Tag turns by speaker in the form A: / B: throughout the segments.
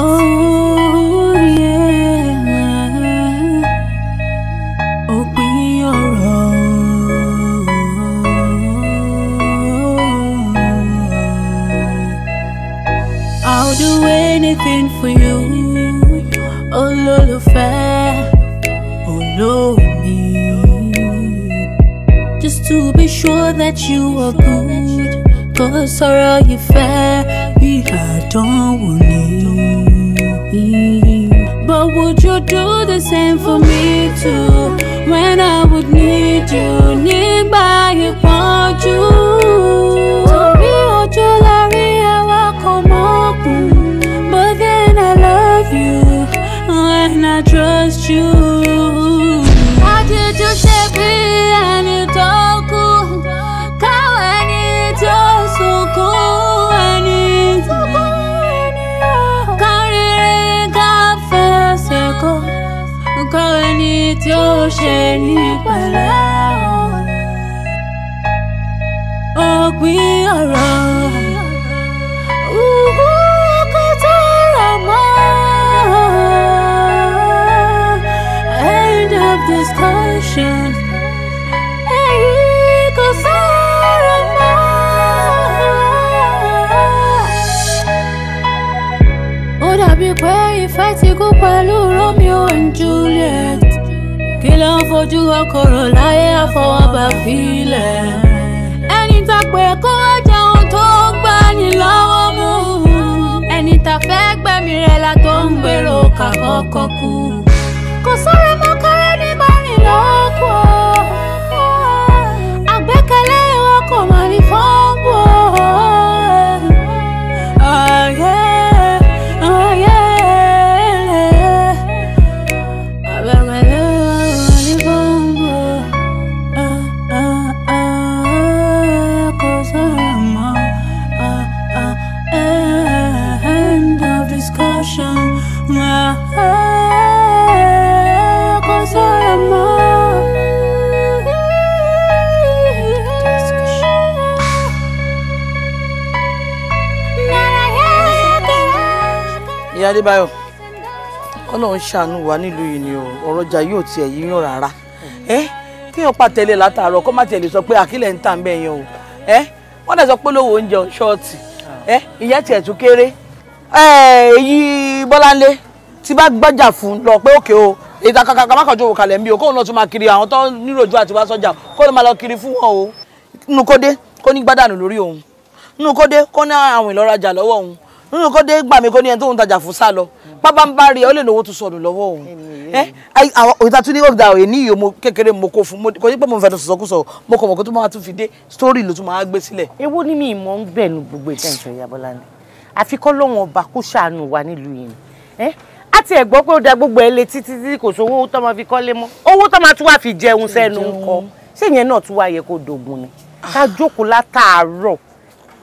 A: Oh yeah. Òpin ọ̀rọ̀.
B: I'll do anything for you. of Olólùfẹ́ me, Just to be sure that you are good. Cause ọ̀rọ̀ fair? I don't need. But would you do the same for me too? When I would need you, need by you, want you. Torí ojú lárí ẹwà kò But then I love you and I trust you. ẹni pẹ̀lẹ́
A: òpin ọ̀rọ̀.
B: Discussion. Hey, cause I dàbí pé ìfẹ́ ti kú pẹ̀lú ojú okòrò láyé àfọwọ́bà filẹ̀. ẹni tá pé kó wá jẹun tó ń gbà ní lọ́wọ́ mú. ẹni tá fẹ́ gbẹ̀mí rẹ̀ la tó ń gbèrò kàkọ́kọ́ kú. kò sọ̀rọ̀ mọ́ kárẹ́ ní márùn-ún lọ́kọ̀ọ́. àgbékalẹ̀ ìwọ kò ní fọ́ọ̀mù.
C: ọ̀gbẹ́ni adébáyọ̀
D: ọlọ́run ṣàánú wa nílùú yìí ni ọ̀rọ̀ ọjà yóò tiẹ̀ yíyàn rárá ẹ kéèyàn pàtẹ́lẹ̀ látàárọ̀ kó má tiẹ̀ lè sọ pé àkílẹ̀ ń tà ń bẹ̀yàn o ẹ wọ́n dẹ̀ sọ pé lówó oúnjẹ ṣọ́ọ̀tì ẹ ìyẹn tiẹ̀ tún kéré èyí bọ́láńlé tí bá gbọ́jà fún lọ pé òkè o ìta kàkà mákànjú òwò kalẹ̀ ń bí o kóun náà tún máa kiri àwọn tó níròjú àti wá sọ́jà kó ló máa lọ kiri fún wọn o nínú kódé kó ní gbádànù lórí òun nínú kódé kó ní àwọn ìlọ́rajà lọ́wọ́ òun nínú kó dé gbà mí kó ní ẹni tó ń tajà fún sá lọ pápá ń bá rí ọ lè lówó tó sọnù lọ́wọ́ òun ẹ àwọn òyìnbá tún ní ọ̀gá òye ní ìyó mo kékeré mo kó fún kò ní pẹ́ mo fẹ́ tó sọ̀sọ́kùsọ̀ mo kọ̀ mọ̀ kó tó máa tún fi dé sítórì ló tún máa gbé sílẹ̀. èwo ni mi ìmọ̀ ń gbẹ̀nu gbogbo ìtàn ìṣòro ìyàbọ̀lá ni àfi kọ́ lọ́wọ́n ọba kó ṣàánú wa nílùú yìí ni á ti ẹ̀ gbọ́ pé ó da gbogbo ẹ̀ lé títí tí kò sówó tó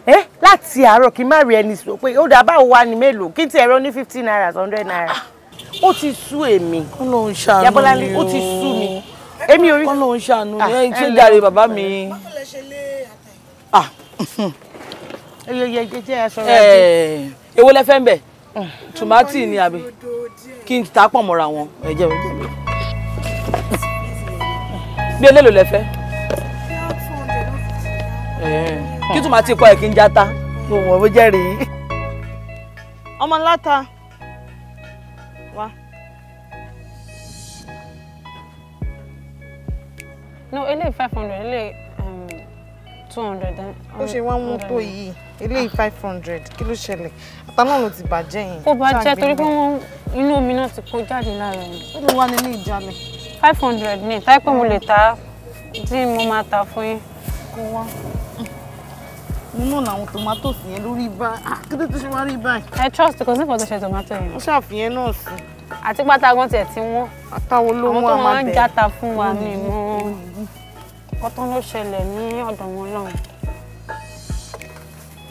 D: eh láti àárọ̀ kí n má rí ẹni sọ pé ó dà báwo wá ní mélòó kí n ti ẹ̀rọ ní fifty naira hundred naira ah, ó ti sú èmi Ọlọ́run ṣàánú mi Yabolani ó ti sú mi èmi orí Ọlọ́run ṣàánú mi ah, ẹ̀yin tí ó jàre bàbá mi. Ah, mhm.
E: eh,
D: èwo lẹ fẹ́ ń bẹ̀ mm. tòmátì ni àbí kí n ta pọ̀ mọ́ra wọn ẹ̀jẹ̀ mi jẹ́ bí eléèlò lẹ fẹ́ kí tún máa ti kọ́ ẹ̀ kí n játa mo mọ̀ bó jẹ́rìí.
E: ọmọ láta wá. no
B: eléyìí five hundred eléyìí um, two hundred. ó ṣe wọ́n mú tó yìí eléyìí five hundred kí ló ṣẹlẹ̀ àtàlọ́ ló ti bàjẹ́ yẹn. ó bàjẹ́ torí pé wọ́n inú omi náà ti kó jáde lára ẹ̀. ó ló wà nínú ìjàlẹ̀. five hundred ni táìpẹ́ mo lè ta tí mo máa ta fún yín. kó wá nínú làwọn tomatoes yẹn lórí bá kíndé tó ṣe wá rí báyìí. ẹ trust kò sí nǹkan tó ṣe tomato yẹn. ó ṣàfihàn náà sí. àti pátágán tiẹ̀ tí wọ́n. àtàwọn ló wọ́n àmàbẹ̀ àwọn tó máa ń játa fún wa ni wọ́n. kọ́tán ló ṣẹlẹ̀ ní ọ̀dọ̀ wọn lọ́hùn.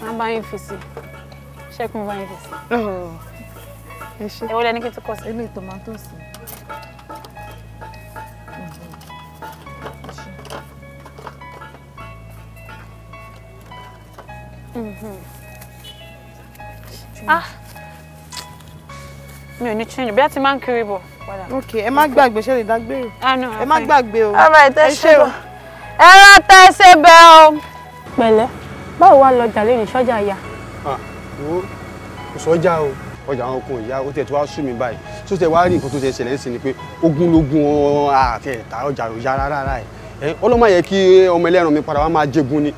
B: wọ́n bá yín fi sí ṣẹ́kùn bá yín fi sí. ẹ wọlé ní kí n tó kọ sí. ilé tomatoes Ah! mi ò ní change bí a ti máa ń kiri bọ̀. ok ẹ má gbàgbé ṣe lè dágbére ah, ẹ má gbàgbé o ẹ ṣe o. ẹ rántá ẹ ṣe bẹ́ẹ̀ o. pẹ̀lẹ́ báwo wá lọ jàlé ní sọ́jà ìyá.
F: Ah, wo kò sọ́jà o ọjà àwọn ọkùnrin ìyá ó tẹ̀ tó wá sùn mí báyìí tó tẹ̀ wá rí nǹkan tó tẹ̀ ṣẹlẹ̀ ń sìn ni pé ogun lógun àtẹ̀ta ọjà ò yá rárá ẹ̀ ọlọ́mọ yẹ kí ọmọ ẹlẹ́ran mi padà wá máa jẹ́gun ni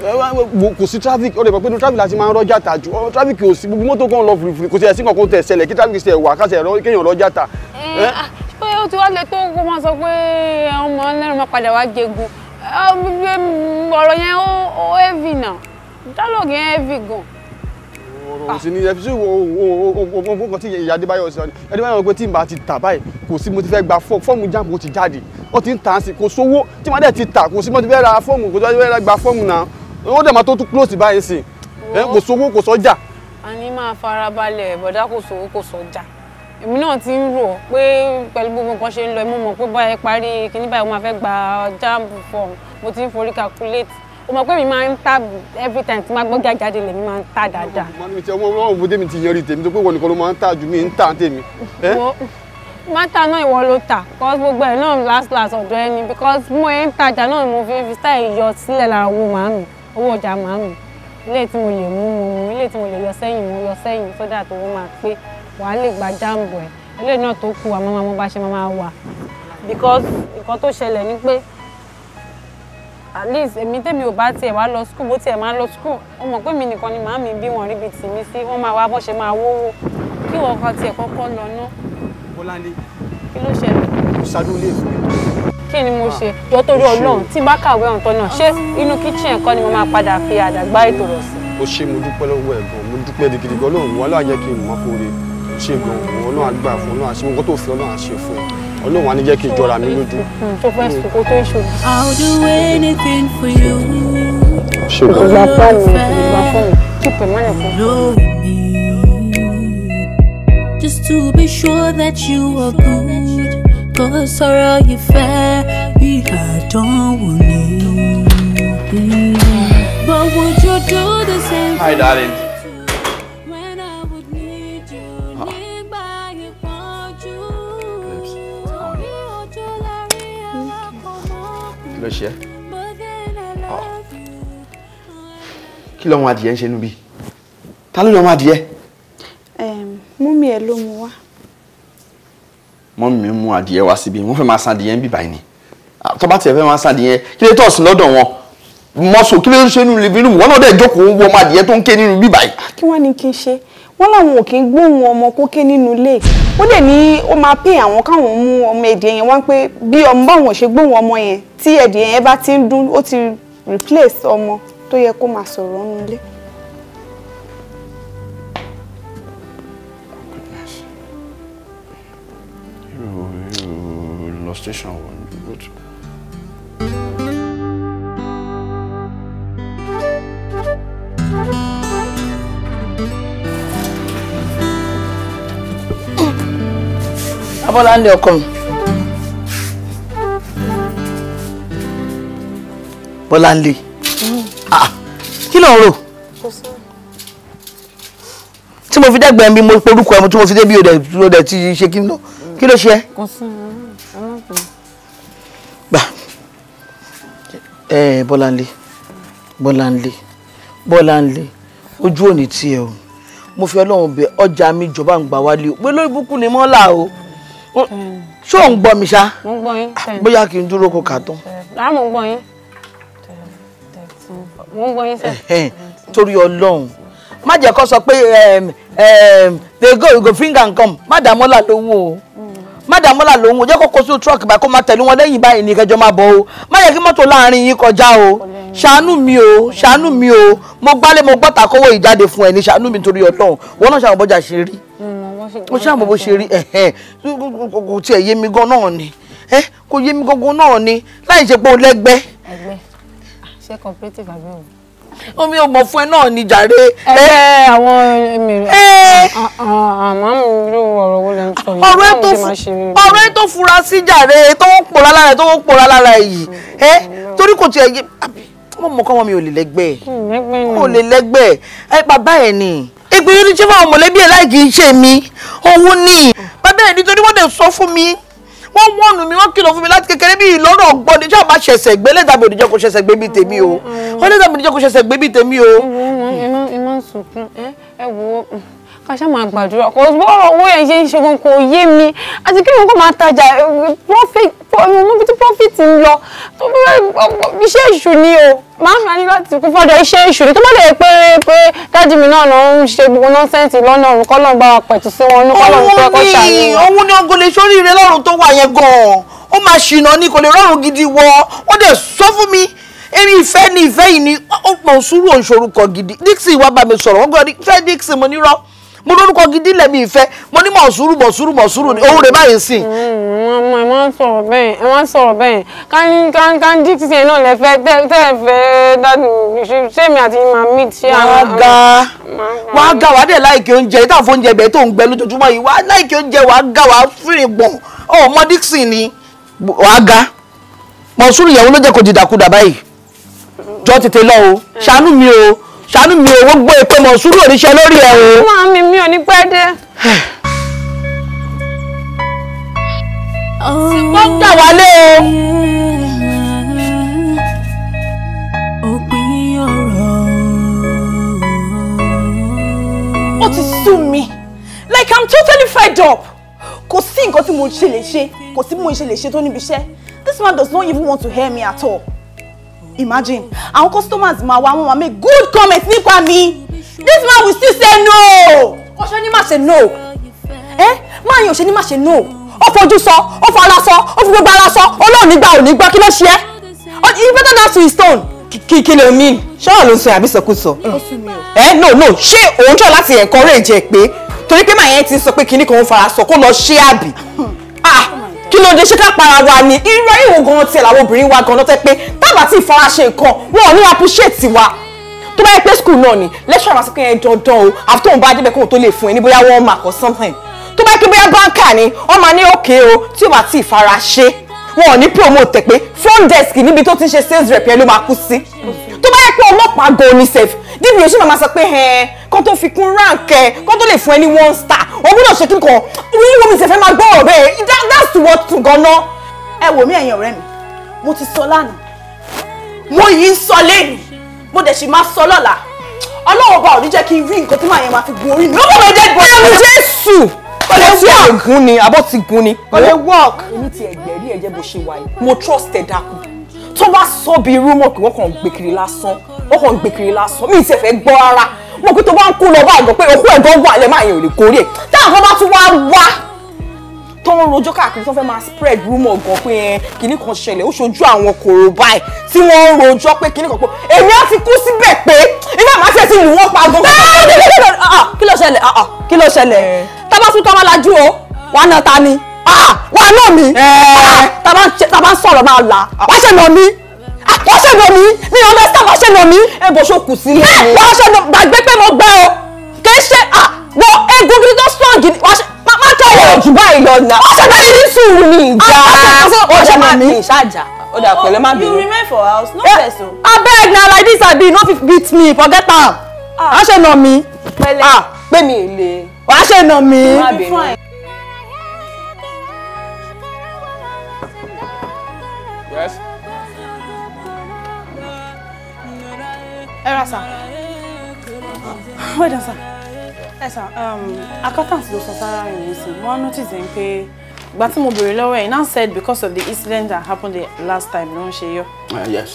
F: kò sí traffic ọ̀rẹ́ ìpàpẹ́ ní traffic láti máa ń rọ́jà tà jù traffic ò sí gbogbo mọ́tò kan lọ fìrìfìrì kò sí ẹ̀sìn kankan tẹ̀ ṣẹlẹ̀ kí traffic ṣe wà kásẹ̀ kéèyàn rọ́jà tà. pé eh,
B: ah, ó ti wá lè tó kó máa sọ pé ọmọ ọlẹ́rìn máa padà wá jẹgun ah, mm, ọ̀rọ̀ yẹn ó heavy náà dialogue yẹn heavy gan
F: ọ̀rọ̀ sí ni ẹ̀fíṣẹ́ ògbóǹkan tí ìyá adébáyọ̀ sọ ni adébáyọ̀ pé tí n bá ti tà báyìí kò sí mo ti fẹ́ gba fọ́ọ̀mù jáàmù ó ti jáde ó ti ń tà á sí kò sówó tí màá dẹ̀ ti tà kò sí mo ti fẹ́ ra fọ́ọ̀mù kò sí mo ti fẹ́ gba fọ́ọ̀mù náà ó dẹ̀ máa tó tún close báyìí sí ẹ kò sówó kò sọ́jà.
B: a ní máa farabalẹ̀ bọ̀dá kò sówó kò sọ́jà èmi náà ti ń rò pé pẹ̀lú gbogbo nǹkan ṣe ń lọ ẹ mọ̀ mọ̀ pé báyìí parí kíní báyìí mo máa fẹ́ gba jamb form mo ti ń forí calculate o mọ̀ pé mi máa ń ta every time tí máa gbọ́ jáde lèmi máa ń ta dáadáa. mo
F: ní ti ọmọ òbúdé mi ti yanrí tèmi tó pé ìwọ nìkan ló máa ń ta ju mi ń ta tèmi.
B: mátà náà ìwọ ló tà because gbogbo ẹ̀ náà last last ọ̀dọ̀ ẹni because mo ẹ̀ ń tajà náà mo fi fi style yọ sílẹ̀ lára owó màámi owó ọjà máa ń mi ilé tí mo lè mú mu mu ilé tí mo lè yọ sẹ́yìn mu yọ sẹ́yìn sódà tó wọ́n máa pé wàá lè gba jáàmù ẹ̀ ilé náà tó kù àmọ́ máa mọ bá ṣe máa wà because nǹkan tó ṣẹlẹ̀ ni pé at least èmi tèmi ò bá tiẹ̀ wá lọ school bó tiẹ̀ máa lọ school ó mọ̀ pé mi nìkan ni màámi bí wọn ríbi tì mí sí wọ́n máa wá bọ́ ṣe máa wówó kí wọ́n kan tiẹ̀ kọ́kọ́ lọ ná.
F: Bọ́láńdé kí ló ṣẹlẹ̀. ṣáájú ilé ìfúnni
B: kí ni mo ṣe yọ torí Ọlọ́run tí bá kàwé ọ̀ǹtọ́ náà ṣé inú kíchìn ẹ̀kọ́ ni mo máa padà fi àdàgbà ètò rọ̀ sí.
F: ó ṣe mo dúpẹ́ lọ́wọ́ ẹ̀gbọ́n mo dúpẹ́ gidigidi gan lóhùn wọn láàyè kí n mọ kó rí ṣe gan òun Ọlọ́run àgbà fún Ọlọ́run àṣẹ nǹkan tó fi Ọlọ́run àṣẹ fún ẹ Ọlọ́run á ní jẹ́ kí n mi lójú.
B: Hmm, I'll do anything for you. ṣe gan. ìgbà fọ́ọ̀mù ìgbà fọ́ọ̀mù Just to be sure that you are good kò sọ̀rọ̀ ìfẹ́ bí àdánwò ni.
A: But would you do the same
G: thing? Hi, darling. you
F: ah. ló ṣe? Ah. Kí lọ́mọ adìẹ ń ṣe níbí? Ta ló lọ́mọ adìẹ?
H: Mú mi ẹ̀ ló mu wá
F: wọ́n mi mú adìẹ wá síbi wọ́n fẹ́ máa san adìẹ bíbá yìí ni ah, tó bá tiẹ̀ fẹ́ máa san adìẹ kí lè tọ̀sí lọ́dọ̀ wọn mọ́sọ̀ kí lè ṣe nínú ibi inú wọn náà dẹ̀ jókòó
D: wọ́n máa adìẹ tó ń ké nínú bíbá yìí. Ah,
H: kí wọ́n ní kí n ṣe wọ́n láwọn ò kí ń gbóhùn ọmọ kó ké nínú ilé ó dẹ̀ ní ó máa pè àwọn káwọn mú ọmọ ẹ̀dìẹ yẹn wá pé bí ọmọ báwọn ṣe gbóhùn
G: lọ station wọ̀ ní gbogbo tó.
D: Abọ́láńdé ọkọ mi. Bọ́láńdé. Ah, kí ló ń rò? Tí mo fi dẹ́gbẹ̀ẹ́ mi mo porúkọ ẹ̀ mo tí mo fi débi òdẹ̀ tí ṣe
C: kí ló ṣe?
B: Kò sí mi.
C: ẹ Bọ́láńlé Bọ́láńlé Bọ́láńlé
D: ojú òní tiẹ̀ o mo fi Ọlọ́run bẹ ọjà mi jọba ń gbà wálé o pé lórí burúkú ni mọ́là o ṣé ò ń gbọ́ mi ṣá
B: ah, bóyá
D: kí n dúró kó kà tán.
B: láàmú ah, gbọ́ yín mo gbọ́ yín
D: sẹ́ẹ̀. torí Ọlọ́run má jẹ́ kó sọ pé they go you go finger and come má dàá mọ́là lówó o mádàmú là lòun ò jẹ́ kókó sí truck báyìí kó máa tẹ̀lé wọn lẹ́yìn báyìí ní kẹjọ máa bọ̀ o má yẹ kí mọ́tò láàrin yín kọjá o ṣàánú mi o ṣàánú mi o mo gbálé mo gbọ́ta kówó ìjáde fún ẹ ní ṣàánú mi torí ọlọ́run wọn náà ṣàwọn bọ́jà ṣe rí mo ṣàwọn bọ́ ṣe rí kò tiẹ̀ yé mi gan náà ni kò yé mi gangan náà ni láì ṣe pé o lẹ́gbẹ́.
B: ẹgbẹ́ ṣé comparative àbẹ̀wò omi ò mọ̀ fún ẹ náà ni jàre. ẹ àwọn èmi rẹ àmọ́ mi ló ọ̀rọ̀ wo lẹ ń sọ
D: yìí ọ̀rọ̀
H: ẹ tó fura sí jàre tó ń pòórá lára ẹ tó ń pòórá lára ẹ yìí
D: ẹ torí kò tiẹ̀ yé wọ́n mọ̀ kọ́ wọn mi ò lè lẹ́gbẹ́
A: ẹ̀ kò lè
D: lẹ́gbẹ́ ẹ̀ ẹ bàbá ẹ̀ ni ìpínlẹ̀ tí wọ́n mọ̀lẹ́bí ẹ̀ láì kì í ṣe mi òun ni bàbá ẹ̀ nítorí wọ́n dẹ̀ sọ fún mi ó wọ́nù mi ó kìlọ̀ fún mi láti kékeré bí ìlọ́rọ̀ gbọ́dọ̀ ṣáà má ṣẹ̀ṣẹ̀ gbé lẹ́dàbí òdìjọ́ kò ṣẹ̀ṣẹ̀ gbé bíi tèmi o ó mm. lẹ́dàbí òdìjọ́ kò ṣẹ̀ṣẹ̀ gbé bíi tèmi o.
B: ẹ wo ẹ wo ká ṣáà máa gbàdúrà kò bọ́ọ̀rọ̀ owó yẹn ṣe ń ṣe gan kò yé mi àti kí nǹkan máa tajà eh, profit mo ti profit ń lọ iṣẹ́ èṣù ni o máa ń ní láti kú fọ́dọ̀ iṣẹ́ èṣù ni tó bá lè pé pé dájú mi náà ló ń ṣe gbogbo nọ́sẹ̀ǹsì lọ́nà òun kọ́lọ́ bá wa pẹ̀tù sí wọn kọ́lọ́ ń pẹ́ kọ́ ṣàlùwọ̀.
D: òun ni ògo lè ṣoríire lọ́rùn tó wà yẹn gan-an ó máa ṣìnà ni kò lè rọrùn gidi wọ wọ́n dẹ̀ sọ fún mi èmi ìfẹ́ ni ìfẹ́ yìí ni ó pọ̀ sùúrù òǹṣorúkọ gidi Dixon wá bá mi sọ̀rọ̀ wọ́n gbọ́dọ̀ fẹ́ Dixon mo nírọ́ mo lórúkọ gidi lẹ́mi ìfẹ́ mo ní mọ̀ sùúrù mọ̀ sùúrù mọ̀ sùúrù ni òun rẹ̀ báyìí sìn. ẹ
B: mm, wọ́n sọ̀rọ̀ bẹ́ẹ̀ ẹ wọ́n sọ̀rọ̀ bẹ́ẹ̀ káńkáńkáńdí
D: ti sẹ́yìn náà lẹ́fẹ́ tẹ́ẹ̀ fẹ́ dádùn sẹ́mi àti màá mi ti àwọn. wàá ga wàá ga wàá dẹ̀ láìkí oúnjẹ ìtàn fún oúnjẹ ibẹ̀ tó ń gbẹ lójoojúmọ́ yìí wàá láìkí oúnjẹ wàá ga wàá fìrìn gbọ̀n ọmọ dixon ni wàá ga mọ̀sùlù ìyàwó ló jẹ́ kó dìdàkudà báyìí jọ tètè ṣàánú mi owó gbọ́ èpè mọ̀ sùúrù oníṣẹ́ lórí ẹ̀ o.
B: máa mi mi ò ní pẹ́ dé.
A: tí gbà wálé o.
D: ó ti sú mi like i'm totally fed up
E: kò sí nǹkan tí mo ṣe lè ṣe kò sí bí mo ṣe lè ṣe tó níbi iṣẹ́ this man does not even want to hear me at all imagine our customers máa wá wọn make good comment nípa mi
D: this man will still say no ọ̀ṣẹ́ ni má ṣe no Eh, máa yan ọ̀ṣẹ́ ni má ṣe no ó fojú sọ ó fara sọ ó fi gbogbo ara sọ olóòní gba òní gbọ́ kí ló ṣe ẹ́ you better dance to his tone. kí kí ló mean ṣọ́ọ̀ ló ń sọ àbí sọkúsọ. ẹ eh, no no ṣé òun jọ láti encourage ẹ pé torí pé màá yẹn ti sọ pé kinní kan ń fara sọ kó lọ ṣe àbí kí ló dé ṣe ká para wa ni irọ́ ìwò gan tiẹ̀ làwọn obìnrin wa gan lọ́tẹ́ pé tábà tí ìfaraṣe nǹkan wọn ò ní appreciate wa tó bá yẹ pé school náà ni lecturer wa sọ pé ẹ dandan o àfi tóun bá débẹ̀ kóun tó lè fún ẹ ní bóyá one mark or something tó bá yẹ pé bóyá báńkà ni wọ́n máa ní òkè o tí ò bá tí ìfaraṣe wọn ò ní promote pé front desk níbi tó ti ń ṣe sales rep yẹn ló máa kú sí tó bá yẹ pé ọlọ́pàá gan ni sef dìbò yóò ṣì máa sọ pé
E: ẹ kó tó fi kún rank ẹ kó tó lè fún ẹ ní one star o gbọ́dọ̀ ṣe kíkọ ìrírí wo mi sẹ̀fẹ́ máa
D: gbọ́ ọ̀rẹ́ ẹ that's what to gana. ẹ wò mí ẹ̀yin ọ̀rẹ́ mi mo ti sọ lánàá mo yìí ń sọ lẹ́yìn mo dẹ̀ sì máa sọ lọ́la ọlọ́wọ́ bá ò ní jẹ́ kí n rí nǹkan tí màá yẹn máa fi gun orí mi. lọ́wọ́ mi dẹ́gbọ́n. ẹnu jésù kò wọ́ọ̀kì. kò wọ́ọ̀kì. èmi ti ẹ̀gbẹ́ ẹ̀jẹ̀ bó ṣe wáyé. mo trust ẹ̀ dákun tó bá sọ bí irú mọ̀ pé wọ́n kàn ń gbé kiri lásán wọ́n kàn ń gbé kiri lásán mi ì tiẹ̀ fẹ́ gbọ́ rárá mo pé tó bá ń kú lọ báyìí gan pé òkú ẹ̀gbọ́n wà lẹ́ máa yẹn ò lè kórè táwọn kan bá tún wá wá tó ń rojọ́ káàkiri tó fẹ́ máa spread rumour gan pé ẹ kìíní kan ṣẹlẹ̀ ó ṣojú àwọn kòrò báyìí tí wọ́n ń rojọ́ pé kìíní kan pọ̀ èmi á ti kú síbẹ̀ pé iná màá ṣe ti wù wọ́n pa gan. kí ló ṣẹlẹ̀ kí ló ṣẹlẹ̀ tábàtúntàn máa lajú o wà á na ta ni wà á nà mí tàbá sọ̀rọ̀ máa là wà á ṣe nà mí ah, wà á ṣe nà mí mi ò lẹ́sítà wà á ṣe nà mí. ẹ eh, bọ̀ ṣó kù sílẹ̀. Eh, wà á ṣe nà gbàgbé pé mo gbẹ o kì í ṣe ah, wọ egun gidi tó strong ni wà á ṣe máa tọ̀ wọ̀ jù báyìí lọ nà. wà á ṣe nà mí. sùúrù ni ah, ìjà wà ṣe nà mí. ìṣàjà ó dà oh, pẹ̀lẹ́ má bínú. you
E: remain for house no person.
D: Eh, o. abeg na like this abi no fit beat me forget am. wà á ṣe nà mí. pẹ̀lẹ́ pé mi le. wà á ṣe nà mí. má bínú.
E: ẹ ra sà wẹ́dà sà ẹ sà um, accountant ló sọ sára ìwé sí wọ́n notice ẹ̀ pé ìgbà tí mo béèrè lọ́wọ́ ẹ̀ now said because of the incident that happened the last time ló ń ṣe yọ.
F: Ah, yes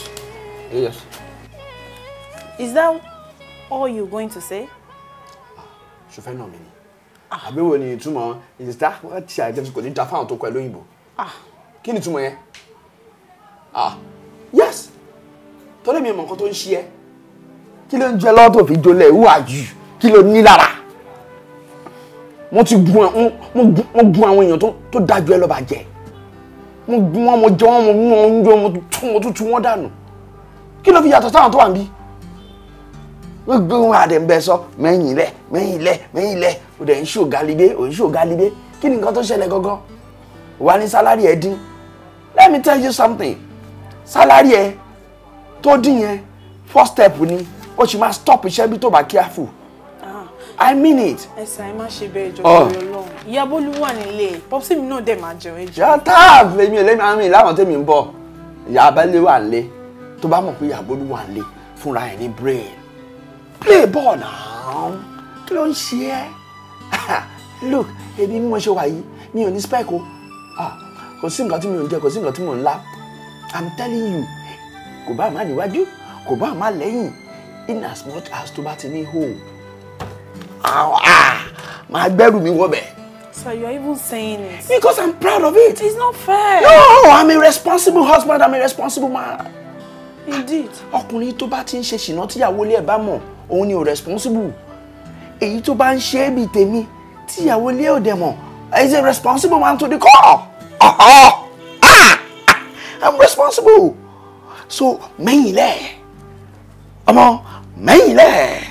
F: yes.
E: is that all you going to say.
F: ṣùfẹ́ náà mi ni àbí wo ni ìtumọ̀ is that what ti àìjẹ́ kò ní da fáwọn tó kọ ẹ lóyìnbó ah. kí ni ìtumọ̀ yẹn ah.
D: yes torí mi mọ̀ nǹkan tó ń ṣe ẹ́ kí ló ń jẹ lọ́tò fi
C: jolẹ̀ who are
D: you kí ló ní lára wọ́n ti gun wọ́n gun àwọn èèyàn tó dájú ẹ lọ́ba jẹ wọ́n gun wọn mo jẹ wọn mo mú wọn oúnjẹ wọn tún wọn tún wọn dànù kí ló fi yàtọ̀ sáwọn tó wà níbí wọ́n gbé wọn àdẹ̀mbẹ́ sọ mẹ́yìn lẹ̀ mẹ́yìn lẹ̀ mẹ́yìn lẹ̀ o dẹ̀ ń ṣò galibé o ń ṣò galibé kí ni nǹkan tó ṣẹlẹ̀ gangan wà ní sálárì ẹ dín let me tell you something sálárì ẹ tó dín yẹn first step ni But sì must stop iṣẹ́ bí tó bá careful ah. i mean
E: it. ẹ sàn ẹ má ṣe bẹ́ẹ̀ ìjọba ah. Ọlọ́run ìyá Bólú wà nílé e.
D: pọpsi mi náà dẹ̀ máa jẹun ẹjọ.
F: yàtá lèmi ò lèmi àmì láwọn tèmi ń bọ̀ ìyá abẹ́lé wà
D: lé tó bá mọ̀ pé ìyá Bólú wà lé fúnra ẹ̀ ní brain play ball náà kí ló ń ṣe ẹ́ look èmi bí mo ṣe wà yìí mi ò ní spec o ah, kò sí nǹkan tí mi ò ń jẹ kò sí nǹkan tí mo ń lá i'm telling you kò bá má níwájú kò bá má lẹ́yìn in as much as tó bá ti ní hole ah, máa gbẹ́rù mi wọ́bẹ̀. So you're even saying it. Because I'm proud of it. It's not fair. No, I'm a responsible husband, I'm a responsible man. Indeed. Ọkùnrin tó bá ti ń ṣe ṣìnà tíyàwó ilé ẹ̀ bá mọ̀, òun ni ò responsible. Èyí tó bá ń ṣe é bíi tèmi, tíyàwó ilé ò dẹ̀ mọ̀, is a responsible man to the core. uh ah! I'm responsible. So, mẹ́yìn lẹ́ẹ̀ ọmọ mẹ́yìn lẹ̀.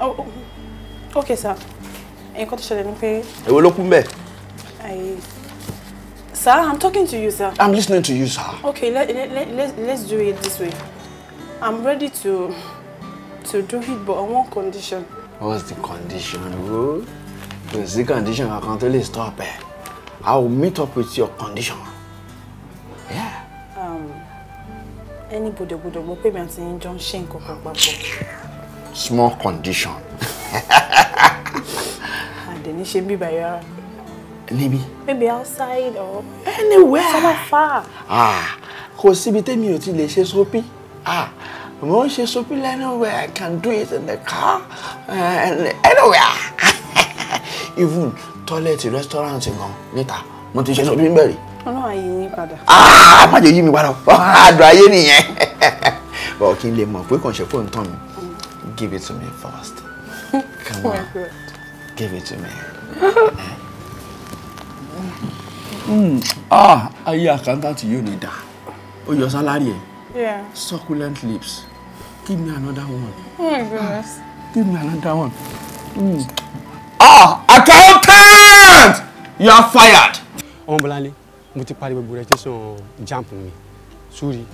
A: Oh,
E: oh. ok sir nǹkan tó ṣẹlẹ̀ ni pé. èwo ló kún bẹ́ẹ̀. sir i'm talking to you sir.
G: i'm listening to you sir.
E: okay let, let, let, let's do it this way i'm ready to to do it but on one condition.
F: what's the condition bro? The sí condition kankan tó lè stop ẹ i will meet up with your condition. Yeah
E: ẹni gbọdọgbọdọ gbọ́ pé mi àti yín jọ ń ṣe kan papọ̀.
F: small condition.
E: àdèní ṣe bí be by níbi. maybe maybe outside or. anywhere. somewhere far.
D: ah kò síbi tẹ́mi ò ti lè ṣe sópí ah mo ń ṣe anywhere i can do it in the car eh, and anywhere
F: even toilet restaurant gan níta mo ti ṣe sópí níbẹ̀ rí
H: ọlọ́run ayé yín padà.
F: Ah, má jẹ́ yí mi padà àdùn ah, ayé nìyẹn
C: bọ̀ kí n lè mọ̀ pé kàn ṣe fóònù tán mi give it to me fast
A: come oh on give it to me.
G: Mm.
F: ah ayé àkántàntì yóò ní dà ó yọ sálárì
G: ẹ
F: succulent lips give me another one
A: oh my goodness ah,
G: give me another
F: one
D: hmm. ah accountant you are fired.
F: ọmọ bọ́lá ni mo ti parí gbogbo registration JAMB mi sórí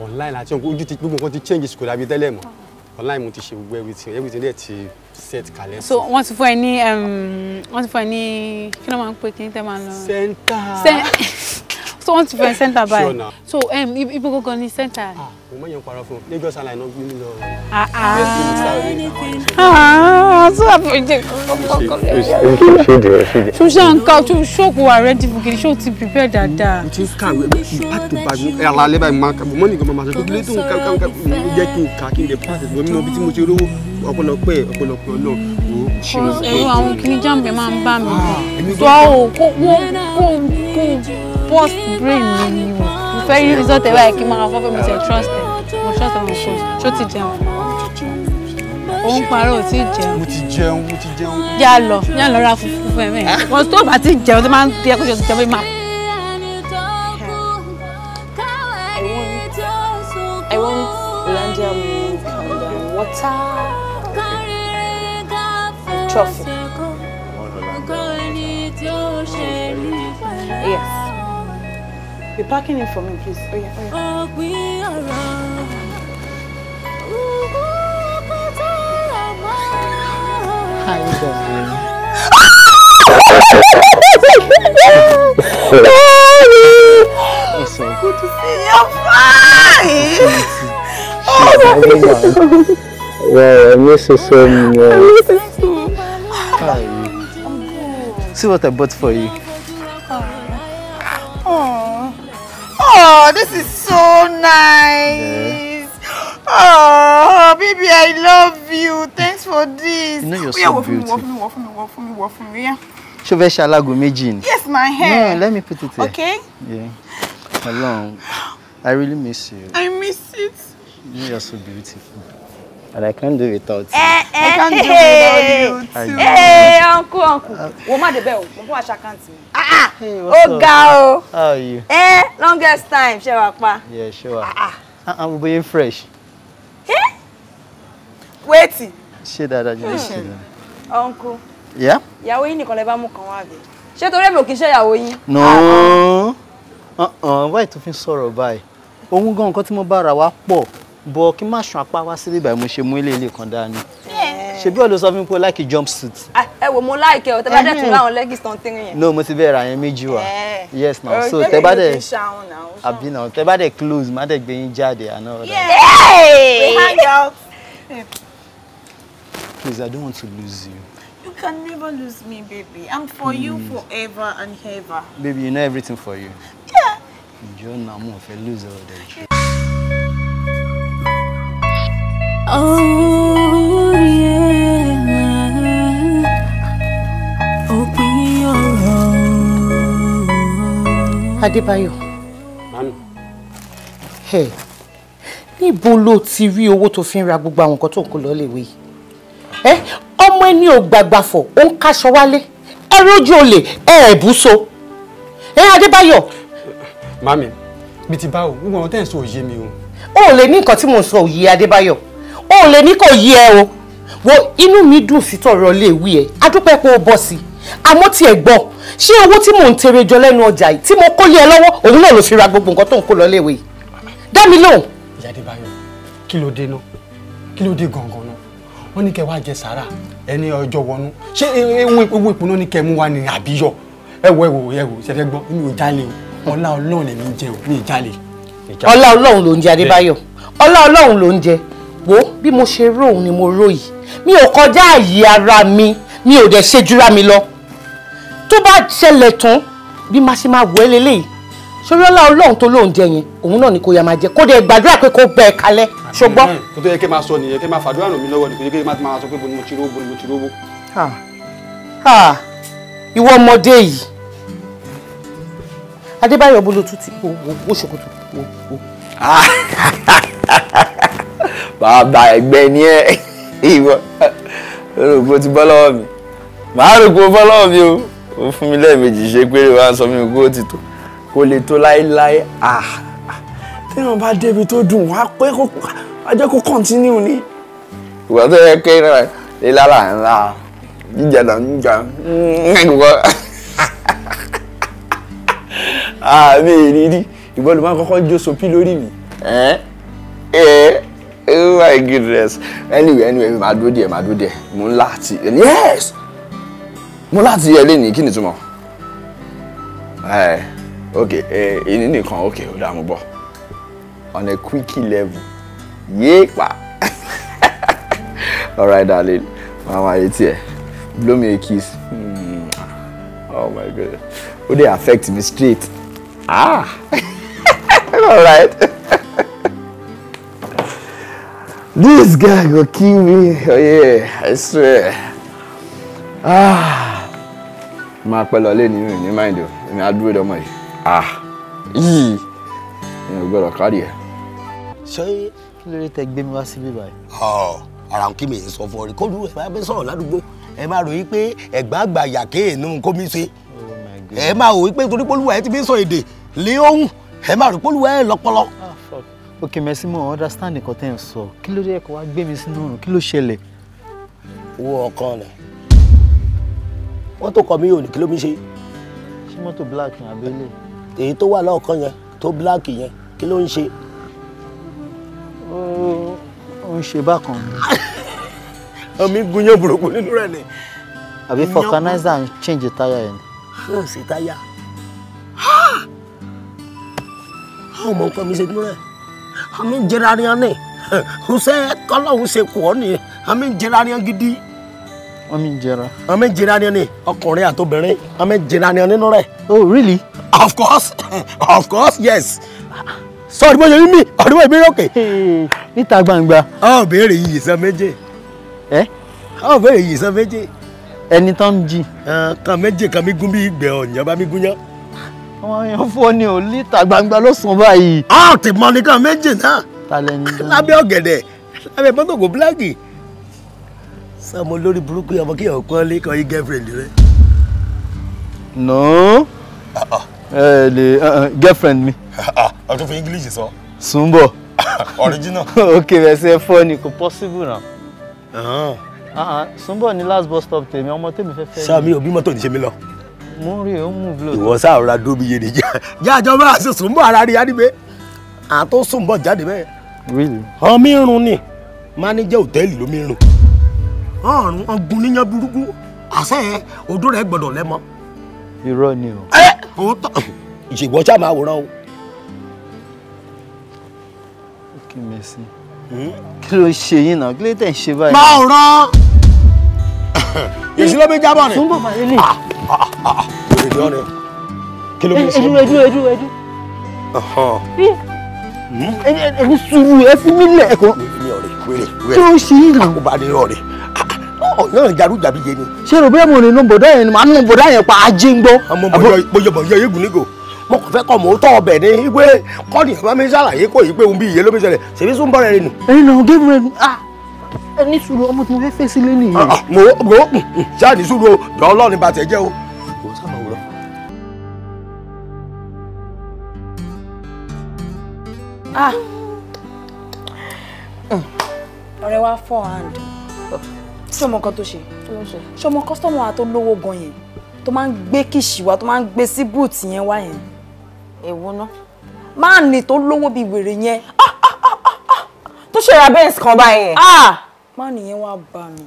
F: online láti ojú ti gbogbo nǹkan ti change kò dàbí tẹ́lẹ̀ mọ́ online mo ti ṣe gbogbo everything everything dẹ̀ ti set kalẹ̀. so
B: wọ́n ti fún ẹ ní um, wọ́n ti fún ẹ ní kí ló máa ń pè kí ní tẹ́ máa lọ.
F: center.
B: tó wọ́n ti fẹ́ sẹ́ńtà báyìí so You ibo eh, gangan ni sẹ́ńtà rẹ̀.
F: Ah, mo mọ̀ yẹn para fún Lagos airline náà gbé mi lọ.
A: ṣùṣà
B: nǹkan tó ṣọ́ọ̀kù wà rẹ́dí fúnkìrì ṣó ti prepare dáadáa. mo ti ń kàwé
F: bá tó bá mi ẹ̀rọ alẹ́ báyìí máa kàwé mọ́nì kan máa sọ pé kílé tó ń ká jẹ́ kí n kà kí n lè pàṣẹ ṣùgbọ́n mímọ bí tí mo ti rówó ọ̀pọ̀lọpọ̀ ọ̀pọ̀lọpọ̀ náà
B: ṣe àwọn kìíní jàǹbẹ̀ máa ń bá mi ah, sọ ò kó kó kó first brain mi ni o mo
A: fẹ́ rí result ẹ̀ báyìí kí n máa kọ́ fẹ́ mo ṣe
B: trust ẹ̀ mo trust ẹ̀ mo kò ṣó ti jẹun òun parọ́ ò tí jẹun
F: mo ti jẹun mo ti jẹun.
B: yà á lọ yà á lọ ra funfun fún ẹ mẹ́rin wọn tó bá ti jẹun tó máa ń bí ẹ kó jẹun bí máa. I want Hollandia water and truffle.
A: Yes.
E: Be packing it for me, please. Oh, yeah,
A: oh, yeah. Hi, darling. Darling! It's
C: Oh, my Wow, I miss you so much. I
A: miss you too.
C: Hi. See what I bought for you.
I: Oh, this is so nice. Yeah. Oh, baby, I love you. Thanks for this.
C: You know you're oh, so beautiful. Show
H: me, waffle me, waffle me, Yes,
C: my hair. No, let me put it here. Okay. Yeah. Hello. I really miss you. I
E: miss it.
C: You know you're so beautiful. And I can't do without you. Eh,
E: eh, I
H: can't do eh. without you
A: too. Eh,
C: hey,
H: uncle, uncle. Wo ma de be o, mo fún àṣà kan ti. Ah ah.
C: Oh ga o. How are you?
E: Eh, longest time ṣé wà
C: Yeah, sure. Ah ah. Ah ah, boy fresh.
E: Eh? Wait.
C: Ṣé dáadáa jù ṣe lọ. Uncle. Yeah?
H: Ìyàwó ni koleba mu bá mú kan wá bẹ̀. Ṣé
C: No. Ah, ah. Uh-uh, why tó sorrow, ń sọ̀rọ̀ báyìí? Òun gan nǹkan tí mo bá ra wá pọ̀ bọ kí n má ṣan apá wá sí bíbá mo ṣe mú ilé ilé kan dání ṣe bí ọ̀dọ́ sọ fún mi pé o láìkì jump suit. Ah,
D: ẹ wò mo láìkì ọ tẹ bá dẹ tún láwọn mm-hmm. leggings tán tẹ́rìn yẹn.
C: no mo ti bẹ́ẹ̀ ra yẹn méjì wá yes na so tẹ bá dẹ àbí na tẹ bá dẹ close má dẹ gbé yín jáde àná ọ̀dọ́. please i don't want to lose you.
E: you can never lose me baby i'm for mm. you forever and ever.
C: baby you know everything for you. yeah. ǹjọ́ náà mo fẹ́ lose all day.
A: Oh yeah. Open your heart. Adébáyọ̀.
G: Mami. Hey.
D: Níbo lo ti rí owó tó fi ń ra gbogbo àwọn nǹkan tó ń kó lọ léwe eh? yìí? Ẹ ọmọ ẹni ò gbàgbàfọ̀ ó ń káṣọ wálé ẹ rójú olè ẹ ẹ̀bú so. Ẹ eh, Adébáyọ̀.
F: Mami, bí ti báwo, gbogbo àwọn tẹ́ ń sọ òye mi o.
D: O ò lè ní nǹkan tí mò sọ òye Adébáyọ̀ o lè ní kò yí ẹ o wo inú mi dùn sí tọ̀rọ̀ lè wí ẹ adúpẹ́ pé o bọ̀ sí àmọ́ tiẹ̀ gbọ́ ṣé owó tí mò ń tere jọ lẹ́nu ọjà yìí tí mo kó lé ẹ lọ́wọ́ òun náà ló fi ra gbogbo nǹkan tó ń kó lọ léwe yìí dá mi lóhùn. ìyá adébáyọ̀
F: kí ló dé náà kí ló dé gangan náà wọ́n ní kẹ́ wá jẹ sàárà ẹni ọjọ́ wọnú ṣé ewu ìpinnu ní kẹ́ mú wa ní àbíyọ ẹ wo ẹ wo ẹ wo ṣẹfẹ gbọ́ mi ò jalè o ọlá ọlọ́run lèmi ń jẹ o mi ì jalè.
A: ọlá ọlọ́run ló ń jẹ adébáyọ̀
D: ọlá ọlọ́run ló ń jẹ wo bí mo ṣe rò òun ni mo rò yìí mi ò kọjá àyè ara mi mi ò dẹ̀ ṣe jura mi lọ tó bá ṣẹlẹ̀ tán bí má ṣe máa wọ ẹ́ lélẹ́yìí sórí ọlá ọlọ́run tó lóun jẹ yẹn òun náà ni kò yà máa jẹ kó dẹ̀ gbàdúrà pé kó bẹ ẹ kalẹ̀ ṣùgbọ́n.
F: kó tó yẹ kí n máa sọ nìyẹn kí n máa fàdúrà ràn mí lọ́wọ́ nìkan kí n máa sọ pé mo ti rówó bo ni mo ti rówó.
D: ìwọ ọmọdé yìí adébáyọ̀ bolo tún ti wo wo ṣòkòtò wo wo.
F: bàbá ẹgbẹ́ ni ẹ ìwọ lórí òpó ti bọ́ lọ́wọ́ mi màá rò pé ó bọ́ lọ́wọ́ mi o ó fún mi lẹ́ẹ̀mejì ṣe péré wá sọ mi kó ti tó kó lè tó láéláé ah
D: téèyàn bá débi tó dùn wá pé kó ajẹ́ kó kọ́ntínú ni.
F: ìwà tó yẹ kí náà lè lára ńlá jíjà náà ń jà ń gbọ́ àmì ìrírí ìbọn ló máa kọ́kọ́ jó sopi lórí mi. ẹ ẹ oh my goodness anyway anyway màá dúró díẹ̀ màá dúró díẹ̀ mo ń láti yes mo láti yẹ lẹ́yìn kí ni túmọ̀ ẹ eh, ok okay. Eh, ìní nìkan ok ó on a quickie level yéé pa alright darling màmá etí ẹ blow me a kiss hmm. oh my god ó dey affect
G: me straight ah
A: All right.
G: This guy go kill me. Oh yeah, I swear. Ah. Máa pẹ́ lọ lé nínú ní mind o. Èmi á dúró dọ́mọ yìí. Ah. Yìí. Èmi ò gbọ́dọ̀ kárí ẹ̀.
C: Ṣé kí ló dé tẹ gbé mi wá síbí báyìí? Ọ̀ oh, ara òun kí mi sọ fún ọ rí. Kólú ẹ̀ máa bẹ́ sọ̀rọ̀ ládùúgbò. Ẹ máa ròyìn pé ẹ̀gbá àgbà yàké ìnú kó mi ṣe. Oh ẹ máa ròyìn pé torí pólúwa ẹ ti fi ń sọ èdè lé ohun. Ẹ máa rò pólúwa ẹ lọ́pọlọ. Ah ok merci mo understand nǹkan tẹ́ ń sọ kí ló dé kó wá gbé mi sínú ọ̀run kí ló ṣẹlẹ̀. wo ọkàn rẹ mọ́tò kan mi ò ní kí ló mi ṣe. ṣé mọ́tò black yẹn abẹ́lé. èyí tó wà lọ́ọ̀kan yẹn tó black yẹn kí ló ń ṣe. ó ń ṣe bákan. omi gúnyán burúkú nínú rẹ ni. àbí fọkànáìsà ń change táyà yẹn. yóò ṣe táyà.
D: àwọn ọmọ nǹkan mi ṣe dúró rẹ̀ àmì ń jẹra ni àná ṣe kọ́lọ́hún ṣe kù ọ́ àmì ń gidi.
C: àmì ń jẹra. àmì ń jẹra ni ni ọkùnrin àtobìnrin àmì ń nínú rẹ. oh really. of course of course yes sọ̀rọ̀ bó ṣe rí mi ọ̀rọ̀ ìbéèrè òkè. níta gbangba. ọ̀ béèrè yìí san méje. ẹ. ọ̀ béèrè yìí san méje. ẹni tán ń jí. kan méje kan mi gún bí ìgbẹ́ ọ̀yàn bá mi gún yán àwọn èèyàn fún ọ ní ò lítà gbangba lọ́sàn-án báyìí. a ti mọ nìkan méjì náà. ta lẹni náà lábẹ́ ọ̀gẹ̀dẹ̀ lábẹ́ mọ́tòkò bíláàgì. sọmọ lórí burúkú ọmọ kí ọkọ lè kọ yí girlfriend rẹ. no ah, ah. ẹ lè girlfriend mi. ọ ah, tún fi english sọ. sunbọ. original. ok ẹsẹ fọ ni kò possible na. sunbọ ni last bus stop tèmi ọmọ tèmi fẹ́ fẹ́. sami òbí mọ́tò ní ṣe mí lọ mo rí o mú vlog. ìwọ sáà rọra dóbi yé ni já jájọ bá a ṣe ara rí adìbẹ à tó jáde bẹ́ẹ̀.
D: really. ọmọ irun ni máníjà òtẹ́ẹ̀lì ló mi rùn.
C: ọrùn ọgùn
D: níyan burúkú àṣẹ odó rẹ gbọ́dọ̀ lẹmọ. irọ́ ni o. ẹ
C: òótọ́ ìṣègbọ́n ṣáà máa wòran o. kí ni sí. Hmm? ṣe yín náà kí ló tẹ̀ ń ṣe báyìí. máa rán. èsì ló bí jábọ̀ ni. túnbọ̀ fà lélẹ̀. èrèdè ọ̀rẹ́
D: kí ló bí sí. ẹdú ẹdú ẹdú
C: ẹdú. ẹni sùúrù ẹ fi mí lẹ̀ ẹ̀kọ́. mi
D: ọ̀rẹ́ wẹ̀rẹ̀ wẹ̀rẹ̀ kí ló ń ṣe yín náà. àkóbá ni ọ̀rẹ́ náà jaru jàbí jẹ ni. ṣé rògbé mo lè nu bòdá yẹn màá nu bòdá yẹn pa ajé ń gbọ́. àmọ́ mo yọ mo yọ eégún nígò mo kàn fẹ́ kọ́ mo tọ́ ọbẹ̀ ní wípé kọ́ni ìfọwọ́mí sàlàyé kò yí pé òun bí ìyẹn ló bí ṣẹlẹ̀ ṣèbí sún bọ́ọ̀rẹ́ rẹ nù.
C: ẹ̀yin náà gébùrẹ́ nù. Ah, ẹ ní sùúrù ọmọ tí mo fẹ́ fẹ́ sílé nìyẹn. Ah, ah, mo
D: mo ṣáà ní sùúrù o jọ ọlọ́run bá jẹ́ o.
A: Ah.
E: Mm. ọ̀rẹ́ wa four hand ṣọmọ kan tó ṣe
D: ṣọmọ kọ́sítọ́mù wa tó lówó gan yẹn tó máa ń gbé kìṣì wa tó máa ń gbé sí búùtì yẹn wá yẹn. èwo náà. máa nì tó lówó bíi wèrè yẹn. tó
H: ṣe ra bẹ́ẹ̀nsì kan báyẹn
E: má nìyẹn wá bà mí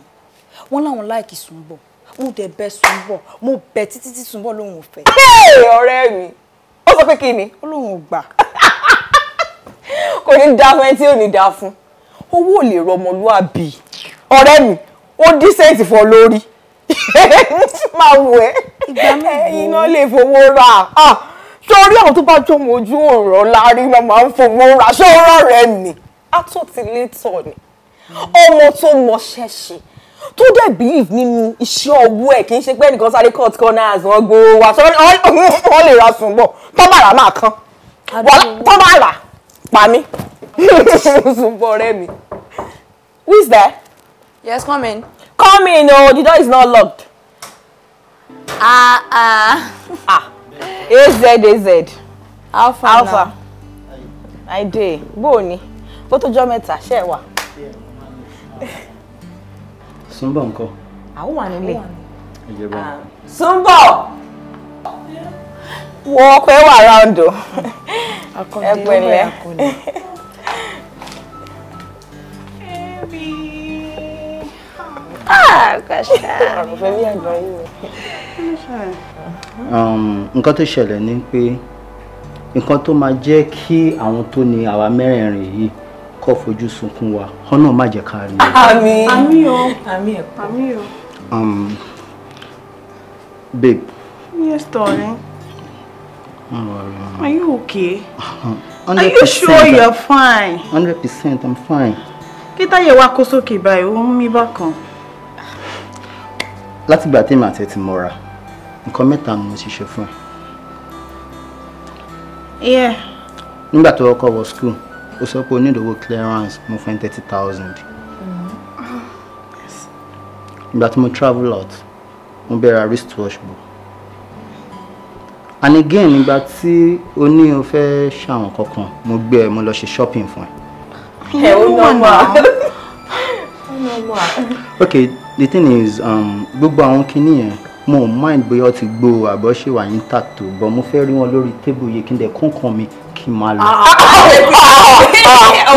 E: wọ́n láwọn
H: láìkì Sùnbọ̀ mo dẹ̀ bẹ Sùnbọ̀ mo bẹ títí tí Sùnbọ̀ lòun ò fẹ́.
D: bẹ́ẹ̀ ọ̀rẹ́ mi ó sọ pé kí ni. ó lòun ò gbà. kò ní dá fún ẹni tí ò ní dá fún owó ò lè rọ o ọ̀rẹ́ mi ó dísẹ́ǹtì fọ lórí máa wù ẹ́ iná lè fowó ra sórí àwọn tó bá jọmọ ojú òòrùn ọ̀la rí lọ́ máa ń fowó ra ṣé ó rọ̀ ni á tó ti lè ni ọmọ tó mọṣẹ́ ṣe tó dẹ̀ believe nínú iṣẹ́ ọwọ́ ẹ̀ kì í ṣe pé ẹnìkan sáré cut corners wọn gbowó wa sọ wọn lè ra sùn bọ̀ tọ́bàrà máa kán tọ́bàrà pa mí sùn bọ̀ ọ̀rẹ́ mi. Who is there?
B: Yes, come in.
D: Come in, oh, the door is not locked. Ah, ah. Ah. AZ, AZ. Alpha. Alpha. I dey. Bó o ní?
E: Bó tó mẹ́ta, ṣé ẹ wà? Súnbọ̀ ńkọ́. Àwọn wà nílé. Ìjẹba. Ah, Súnbọ̀!
H: Wo pé wà ráńdò. Ẹ pẹ̀lẹ́. Ah, ah,
C: um, nǹkan tó ṣẹlẹ̀ ni pé nǹkan tó máa jẹ́ kí àwọn tó ní àwa mẹ́rẹ̀ẹ̀rin yìí kọ́kọ́ fojú sunkún wa ọ̀nà má jẹ́ ká rí
I: i. àmín àmín o àmín ẹ̀ pa o.
C: Um, babe.
E: yes darling. Are you okay?
C: Are you sure you're
E: fine?
C: Hundred percent, I'm fine.
E: Kí táyé wa kó sókè báyìí, ó ń mí bákan.
C: Látìgbà tèmi àti ẹ ti mọ̀ra, nǹkan mẹ́ta mo ti ṣe fún ẹ. Yeah. Nígbà tó kọ́kọ́ wọ school, ó sọ pé o ní ìdòwò clearance mo fẹ́ thirty thousand ìgbà tí mo travel out mo bẹ̀rẹ̀ wristwatch bò and again ìgbà tí o ní o fẹ́ ṣàwọn kankan mo gbé ẹ mo lọ ṣe shopping fún ẹ.
H: ẹ ó nọ́mbà ó nọ́mbà.
C: okay the thing is um, gbogbo àwọn kinní yẹn mo mind bóyá ó ti gbó àbọ̀ ṣe wà intact o but mo fẹ́ rí wọn lórí tébù yìí kí n dẹ̀ kún kan mi kí n máa lọ.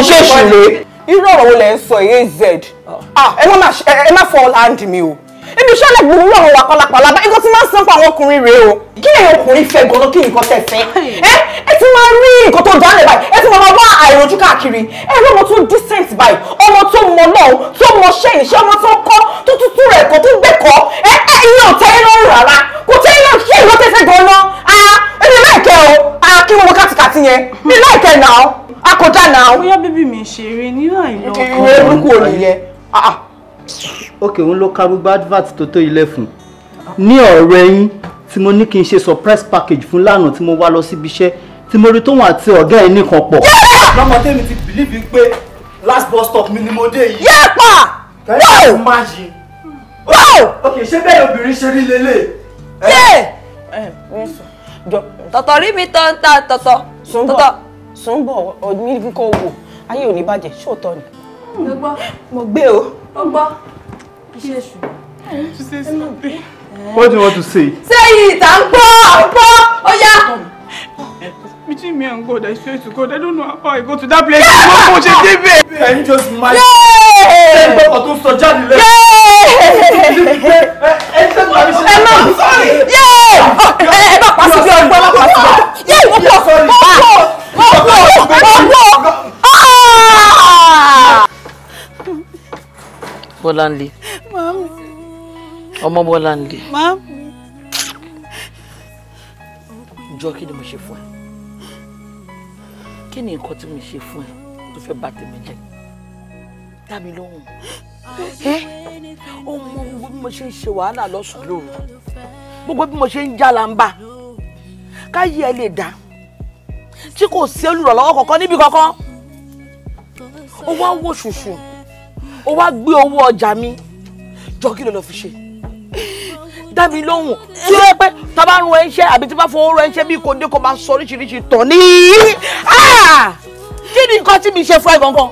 A: iṣẹ́
D: ìṣúlẹ̀ irú ọ̀rọ̀ wo lẹ ń sọ èyí z ẹ má fọ ọ́ láǹdì mi o èmi ṣọlẹ̀ gbogbo wọn wà kọlápàlá bá ikọ̀ tí máa ń san pa àwọn ọkùnrin rèé o kí èèyàn ọkùnrin fẹ́ gan-an kí nǹkan tẹ̀ fẹ́ ẹ ẹ ti máa rí nǹkan tó dánlẹ̀ báyìí ẹ ti máa bá àìrojú káàkiri ẹ rí ọmọ tó decent báyìí ọmọ tó mọ náà tó mọ ṣẹ́ ìṣe ọmọ tó kọ́ tó tútù rẹ̀ kọ́ tó gbẹ̀kọ́ ẹ ẹ ìyẹn ò tẹ́ ẹ lọ́rùn rárá kò tẹ́ ẹ lọ́rùn kí èèyàn tẹ́sẹ̀ gan-an ah èmi láìkẹ́ o ah kí mo mọ kátikàti yẹn mi láìkẹ́ náà a kò dá
C: Okay, òun ló karúgbó advert tó tó ilé fún ní ọ̀rọ̀ ẹ̀yìn tí mo ní kí n ṣe surprise package fún lánàá tí mo wá lọ síbi iṣẹ́ tí mo rí tóun àti ọ̀gá ẹ̀ nìkan pọ̀. lọ́mọ tèmi ti bìlíìfì pé
D: last bus stop mi ni mo dé yìí. yẹ́pà wọ́ọ̀ máa yí. wọ́ọ̀
F: ok ṣé bẹ́ẹ̀ obìnrin ṣe rí lélẹ̀. yé
E: ẹ ẹ sùn
F: jọ
H: tọ̀tọ̀ rí mi tán tá tọ̀tọ̀
E: tọ̀tọ̀ sùn bọ̀ ọ̀dùnmí kò wò ayé ò ní
D: bàjẹ́ ṣóòtọ́ ni. mo gbé o
E: ó gbọ́ iṣẹ́ èṣù.
H: Eh.
D: What do you want to say? Say
H: it! I'm poor! I'm poor! Oh yeah!
I: Between me and God, I swear to God, I don't know how I go to that place. Yeah! Mo ṣe dé
D: bẹ̀. Can you just mind? Ṣé ìgbọ́kọ̀ tó sọ jáde lẹ́nu? Ẹ ṣe máa sorry. Ah, eh, ẹ máa pa sí bí ọgbọ́n. Ẹ máa
A: pa sí bí ọgbọ́n. Ẹ máa pa
I: Bọ́láńlé. Màámi.
D: Ọmọ Bọ́láńlé. Mami, Jọ kí ni mo ṣe fún ẹ? Kí ni nǹkan tí mo ṣe fún ẹ tó fẹ́ bà tèmi jẹ́? Dá mi lóhùn. Ẹ́ ọmọ gbogbo bí mo ṣe ń ṣe wàhálà lọ́sàn-án lóru. Gbogbo bí mo ṣe ń jàlá ń bà. Káyé ẹ lè dá. Tí kò sí olùrànlọ́wọ́ kankan níbi kankan. Ó wá ṣùṣù o wá gbé owó ọjà mi jọ kí ló lọ fi ṣe dá mi lóhùn tí ó yẹ pé tá a bá rún ẹṣẹ àbí tí a bá fowó rún ẹṣẹ bí kò dé kó máa sọ oríṣiríṣi tán ní kí ni nǹkan tí mi ṣe fún ẹ gangan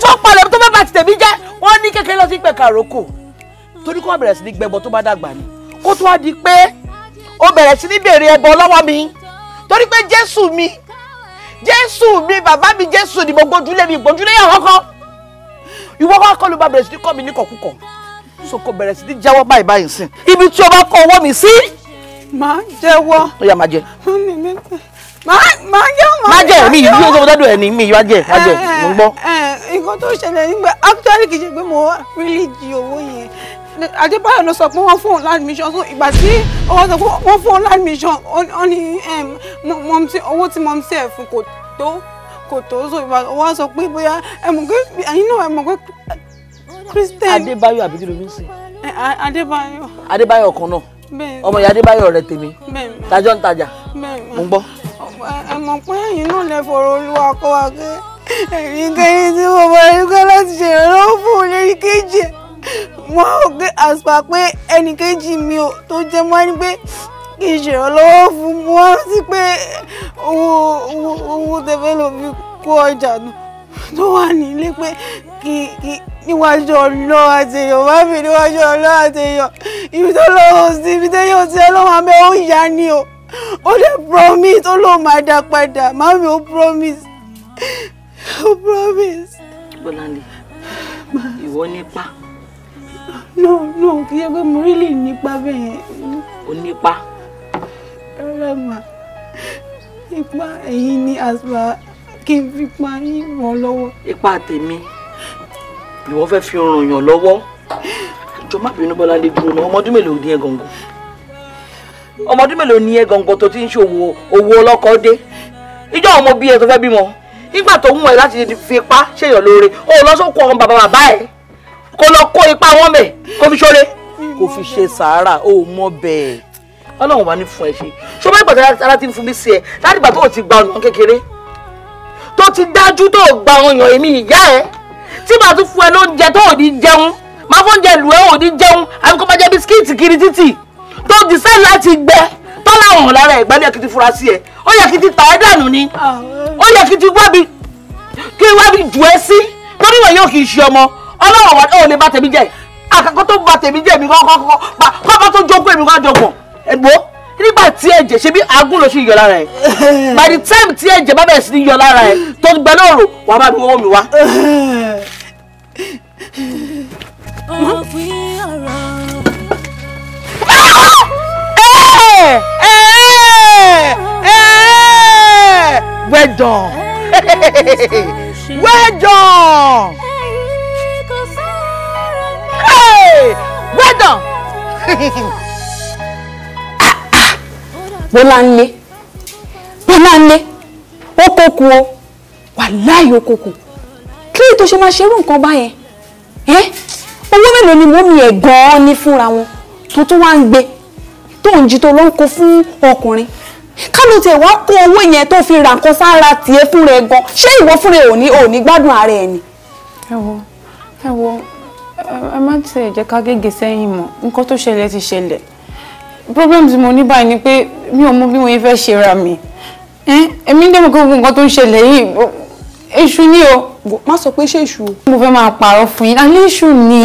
D: tó palẹ̀ tó bá bá ti tèmi jẹ́ wọ́n ní kékeré lọ sí pẹ̀ka àrókò torí kó bẹ̀rẹ̀ sí ní gbẹbọ tó bá dàgbà ni kó tó wá di pé ó bẹ̀rẹ̀ sí ní béèrè ẹbọ lọ́wọ́ mi torí pé Jésù mi jésù mi bàbá mi jésù ni mo gbójúlé mi gbójúlé yà kọ́kọ́ ìwọ wá kọ́ ló bá bẹ̀rẹ̀ sí ní kọ́ mi ní kọ̀kúkọ̀ so kò bẹ̀rẹ̀ sí ní jáwọ́ báyìí báyìí sí ibi tí o bá kọ ọwọ́ mi sí. màá jẹ́wọ́ ó yá máa jẹ. màá jẹ́ màá jẹ́ mi ìlú ọgbọ́n dọ́dọ̀ ẹ̀ ní mi ìwá jẹ́ máa jẹ́ eh, mo ń gbọ́.
I: Eh, eh, nǹkan tó ṣẹlẹ̀ nígbà actually kì í ṣe pé mo really jí owó yẹn Adébáyọ̀ ló sọ pé wọ́n fún òun ládùmíṣàn so ìgbà tí wọ́n sọ pé wọ́n fún òun ládùmíṣàn ó ní owó tí mọ̀ sí ẹ̀ fún kò tó kò tó so ìgbà wọ́n sọ pé bóyá ẹ̀mọ̀ pé ẹ̀yin náà ẹ̀mọ̀ pé Christian. Adébáyọ̀ àbí kí ló Adébáyọ̀.
D: Adébáyọ̀ kan náà
I: ọmọ ìyá Adébáyọ̀
D: rẹ tèmi tajọ́ ń tajà
I: wọ́n ò gbé àṣà pé ẹnìkejì mi ò tó jẹ́ mọ́ ni pé kí n ṣèrànlọ́wọ́ fún mi wọ́n rántí pé owó owó owó tẹ̀fẹ́ ló fi kó ọjà tó wà nílé pé kí kí níwájú ọlọ́ àti èèyàn má fi níwájú ọlọ́ àti èèyàn ibi tó lọ́wọ́ sí ibi tó yóò ti ọlọ́wọ́ abẹ́ ó yá ni o ó dẹ̀ promise ó lóun máa dá padà mami ó promise
D: ó promise. Bọ́láńlé ìwọ nípa
I: no no kì í ṣe pé mo rí lè nípa bẹ́ẹ̀ yẹn. o nípa. rárá mà ipa ẹ̀yin ni àṣà kí n fi pa yín ràn lọ́wọ́.
D: ipa tèmi ìwọ fẹ́ fi ràn yàn lọ́wọ́ jọ má bínú bọ́lá lè dúró lọ ọmọdún mélòó ní ẹ gangan ọmọdún mélòó ní ẹ gangan tó ti ń ṣòwò owó ọlọ́kọ dé ìjọ ọmọ bí ẹ tó fẹ́ bímọ nígbà tó ń wọ̀ ẹ́ láti fi pa ṣèyàn lóore ó lọ sóko ọmọ bàbá bàbá ẹ̀ kó lọ kó ipa wọn bẹ̀ kó fi ṣoore kó fi ṣe sàárà ó mọ bẹ́ẹ̀ ọlọ́run wà ní fún ẹ ṣe ṣọba ìgbà tí ara ti ń fún mi sí ẹ láti ìgbà tó o ti gba ọ̀nà kékeré tó ti dájú tó o gba ọyàn èmi ìyá ẹ tí màá tún fún ẹ lóúnjẹ tó ò ní jẹun máa fóúnjẹ lù ẹ ò ní jẹun àbí kó máa jẹ bisikíìtì kiri títì tó ti sẹ́ẹ̀ láti gbẹ tó láwọn lára ẹ̀ gbálẹ̀ kí ti fura sí ẹ ó yẹ kí ti tà ẹ́ dànù ni ó yẹ kí ti wábi kí wábi jù ẹ sí torí wọn yóò kì í ṣe ọmọ ọlọ́wọ́ wa ò lè bà tèmi jẹ́ àkàkọ́ tó bà tèmi jẹ́ mi kọ́kọ́ kọ́kọ́ tó jogún èmi kọ́kọ́ jogún ẹ̀gbọ́n nígbà tí ẹ̀jẹ̀ ṣe bí agún ló ṣe yọ lára ẹ̀ by the time tí ẹ̀jẹ̀ bá bẹ̀rẹ̀ sí ní yọ lára ẹ̀ tó gbẹ lóòrò wà á bá mi wọ́n mi wá. well done gbẹ́dọ̀.
H: Bọ́láńlé Bọ́láńlé ó kókó o wà láàyè ó kókó kí ni tó ṣe máa ṣerú nǹkan báyẹn ẹ owó mélòó ni mọ́mí ẹ̀ gan-an ní fúnra wọn tó tún wá ń gbé tó ń jí tó ló ń kó fún ọkùnrin kánú tiẹ̀ wá kó owó yẹn tó fi ra nǹkan sára tiẹ̀ fúnra ẹ̀ gan ṣé ìwọ fúnra ẹ̀ ò ní gbádùn ara ẹ̀ ni.
B: ẹ wo ẹ wo ẹ má tiẹ̀ jẹ́ ká gègé sẹ́yìn mọ́ nǹkan tó ṣẹlẹ̀ ti ṣẹlẹ̀ problems mo ní báyìí ni pé mi ò mọ bí wọ́n fẹ́ ṣe ra mi èmi ń dẹ́mọ̀ pé gbogbo nǹkan tó ń ṣẹlẹ̀ yìí èṣù ni o. má sọ pé ṣé èṣù. mo fẹ́ máa pààrọ̀ fún yín alẹ́ èṣù ni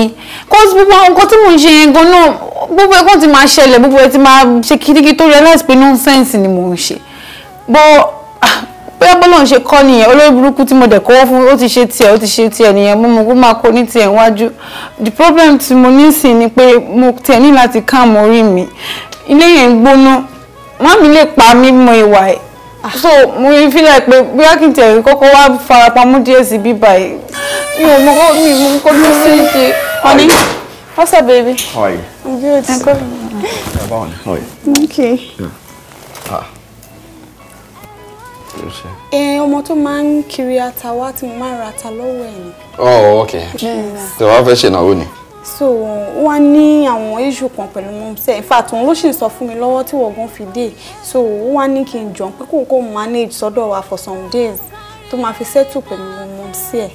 B: cause gbogbo àwọn nǹkan tí mò ń ṣe yẹn gan náà gbogbo ẹ̀kọ́ ti máa ṣẹlẹ̀ gbogbo ẹ̀ ti máa ṣe kíríkí tó realize pé nonsense ni mò ń ṣe but ah, bóyá bọ́lá ń ṣe kọ́ nìyẹn olórí burúkú tí mo dẹ̀ kọ́wọ́ fún ó ti ṣe tiẹ̀ ó ti ṣe tiẹ̀ nìyẹn mo mọ̀ kó máa kó ní tiẹ̀ níwájú the problem tí mo ní sí ni pé mo tiẹ̀ ní láti calm orí mi ilé yẹn ń gbóná wọ́n mi lè pa mí mọ ìwà ẹ̀ so mo rí fílẹ̀ pé bóyá kí n tẹ̀rí kọ́kọ́ wá farapamọ́ díẹ̀ sí bíbá ẹ̀ mi ò mọ̀ kó mi ò mọ̀ kó mi sí ṣe. honey
H: what's up baby. how are you.
G: i'm good. ẹ báwo ni. okay. Yeah. Ah
H: ẹ ọmọ tó máa ń kiri ata wá tí mo máa ń ra ata lọ́wọ́ ẹ̀ ni.
F: oh ok tí wàá fẹ́ ṣènáwó ni.
H: so wọn ní àwọn issue kan pẹ̀lú mọ́mísẹ́ in fact òun ló sì ń sọ fún mi lọ́wọ́ tí wọ́n fi dé so wọn ní kí n jọ pé kò kó manage sọ́dọ̀ wa for some days tó máa fi settle pẹ̀lú mọ́mísẹ́ ẹ̀.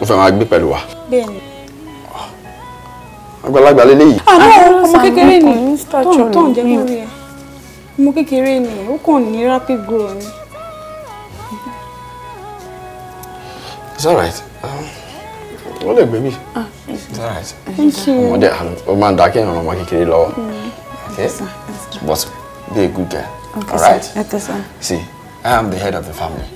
G: ó fẹ́ máa gbé pẹ̀lú wa.
H: bẹ́ẹ̀ni
F: àgbàlagbà lélẹ́yìí.
A: àná ọmọ kékeré ni tó ń jẹ́ lórí
H: ẹ̀ mo kékeré ni ó kàn ní rapid growth ni.
G: it's alright um, wọ́n lè gbé mi ah, it's alright
A: ọmọdé
G: ó um, máa ń dá kéèyàn ọmọ kékeré lọ́wọ́ mm. okay but be a good girl okay, alright see I am the head of the family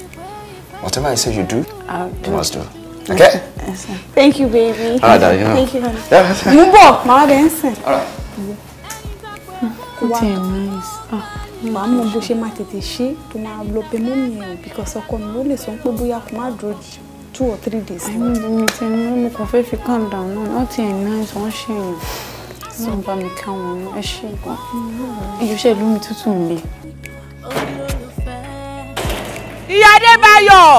G: whatever I say you do do. you must do.
H: Okay? Yes, Thank you, baby. Alright, Thank you, honey. Yeah, that's fine. Move up, Mama Mm -hmm wá ah, màá mọ bó ṣe máa tètè ṣe tó máa lọ pé mú mi ẹ̀rù because ọkọ mi ó lè sọ pé bóyá kò má dúró two or three days. àmì ìbomi ti ní mo kàn fẹ́ fi calm down náà
B: wọ́n ti ẹ̀yìn náà wọ́n ṣe èèyàn tí wọ́n bá mi ká wọn ní ẹ ṣe gan. ìyóṣẹ́ ìlú mi tútù ń le.
D: ìyá Adébáyọ̀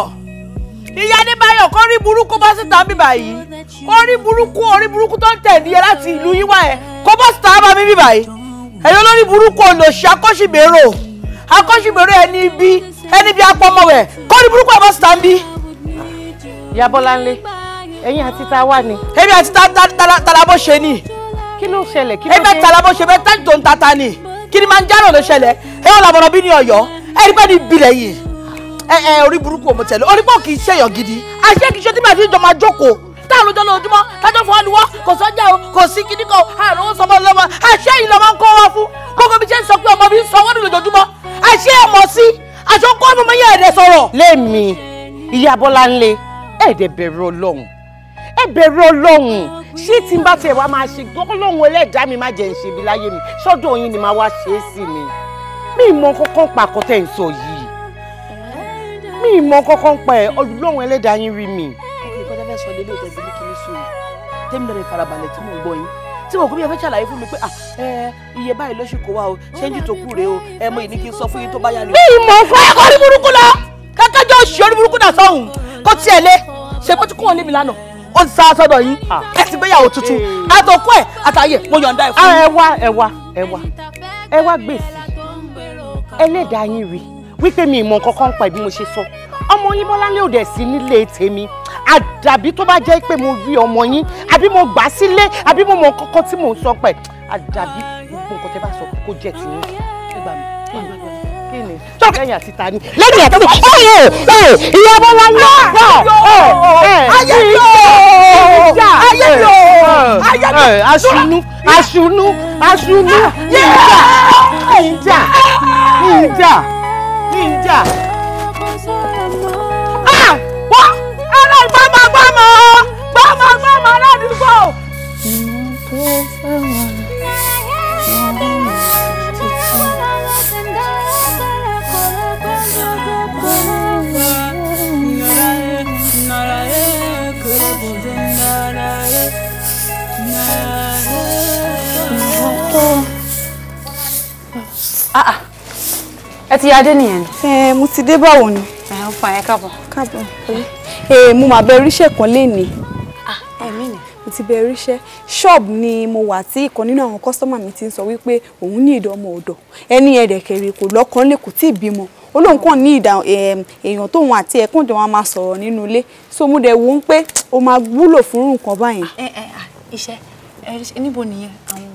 D: ìyá Adébáyọ̀ kọ́ rí burúkú bọ́ síta bíbà yìí orí burúkú orí burúkú tó ń tẹ̀ ní ẹ láti ìlú yín wá ẹ kó bọ́ síta bá mi bíbà yìí ẹ̀yin olórí burúkú olòṣì akọ́ṣìbérò akọ́ṣìbérò ẹni ibi ẹni ibi apọmọwẹ̀ kọ́ni burúkú ẹ̀ bá sì tàn bí. ìyá Bọ́láńlé ẹ̀yin àti ta wà ni. èmi àti talabó ṣe ni. kí ló ṣẹlẹ̀ kí ló dé. èmi àti talabó ṣe bẹ́ẹ̀ tẹ́ǹtò ń tata ni kí ni máa ń járò ló ṣẹlẹ̀ ẹ yóò làbọ̀rọ̀ bí ní ọ̀yọ́ ẹ rí pẹ́ ní ìbílẹ̀ yìí ẹ ẹ orí burúkú òmùtẹ̀lẹ̀ orí pọ̀ kì í ṣèyàn gidi àṣé kì í ṣe tí tá a lójọ́ lójúmọ́ tájọ́ fún wa ni wọ́ kò sọ́jà o kò sí kíní kan àrùn ó sọmọ lọ́mọ àṣẹ yìí lọ́mọ ń kọ́ wa fún kókó mi ṣe ń sọ pé ọmọ mi ń sọ wọ́n ní lójoojúmọ́ àṣẹ ẹ̀ mọ̀ sí àṣọ kọ́ ọmọ yẹn ẹ̀dẹ̀ sọ̀rọ̀. lémi ìyá bọ́lá ń lé ẹ̀ẹ́dẹ̀ bẹ̀rù ọlọ́run ẹ ọlọ́run ṣé tí n bá fẹ́ wá máa ṣe gbọ́kọ́lọ́hún ẹlẹ́dàá mi má jẹ́ ń ṣe ibi láyé mi sọ́dọ̀ yín ni màá wá ṣe é sí mi mi mọ kọ́kọ́ pa àkọ́tẹ́ ń sọ yìí mi mọ kọ́kọ́ pa ẹ̀ ọlọ́run ẹlẹ́dàá yín rí mi fẹ́ sọ lélẹ̀ ìtẹ́bí ní kíní sùn tẹ́mi farabalẹ̀ tí mò ń gbọ́ yín tí mo kọ́ bí ẹ fẹ́ ṣàlàyé fún mi pé ah, iye báyìí lóṣù kó wa o ṣẹ́ńjì tó kù rèé o ẹ mọ ìní kí n sọ fún yín tó bá yá ni. bí ìmọ̀ fún ẹ̀kọ́ ní burúkú lọ kákájọ́ oṣù orí burúkú náà sọ̀hún kó tiẹ̀ lé ṣe kó tún kúrò níbi lánàá ó ti sá sọ́dọ̀ yín ah. ẹ ti gbéyàwó tuntun àtọkọ ẹ àtàyè mo yọ̀ǹda ẹ fún ah, yín. ẹ wá ẹ wá ẹ wá ẹ gbèsè ẹlẹ́dàá yín rí wípé mi ìmọ̀ kankan pa ìbí mo ṣe sọ ọmọ yín bọ́lá ní òde àdàbí tó bá jẹ́ pé mo rí ọmọ yín àbí mo gbà sílé àbí mo mọ kọ́kọ́ tí mò ń sọ pẹ̀ àdàbí gbogbo nǹkan tẹ́ bá sọ kó jẹ́ tiyín ẹ gbà mí kí lẹ́yìn àti ta ni. lẹ́yìn
A: àti ta ni ọ̀rọ̀ ẹ̀ ìyá ọmọ wa yọ ọ̀ ọ̀ ẹ̀ ayé yọ ayé yọ ayé yọ aṣunú
D: aṣunú aṣunú níjà
A: níjà níjà níjà. arúgbó.
H: Ah, ah. ẹ ti adé nìyẹn ni. ẹ mo ti dé báwo ni.
B: ẹ ń fa ẹ káàbọ̀. káàbọ̀
H: ẹ mo mà bẹ ríṣẹ kan lénìí mo ti bẹ̀rẹ̀ iṣẹ́ shop ni mo wà tí ìkan nínú àwọn customer mi ti ń sọ wípé òun ní ìdá ọmọ ọ̀dọ̀ ẹni ẹ̀dẹ̀kẹ̀rẹ̀ kò lọ́kàn lè kò tíì bímọ olóhùn kàn ní ìdá ehm, èèyàn tóun àti ẹ̀kún jọ wọn máa sọ̀rọ̀ nínú ilé so mo dẹ̀ wò ó pé o máa wúlò fún nǹkan báyẹn. ẹ ẹ
B: iṣẹ́ níbo nìyẹn àwọn.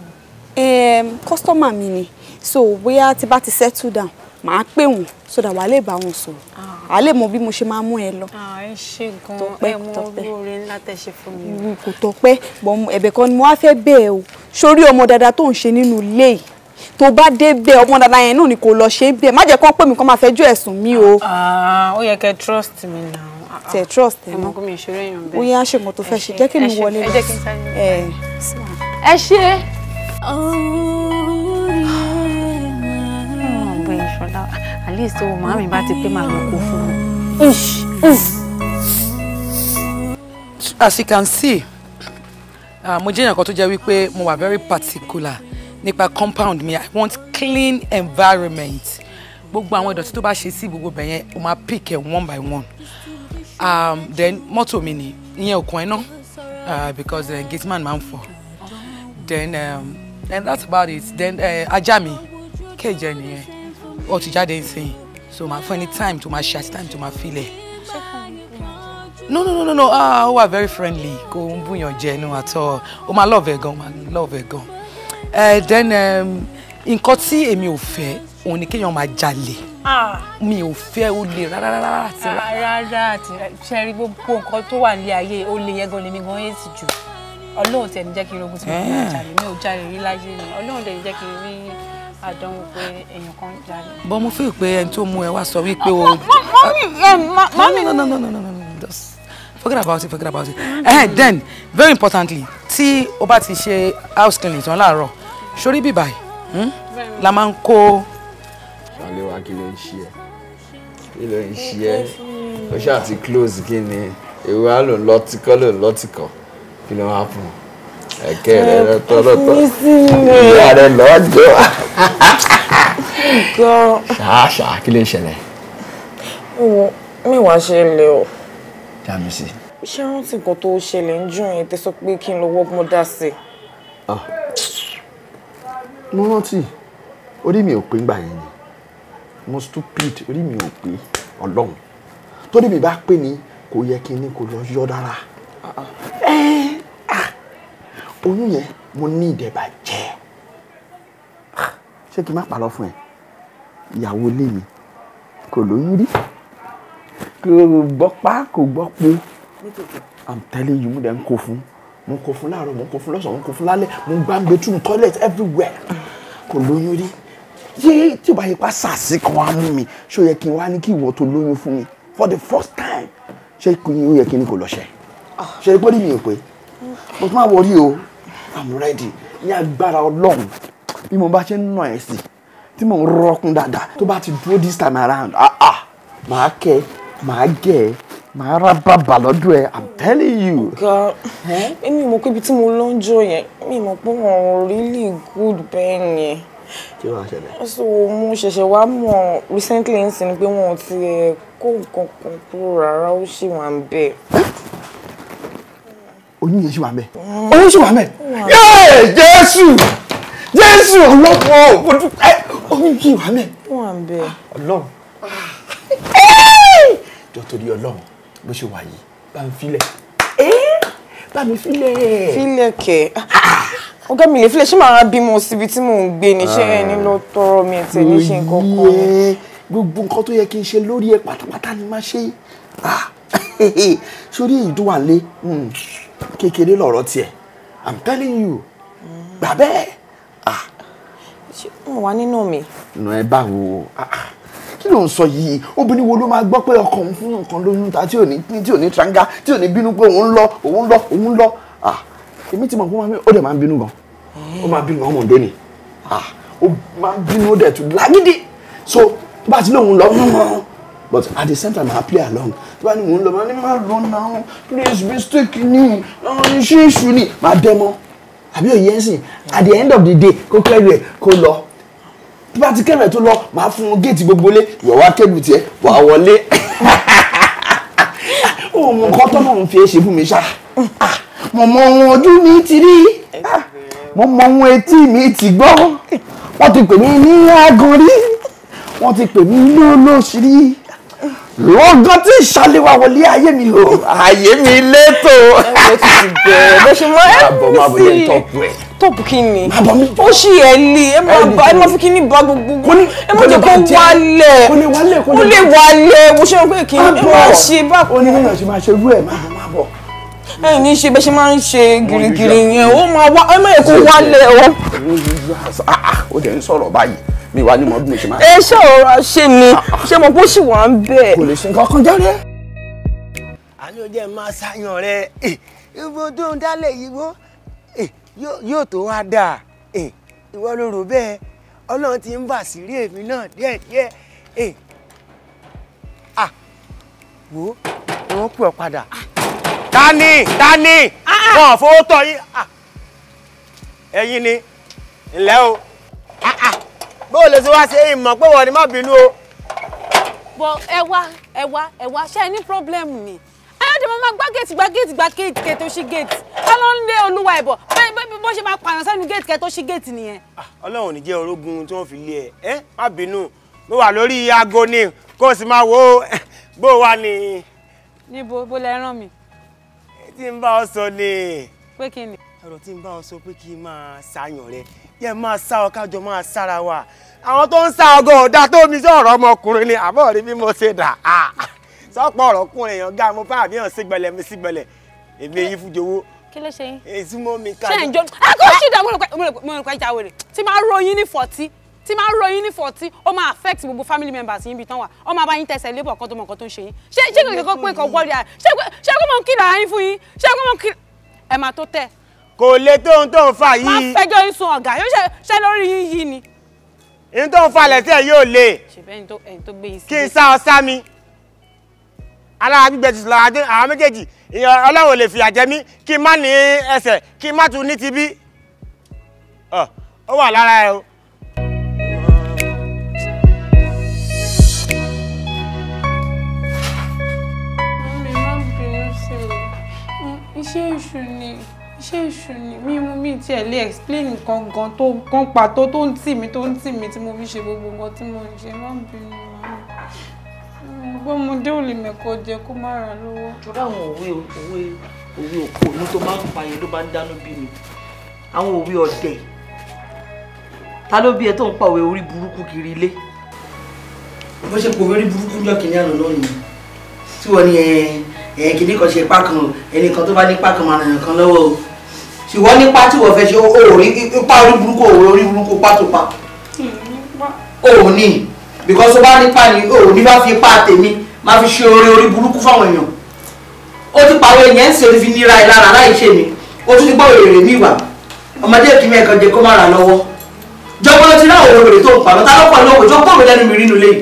H: Ehm, customer mi ni so bóyá ti bá ti settle down màá pè wọ́n sódà wàá lè bá wọn sọ̀rọ̀ a ah. lè mọ bí mo ṣe máa mú ẹ lọ. Ah, ẹ ṣe gan ẹ mọ orí ńlá tẹ ṣe fún mi. kò tọpẹ́ bọ ni mo wá fẹ́ bẹ́ẹ̀ o sórí ọmọ dáadáa tó ń ṣe nínú ilé yìí tó bá dé bẹ ọmọ dada yẹn náà ni kò lọ ṣe bẹ má jẹ́ kán pè mí kán máa fẹjọ́ ẹ̀sùn mi o.
B: Ah, ó yẹ kẹ́ trust mi
H: náà. tẹ trust ẹ mọ
B: ó yẹ àṣemọ tó fẹ́ ṣe fọlá at least owó màmí bá ti pé màá lọ kó fún
D: as you can see ah, mo jẹ́ èèyàn tó jẹ́ wípé mo wà very particular nípa compound mi i want clean environment gbogbo àwọn ìdọ̀tí tó bá ṣe sí gbogbo bẹ̀yẹn o máa pick ẹ̀ one by one um, then mọ́tò mi ni ìyẹn ò kàn ẹ́ náà ah, because uh, gate man máa ń fọ then um, and that's about it then uh, ajá mi kéèjẹ nìyẹn ó ti jáde nsìn so máa fún ẹ time to máa ṣe àti time tó máa filẹ̀. no no no no no ah ó wà very friendly kò ń bùyàn jẹ at all. ó máa love ẹ gan máa love ẹ gan uh, then um, nǹkan tí èmi ò fẹ́ òun ni kéèyàn máa jalè ah. mi ò fẹ́ olè rárá rárá àti rárá. Ah,
B: rárá àti ṣẹ́rí gbogbo nǹkan tó wà nílé ayé olè yẹn gan lèmi gan yé sì jù ọlọ́run tẹ̀ ní jẹ́ kí n rogun tí mo fi máa eh. jalè mi ò jalè rí láyé mi ọlọ́run tẹ̀ ní jẹ́ kí n rí. But pé feel kan ń darí.
D: bọ́ mo fẹ́ pé ẹni tó o. mọ́mí mọ́mí. no no no no no no just forget about it forget about it. Mm-hmm. Eh, then very importantly tí o bá ti ṣe house cleaning tán láàárọ̀ sórí bíbá yìí hmm, la máa ń kó.
F: ṣàlẹ́ wa kí ló ń ṣe ẹ́ kí ló ń ṣe ẹ́ o
G: ṣáà ti close kí ni èwe á lò lọ́tìkọ́ lò lọ́tìkọ́ happen ẹ̀kẹ́ rẹ̀ lọ́tọ̀ lọ́tọ̀ ìyá rẹ̀ lọ́jọ́ ṣàṣà kí lè ṣẹlẹ̀.
H: mi wàá ṣe
F: lè o. jàmí sí.
I: ṣé rántí nǹkan tó ṣẹlẹ̀ ń jù yín tẹ́ sọ pé kí n lọ wọ́gbọ́n dá sí i.
F: Ah. mo rántí orí mi ò pé ń gbà yẹn ni mo stupid orí mi ò pé ọlọ́run torí mi bá pè ní kò yẹ kí n ní kò lọ yọ dára ah, ah oyún yẹn mo ní ìdẹ̀bà jẹ́ ṣé kí n má parọ́ fún ẹ ìyàwó ilé mi kò lóyún rí kò gbọ́ pa kò gbọ́ po i'm telling you mo dẹ̀ ń kó fún mo ń kó fún láàárọ̀
D: mo ń kó fún lọ́sàn-án mo ń kó fún lálẹ́ mo ń gbàgbé tún toilet everywhere kò lóyún rí yé tí o bá yẹ pa sàásì kan wá mú mi ṣé o yẹ kí n wá ní kí ìwọ tó lóyún fún mi for the first
F: time ṣé o yẹ kí n kò lọ ṣẹ ṣe é pé rí mi ò pé mo tún máa wọrí o i'm ready ní agbára ọlọ́run bí mo bá ṣe ń nà ẹ̀ sí
D: tí mò ń rọ́kùn dáadáa tó bá ti dúró this time around ah ah màá kẹ́ màá gẹ̀ ẹ́ màá ra bàbà lọ́dọ̀ ẹ̀ i'm telling you. ọ̀gá èmi mọ̀ pé ibi tí mo
I: lọ ń jọ yẹn mi mọ̀ pé wọ́n really good bẹ́ẹ̀ yẹn tí wọ́n ṣẹlẹ̀. so mo ṣẹ̀ṣẹ̀ wá mọ̀ recently ń sin pé wọn ò ti kó nǹkan kan kúrò rárá ó ṣì wà ń bẹ̀
F: oyún yẹn ṣì wà mẹ́ mm. oyún ṣì wà mẹ́ yéè jésù jésù ọlọ́run mo
D: oyún yìí wà mẹ́. Ah, ọlọ́run
F: jọ torí ọlọ́run bó ṣe wà yìí bá ń filẹ̀
D: bá mi filẹ̀. filẹ̀ kẹ̀ ọ̀gá mi lè filẹ̀ ṣé màá bímọ síbi tí mò ń gbé
F: ni ṣé ẹni
I: lọ
D: tọrọ mi ẹ̀ tẹ̀lé ṣe nǹkan kan. gbogbo nǹkan tó yẹ kí n ṣe lórí ẹ pátápátá ni má ṣe ah, sórí èyí tó wà lé. Hmm kékeré lọ̀rọ̀ tiẹ̀
G: i'm telling you
D: gbà bẹ́ẹ̀. Ah. ṣé mo wà nínú mi.
G: nà ẹ báwo ah, ah.
D: kí ló ń sọ yìí obìnrin wo ló máa gbọ́ pé ọkọ òun fún nǹkan lóyún ta tí ò ní tí ò ní tranga tí ò ní bínú pé òun lọ òun lọ òun lọ èmi ti mọ̀ pé ó dẹ̀ máa ń bínú gan ó máa ń bínú ọmọ òǹdó ni ó máa ń bínú ó dẹ̀ tún lágídí so bá a ti lóun lọ but at the same time I play along tí wọ́n ní mò ń lọ máa ní máa lọ náà please mistake ni ah, ṣé ìṣù ni máa bẹ́ mọ́ àbí òye ń sìn at the end of the day kó kẹ́rù ẹ̀ kó lọ tí bá ti kẹ́rù ẹ̀ tó lọ máa fún un géètì gbogbo lé ìwọ̀ wá kẹ́rù tiẹ̀ wà wọlé òun nǹkan tó náà ń fi ṣe fún mi ṣá ah, mo mọ ohun ojú mi ti rí ah, mo mọ ohun etí mi ti gbọ́ wọ́n ti pè mí ní aago rí wọ́n ti pè mí lólóṣì rí lọ́gán tí ìṣàlẹ̀wà wọlé ayé mi o. ayé mi létò. ẹ ti ti bẹ̀rẹ̀ bẹ́ẹ̀ ṣe
A: mọ́ ẹ ní sí
D: tọ́pù kí ni ó ṣì ẹ̀ lé ẹ máa fi kí ni bá gbogbo ẹ máa jẹ́ kó wálẹ̀ ó lè wálẹ̀ mo ṣe pé kí ni ẹ máa ṣe bá kú. ó ní ìrìnà ṣe máa ṣe rú ẹ máa bọ̀. ẹ ní ṣe bẹ́ẹ̀ ṣe máa ń ṣe gírígírí yẹn ó máa wá ẹ máa yẹ kó wálẹ̀ o.
F: Ah, ah, ó dẹ̀ ń sọ̀rọ̀ báyìí mi wà ní mọ bí mo ṣe máa. ẹ ṣe ọ̀rọ̀ ṣe ni
D: ṣe mo bó ṣì wà ń bẹ̀. kò lè ṣe nǹkan kan jáde. àní ó jẹ́ máa ṣàyàn rẹ ibo eh, tó ń dálẹ̀ yìgbó eh, yóò tó wá dà eh, ìwọ ló rò bẹ́ẹ̀ ọlọ́run ti ń bà sírí èmi náà díẹ̀díẹ̀ à ah, wò ó wọ́n pè ọ́ padà. Ah, tani tani ah, wọn ò fowó tọ yín
C: ẹ̀yin ni ńlẹ́ o bó o lè ṣe wá ṣe ìmọ̀ pé wọ́n ni má bínú o.
B: bọ ẹ wá ẹ wá ẹ wá ṣe é ní pírọ́blẹ́mù ni ayọ̀dẹ̀mọ̀ máa gbá géètì gbá géètì gbá géètì kẹtó sí géètì ká ló ń lé olúwa ẹ̀bọ̀ bó ṣe máa pààyàn sẹ́nu géètì kẹtó sí géètì nìyẹn. Ah,
D: ọlọ́run ò ní jẹ́ orógun tí wọ́n fi lé ẹ ẹ má bínú mo wà lórí aago ni kó o sì máa wo bó o wà ní. bo bó lẹ rán mi. tí n bá ọ sọ ni. pé kí ni ọ̀rọ̀ tí ń bá ọ sọ pé kí n máa ṣàyàn rẹ yẹ máa sá ọ kájọ máa sára wa
F: àwọn tó ń sá ọgọ ọ̀dà tó mi sí ọ̀rọ̀ ọmọkùnrin ni àbọ̀ rí bí mo ṣe dà á
D: sọ́pọ̀ ọ̀rọ̀ kùnrin èèyàn ga mo fáàbí hàn sígbẹ̀lẹ̀ mi sígbẹ̀lẹ̀ èmi yín fújowó. kí ló ṣe yín. èsì mọ́ mi
B: ká. ṣé ǹjọ́ ẹ kó ṣì dá mo rò pé ìjà wèrè tí máa ro yín ní fọ̀tí tí máa ro yín ní fọ̀tí ó máa affect gbogbo family members yín bí tán wà ó máa bá yín tẹsẹ̀ lébọ̀ kan tó mọ̀ kan tó ń ṣe yín ṣé ṣé kò kò pé kò gbọ́dọ̀ ṣé kò mọ̀ kí
D: kò lè tóun tóun fà yìí. má fẹjọ́ yín sun ọ̀gá yóò ṣe lórí yín yìí ni. ìyín tóun fà lẹ́sẹ̀ yóò le. kí n sá ọ sá mi. alára gbígbẹ ti sùn lára àwọn méjèèjì ọlọ́run lè fìyà jẹ mí kí n má ní ẹsẹ̀ kí n má tún ní ti bí.
A: ó
D: wà lára ẹ o.
I: iṣẹ́ ìṣù ṣé èṣù ni mí mú mi tiẹ̀ lè explain gangan tó kan pàtó tó ń tì mí tó ń tì mí tí mo fi ṣe gbogbo
B: nǹkan tí mo ń ṣe má bínú
I: bọ́mọdé ò lè mẹ́kọ̀ọ́ jẹ kó
D: má ra lọ́wọ́. torí àwọn òwe òwe òwe òpònú tó máa ń pa yẹn ló máa ń dánú bí mi àwọn òwe ọ̀dẹ̀ ta ló bí ẹ tó ń pa òwe orí burúkú kiri ilé. bó ṣe pòwe orí burúkú jọ kìnìún àná náà tí wọ́n ní ẹ̀ ṣe pákan ẹnì tó bá ní pákan máa ràn yàn kan lọ́wọ́ o ṣùgbọ́n nípa tí wọ́n fẹ́ ṣe òórí ipa orí burúkú òórí orí burúkú pátópá òní because ó bá nípa ni òní bá fi ipa tèmi máa fi ṣe orí orí burúkú fáwọn èèyàn ó ti pàwọ́ èèyàn ń ṣe orí fi níra ẹ̀ lára láì ṣe mi ó tún ti gbọ́ èrè mi wà ọmọdé kìíní ẹ̀kan jẹ kó má ra lọ́wọ́ jọgbọ́n ló ti rá òun èrè tó ń pàmò tá lọ́pọ̀ lọ́wọ́ jọgbọ́n mi lẹ́nu mi rí nulẹ̀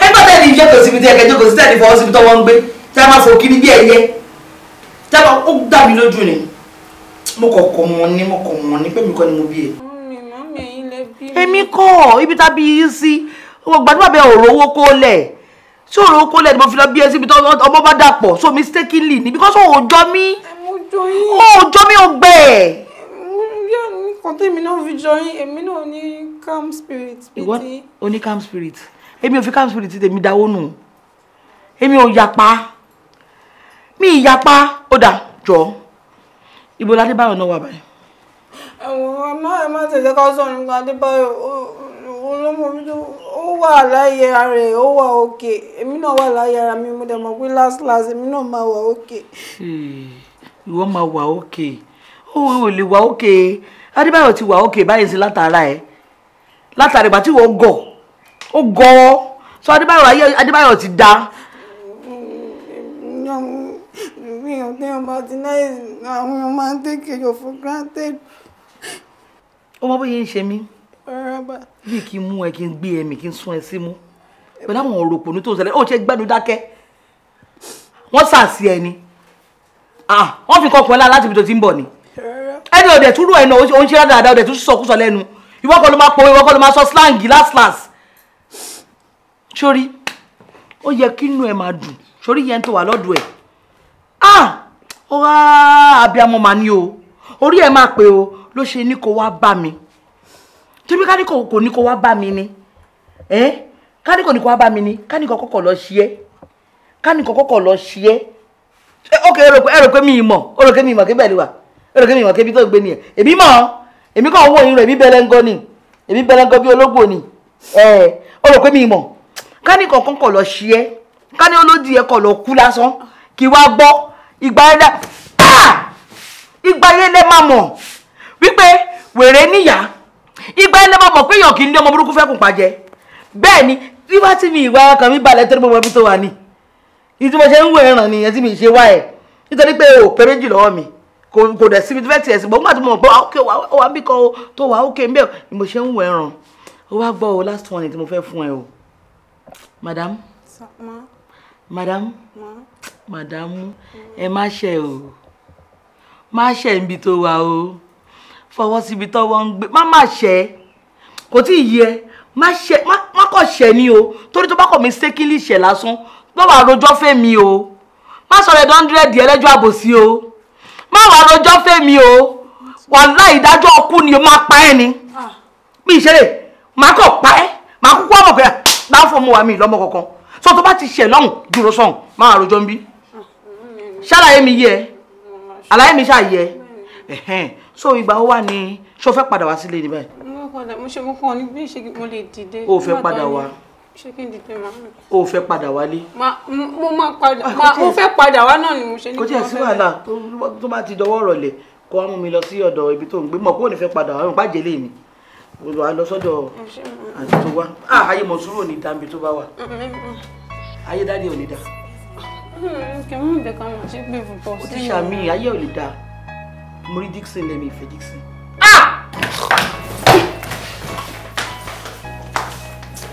D: yìí ẹgbẹ́ tẹ́lẹ̀ ìjẹ́kọ̀ọ́ síbi tẹ́ẹ̀kẹ́ jókòó sí dábàá ó gbà mí lójú ni mo kọ̀ kọ̀ mọ̀ ni mo kọ̀ mọ̀ ni pé mi kọ́ ni mo bí e. èmi kọ́ ibi tá a bí yín sí gbogbo àdúrà bẹ́ẹ̀ òrò owó kó lẹ̀ tí òrò owó kó lẹ̀ ni mo fi lọ bí ẹ síbi tó ọmọ bá dàpọ̀ so mistakenly ni because òòjọ́ mi òòjọ́ mi ò gbẹ
I: kan tẹ́mi náà fi jọ yín èmi náà ní calm spirit. ìwọ
D: o ní calm spirit èmi ò fi calm spirit tèmi dáwọ́ nù èmi ò yapa mi ìyapa ó dà jọ ibo ládébáyọ̀ náà wà báyìí.
I: ẹ̀wọ̀n ẹ má ẹ má tètè ká sọ̀rọ̀ nípa adébáyọ̀ olómọbíjú ó wà láyé ara ẹ̀ ó wà òkè èmi náà wà láyé ara mi mo dẹ̀ mọ̀ pé last last èmi náà máa wà òkè.
D: ìwọ máa wà òkè ó ò lè wà òkè adébáyọ̀ ti wà òkè báyìí sí látara ẹ̀ látara ìgbà tí wọ́n gọ̀ ó gọ̀ ọ́ sọ adébáyọ̀ ayé adébáyọ̀ ti da
I: èèyàn téèyàn bá ti láyè àwọn èèyàn máa ń tẹ́kẹ̀ẹ́ yọ̀ for granted.
D: ó mọ bóyá ń ṣe mí bí kí n mú ẹ kí n gbé ẹmí kí n sún ẹ sí mú pẹ̀lú àwọn ọ̀rọ̀ òpònú tó ń ṣẹlẹ̀ ó ṣe gbẹ́nu dákẹ́ wọ́n sàṣì ẹni ah, wọ́n fi kọkùn ẹ lára láti ibi tó ti ń bọ̀ ni ẹni ọ̀dẹ̀ tún rú ẹ̀nà òun ṣe rádàdà ọ̀dẹ̀ tún sọkúsọ lẹ́nu ìwọ kọ́ ló máa pọ̀ ìwọ kọ́ ló máa sọ slangi last last sórí ó yẹ kí inú ẹ máa dùn sórí yẹn tó wà lọ́dọ̀ ẹ̀ ah ọ̀rá abiyamọ mà o orí ẹ̀ máa pè o ló ṣe ní kó wá bá mi tíbi káníkò kò ní kó wá bá mi ni ẹ káníkò ní kó wá bá mi ni káníkò kọ́kọ́ lọ ṣí ẹ káníkò kọ́kọ́ lọ ṣí ẹ ok ẹ rò pé mi ì mọ̀ ẹ rò pé mi ì mọ̀ kébẹ̀ lè wà ẹ rò pé mi ì mọ̀ kébi tó gbé nìyẹn èmi mọ̀ èmi kàn wọ irun èmi bẹlẹ́ngọ́ ni èmi bẹlẹ́ngọ́ bí ológbò ni ẹ ẹ rò pé mi ì mọ̀ káníkò kọ́kọ́ lọ ṣí ẹ káníkò ló di ẹ kọ̀ lọ kú lásán kí wá gbọ́ ìgbà yẹn ìgbà yẹn lẹ máa mọ̀ wípé wèrè níyà ìgbà yẹn lẹ máa mọ̀ pé èèyàn kì í ní ọmọ burúkú fẹ́ kùn pàjẹ́ bẹ́ẹ̀ ni bí bá ti mi ìwà ọkàn mi balẹ̀ torí gbogbo ẹbí tó wà ní ìdí mo ṣe ń wò ẹ̀ràn nìyẹn tí mi ṣe wá ẹ̀ nítorí pé o péré jù mi kò dẹ̀ síbi tó fẹ́ tiẹ̀ sí gbogbo àti mo mọ̀ pé ókè ah, wà bí kan tó wà ókè mbẹ́ ni mo ṣe ń wò ẹ̀ràn o wá gbọ́ o last one tí mo fẹ́ fún ẹ o madam madam. Ma màdámù ẹ má ṣe o má ṣe níbi tó wà o fọwọ́ síbi tọ́wọ́ ń gbé má má ṣe kò tí ì yẹ má ṣe má kọ̀ ṣe ni o torí tó bá kọ̀ mí sékìlì ṣẹ̀ lásán tó bá rojọ́ fẹ́ mi o má sọ̀rọ̀ ẹ̀dọ́ hundred ẹlẹ́jọ́ àbòsí o má wà rojọ́ fẹ́ mi o wàhálà ìdájọ́ ọkú ni o máa pa ẹ́ ni bí ìṣeré máa kọ̀ pa ẹ́ máa kúkú ọmọ pé ah, bá fọ́ mu wà mí lọ́mọ kankan so tó bá ti ṣẹ̀ lọ́hùn dúró sọ̀hún má wà rojọ́ ń bí ṣàlàyé mi yẹ àlàyé mi ṣàyẹ so ìgbà ó wà ní ṣó fẹ́ padà wá sílé ni báyìí.
B: mo padà mo ṣe mo kàn ní bí ṣe mo lè dìde. o fẹ́ padà wá ṣé kí n dìde màá.
D: o fẹ́ padà wálé.
B: mo máa padà ah, mo fẹ́ padà wá náà ni mo ṣe ní kí wọ́n fẹ́. kò tiẹ̀ sí wàhálà
D: tó bá ti dọwọ́ rọ̀lẹ́ kó wá mú mi lọ sí ọ̀dọ̀ ibi tó ń gbé mọ̀ kó o ní fẹ́ padà wá pàjẹ́ lé mi wà lọ sọ́dọ̀ àti tó wá ah, ayé mọ̀ sùúrù ò ní dá níbi tó bá wà
A: mm, mm, mm.
D: ayé dá
B: kẹmí ìbẹ kan máa
D: ayé ò lè dáa mo rí Dixon lẹ́mi ìfẹ́ Dixon. Ah!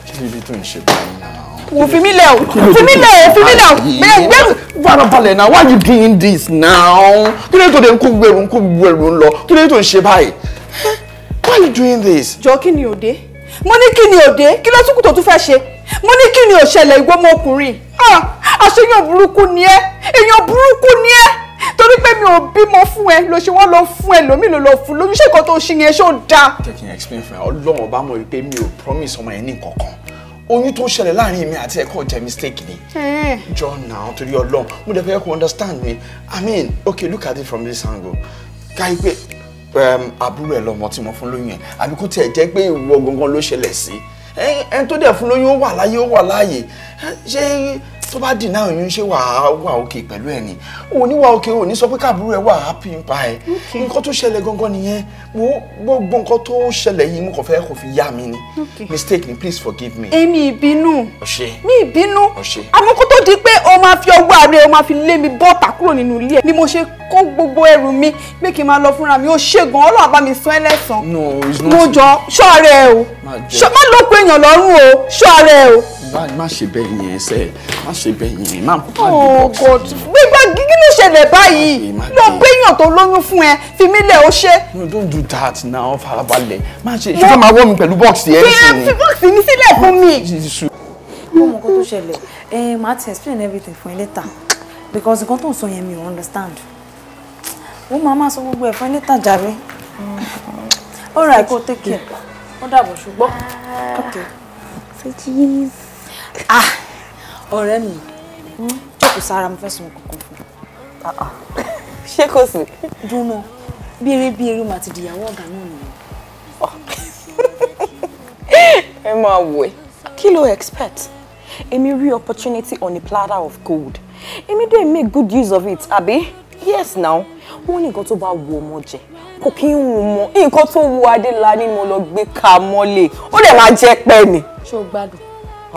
G: kí ibi tó ń ṣe báyìí náà.
D: wò o fi o fi o bẹ́ẹ̀ náà why you doing this now kí ló tó de ń kó gbẹrù kó gbẹrù lọ kí ló tó ń ṣe báyìí why you doing this. jọ kí ni òde mo ní kí ni òde kí ló tún kù tún fẹ́ ṣe mo ní kí ni ò ṣẹlẹ̀ ìwọ ọmọkùnrin ah, àṣeyàn burúkú ni ẹ èèyàn burúkú ni ẹ torí pé mi ò bímọ fún ẹ ló ṣe wọ́n lọ fún ẹ lómi ló lọ fún lójú ṣé nǹkan tó ṣe yẹn ṣó dáa.
F: jẹ́ kí n explain fún ẹ ọlọ́run ọba mọ̀ wípé mi ò promise ọmọ yẹn ní nǹkan kan oyún tó ṣẹlẹ̀ láàrin mi àti ẹ̀kọ́ jẹ́ mistake ni. John now torí ọlọ́run mo dẹ̀ fẹ́ kó understand me I mean okay look at it from this angle káyí pé um, àbúrò ẹ̀ lọ́mọ tí mo fún lóyún ẹ̀ àbí kó tiẹ̀ jẹ́ pé ìwọ gangan ló ṣẹlẹ̀ sí i ẹni tó dẹ̀ fún lóyún ó wà láyé ó wà láàyè ṣé tó bá dìnnà òyìn ṣé wàá wà òkè pẹ̀lú ẹ̀ ni ò ní wà òkè ò ní sọ pé káàbúrò ẹ̀ wà happy ń pa ẹ̀ nǹkan tó ṣẹlẹ̀ gangan nìyẹn mo gbogbo nǹkan tó ṣẹlẹ̀ yìí mo kàn fẹ́ kó fi yá mi ni mistake ni please forgive me. èmi
H: ìbínú mi ìbínú àmọ́ kó tó di pé o máa fi ọwọ́ ààrẹ o máa fi lé mi bọ́ọ̀tà kúrò nínú ilé ẹ̀ ni mo ṣe kó gbogbo ẹrù mi pé kí n máa lọ fúnra mi ó ṣègùn ọlọ́ àbá mi sán ẹlẹ́sàn mo jọ ṣọ́ọ̀rẹ́ o
D: má ló èèyàn lọ́rùn o
F: ṣọ́ọ̀rẹ́
D: o
G: báyìí má ṣe bẹ́ẹ̀ yẹn ṣe má ṣe
F: bẹ́ẹ̀ yẹn má má
D: bí bọ́ọ̀sì. ọkọ gbígbà gígí ló ṣẹlẹ̀ báyìí lọ gbéyàn tó
H: lóyún
F: fún ẹ fi mí lẹ̀ ó ṣe. no don't do that now farabalẹ̀ má ṣe ṣùgbọ́n máa wọ́ mi pẹ̀lú
G: bọ́ọ̀sì ẹ̀ ṣe. fi
F: bọ́ọ̀sì mi sílẹ̀ fún mi.
E: ọmọ nǹkan tó ṣẹlẹ̀ ẹ máa ti explain everything fún ẹ later because nǹkan tó ń sọ yẹn mi ò understand wọ́n máa máa sọ gbogbo ẹ̀ fún ẹ later all right go take care ó dàbọ̀ ṣùgbọ́n ah, okay. say cheese ah ọ̀rẹ́ mi
H: jókòó sára mo fẹ́ sọ kankan fún un. Ah, ah. ṣé kò sí. dúnà bí eré bí eré màá ti dìyàwó ọ̀gá náà nìyẹn.
D: ẹ máa wò ẹ kí ló expect èmi rí opportunity on a platter of gold Emi dey make good use of it àbí yes now wọ́n ní nǹkan tó bá wo ọmọ jẹ kò kí ń wù mọ́ nǹkan tó wo adéla ni mo lọ gbé ka mọ́lẹ̀ ó dẹ̀ máa jẹ́ pẹ́ ni. ṣé o gbádùn.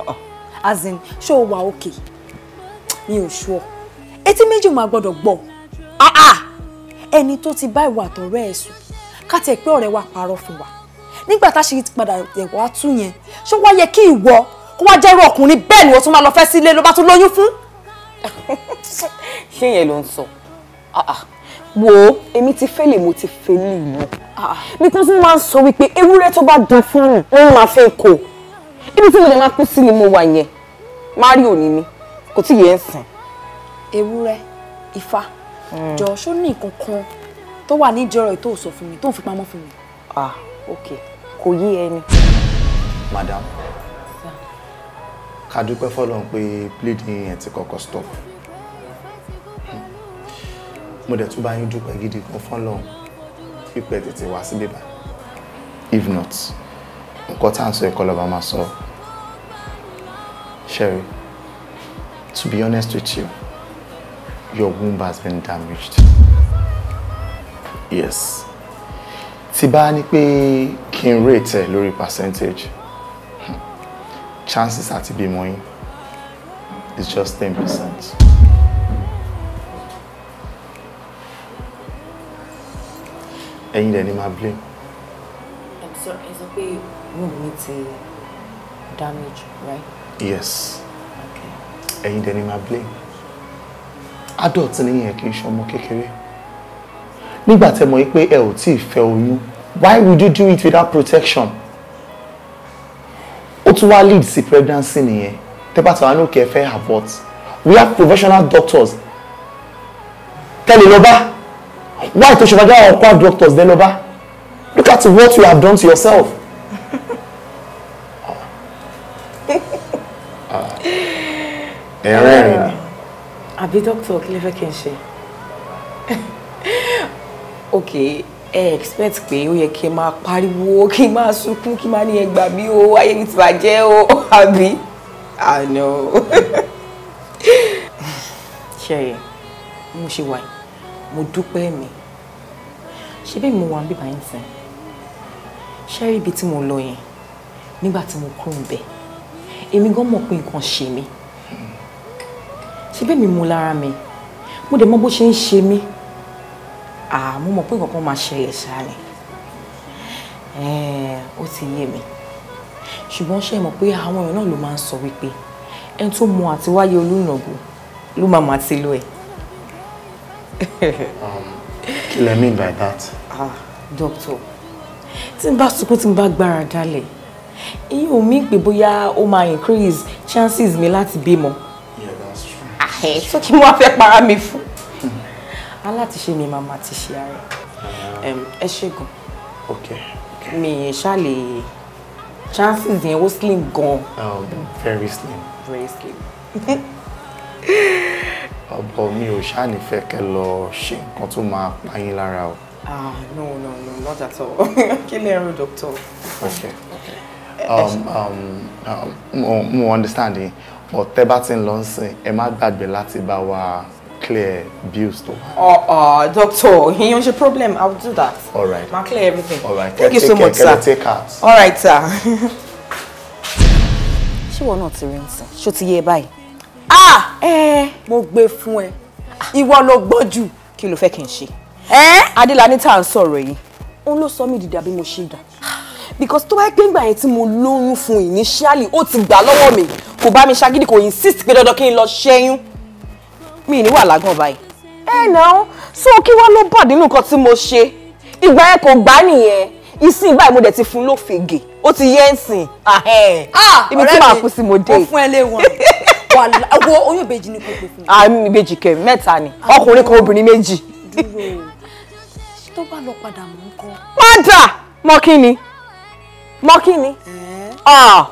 D: Ah, as in ṣé o wà òkè mi ò ṣọ́ etí méjì máa gbọ́dọ̀ gbọ́ ah, ah! ẹni tó ti bá ìwà àtọ̀rẹ́ ẹ̀ sùn ká tẹ̀ pé ọ̀rẹ́ wa parọ́ fún wa nígbà tá a ṣe padà wá tú yẹn ṣé wá yẹ kí ìwọ kó wá jẹ́rú ọkùnrin bẹ́ẹ̀ ni wọ́n tún máa lọ fẹ́ sílé ló bá tún lóyún fún. ṣé yẹn ló ń sọ ah, wo èmi ti fẹ́ mo ti fẹ́ lè mọ́ bí máa ń sọ wípé ewúrẹ́ tó bá dán fún un wọ́n máa fẹ́ kó ibi tí mo lè máa kú sí ni mo wà yẹn mari òní mi
H: kò tí yẹn ń sìn. ewúrẹ́ ifá hmm. jọ̀ọ́ ṣó ní nǹkan kan tó wà ní ìjọ́rọ̀ tó sọ fún mi tó ń fi pamọ́ fún mi.
J: ah ok kò yí ẹni. madam ká dúpẹ́ fọlọ́run pé bleeding ẹ̀ ti kọ́kọ́ stop mo dẹ̀ tún bá yín dúpẹ́ gidi gan fọlọ́run pípẹ́ tètè wá sí bíbá if not nǹkan tá à ń sọ ẹ̀kọ́ lọ́ba máa sọ Sherry to be honest with you your womb has been damaged yes tí bá ní pé kí n rate ẹ lórí percentage chances àti bímọ yín is just ten percent. ẹ̀yin dẹ̀ ni máa blame.
D: ẹ sọ pé
B: room
A: mi ti damage right.
J: yes Okay. And máa blame adult nìyẹn kì í ṣe education, okay, nígbà tẹ́ mọ̀ pé ẹ ò tí ì why would you do it without protection ó tún wá lead sí pregnancy nìyẹn tẹ́pà tàwọn àánú kẹ́ fẹ́ abort we have professional doctors Tell tẹ́lẹ̀ lọ́ba why tó ṣe fàjà ọkọ̀ doctors dẹ́ lọ́ba look at what you have done to yourself.
A: ẹ̀rẹ́ rẹ̀ ni. Uh,
E: àbí dókítà kí lè fẹ́
D: ok ẹ expect pé ó yẹ kí n máa pariwo kí n máa sunkún kí n máa ní ẹ gbà mí o ayé mi ti bàjẹ́ o àbí àná ṣe yẹ mo ṣe wà mo dúpẹ́ mi ṣe bí mo wà ń bíbá yín sìn ṣe rí ibi èmi gan mọ̀ pé nǹkan ṣe mí ṣe bẹ́ẹ̀ mi mú lára mi mo dẹ̀ mọ̀ bó ṣe ń ṣe mí àmọ́ mọ̀ pé nǹkan máa ṣẹlẹ̀ ṣáàlẹ̀ ó ti yé mi ṣùgbọ́n ṣe mọ̀ pé àwọn èèyàn náà ló máa ń sọ wípé ẹni tó mọ àti wáyé olùnàgò ló máa máa ti lo ẹ̀. Um,
A: kí
J: lẹ mean by that.
D: ah doctor tí n bá sunkún tí
J: n bá gbára dálẹ̀
D: èyí ò mí pé bóyá ó máa increase chances mi láti bímọ.
A: yeah that's true.
D: àhẹ ah, tó eh, kí wọn fẹ́ para mi fún. alátiṣe ni màmá ti ṣe ara ẹ ṣègùn. ok ok. mi ṣàlè
J: chances yẹn ó slim gan. oh very slim. very slim. ọ̀bọ mi ò ṣàní fẹ́ kẹ́ lọ ṣe nǹkan tó máa pa yín lára o.
D: ah no no no not at all kí lè rú doctor.
J: okay. Um, um, um, um, mo understand but tẹ́ bá ti ń lọ sí ẹ má gbàgbé láti bá wa clear bills tó. ọ
D: ọ oh, oh, doctor ìyẹn ṣe problem i will do that. all right ma clear everything.
E: all right thank you so much sir. take out. all right
D: sir. ṣé ìwọ náà ti rí nsìn ṣó ti yé e báyìí. ah eh. mo gbé fún ẹ ìwọ ló gbọ́ jù kí ló fẹ́ kí n ṣe. ẹ eh? adélaní tá à ń sọ̀rọ̀ yìí òun ló sọ mí dìde àbí mo ṣe dà because tó bá yẹ pé ńgbà yẹn tí mo lóyún fún initially ó ti gbà lọ́wọ́ mi kò bá mi ṣagídí kò insist pé dandan kí n lọ ṣẹ́yún mi ní wà lágàn báyìí. ẹ náà so kí wàá ló bọ̀ nínú nǹkan tí mo ṣe ìgbà yẹn kò gbà nìyẹn ìsìn báyìí mo dẹ̀ ti fún lófegè ó ti yẹ ń sìn.
A: Ah, ibi tí màá kú sí mo dé. ó
D: fún ẹ léwọ̀n wo oyún ìbejì ni kò pè fún mi. àmì ah, ìbejì kẹ mẹ́ta ni ah, ọkùnrin kan obìnrin méjì.
H: tó bá lọ padà mú kọ. padà
D: mọ kí ni mọ kí ni ah.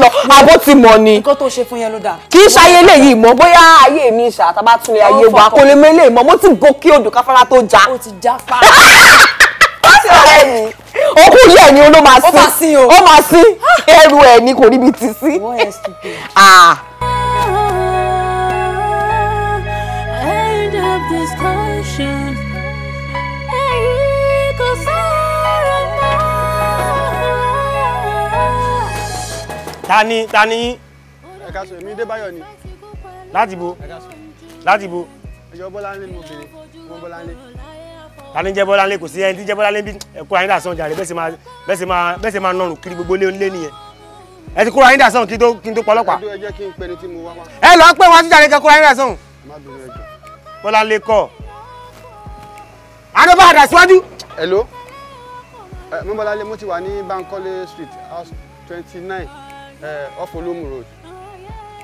D: lọ abó ti mọ ni nǹkan
H: tó ṣe fún yẹn ló dáa kì í ṣayé eléyìí mọ bóyá ayé
D: mi ṣá tá bá tún lè ayé wa kò lè mọ eléyìí mọ mo ti gòkè odò káfárá tó já ó ti já pa ó ti rẹ
A: ni òkú yẹ ni ó ló máa
D: sí ó máa sí ẹrù ẹ ni kò níbi ti
H: sí.
F: Tani, Tani. ta ni. ẹ ká sọ èmi Débáyọ̀ ni. láti bo láti bo. ẹjọ Bọ́láńlé ni mo bèrè mo Bọ́láńlé.
D: ta ni jẹ́ Bọ́láńlé kò sí ẹni tí jẹ́ Bọ́láńlé bí ẹ̀kọ́ ayé dàsán jàre bẹ́ẹ̀ sì máa bẹ́ẹ̀ sì máa bẹ́ẹ̀ sì máa nọrùn kiri gbogbo lé nílé nìyẹn ẹ ti kóra yín dàsán kí n tó kí n tó pọlọ́pàá.
F: ẹ jẹ́ kí n pẹ́ni tí mo wá wá.
D: ẹ lọ pé wọn ti jàre kẹ kóra yín dàsán. Bọ́láńlé kọ́ adó bá àdà síwájú.
F: hello mo Bọ́láńlé mo ti wà ní Bankole street house twenty nine off Olómù road.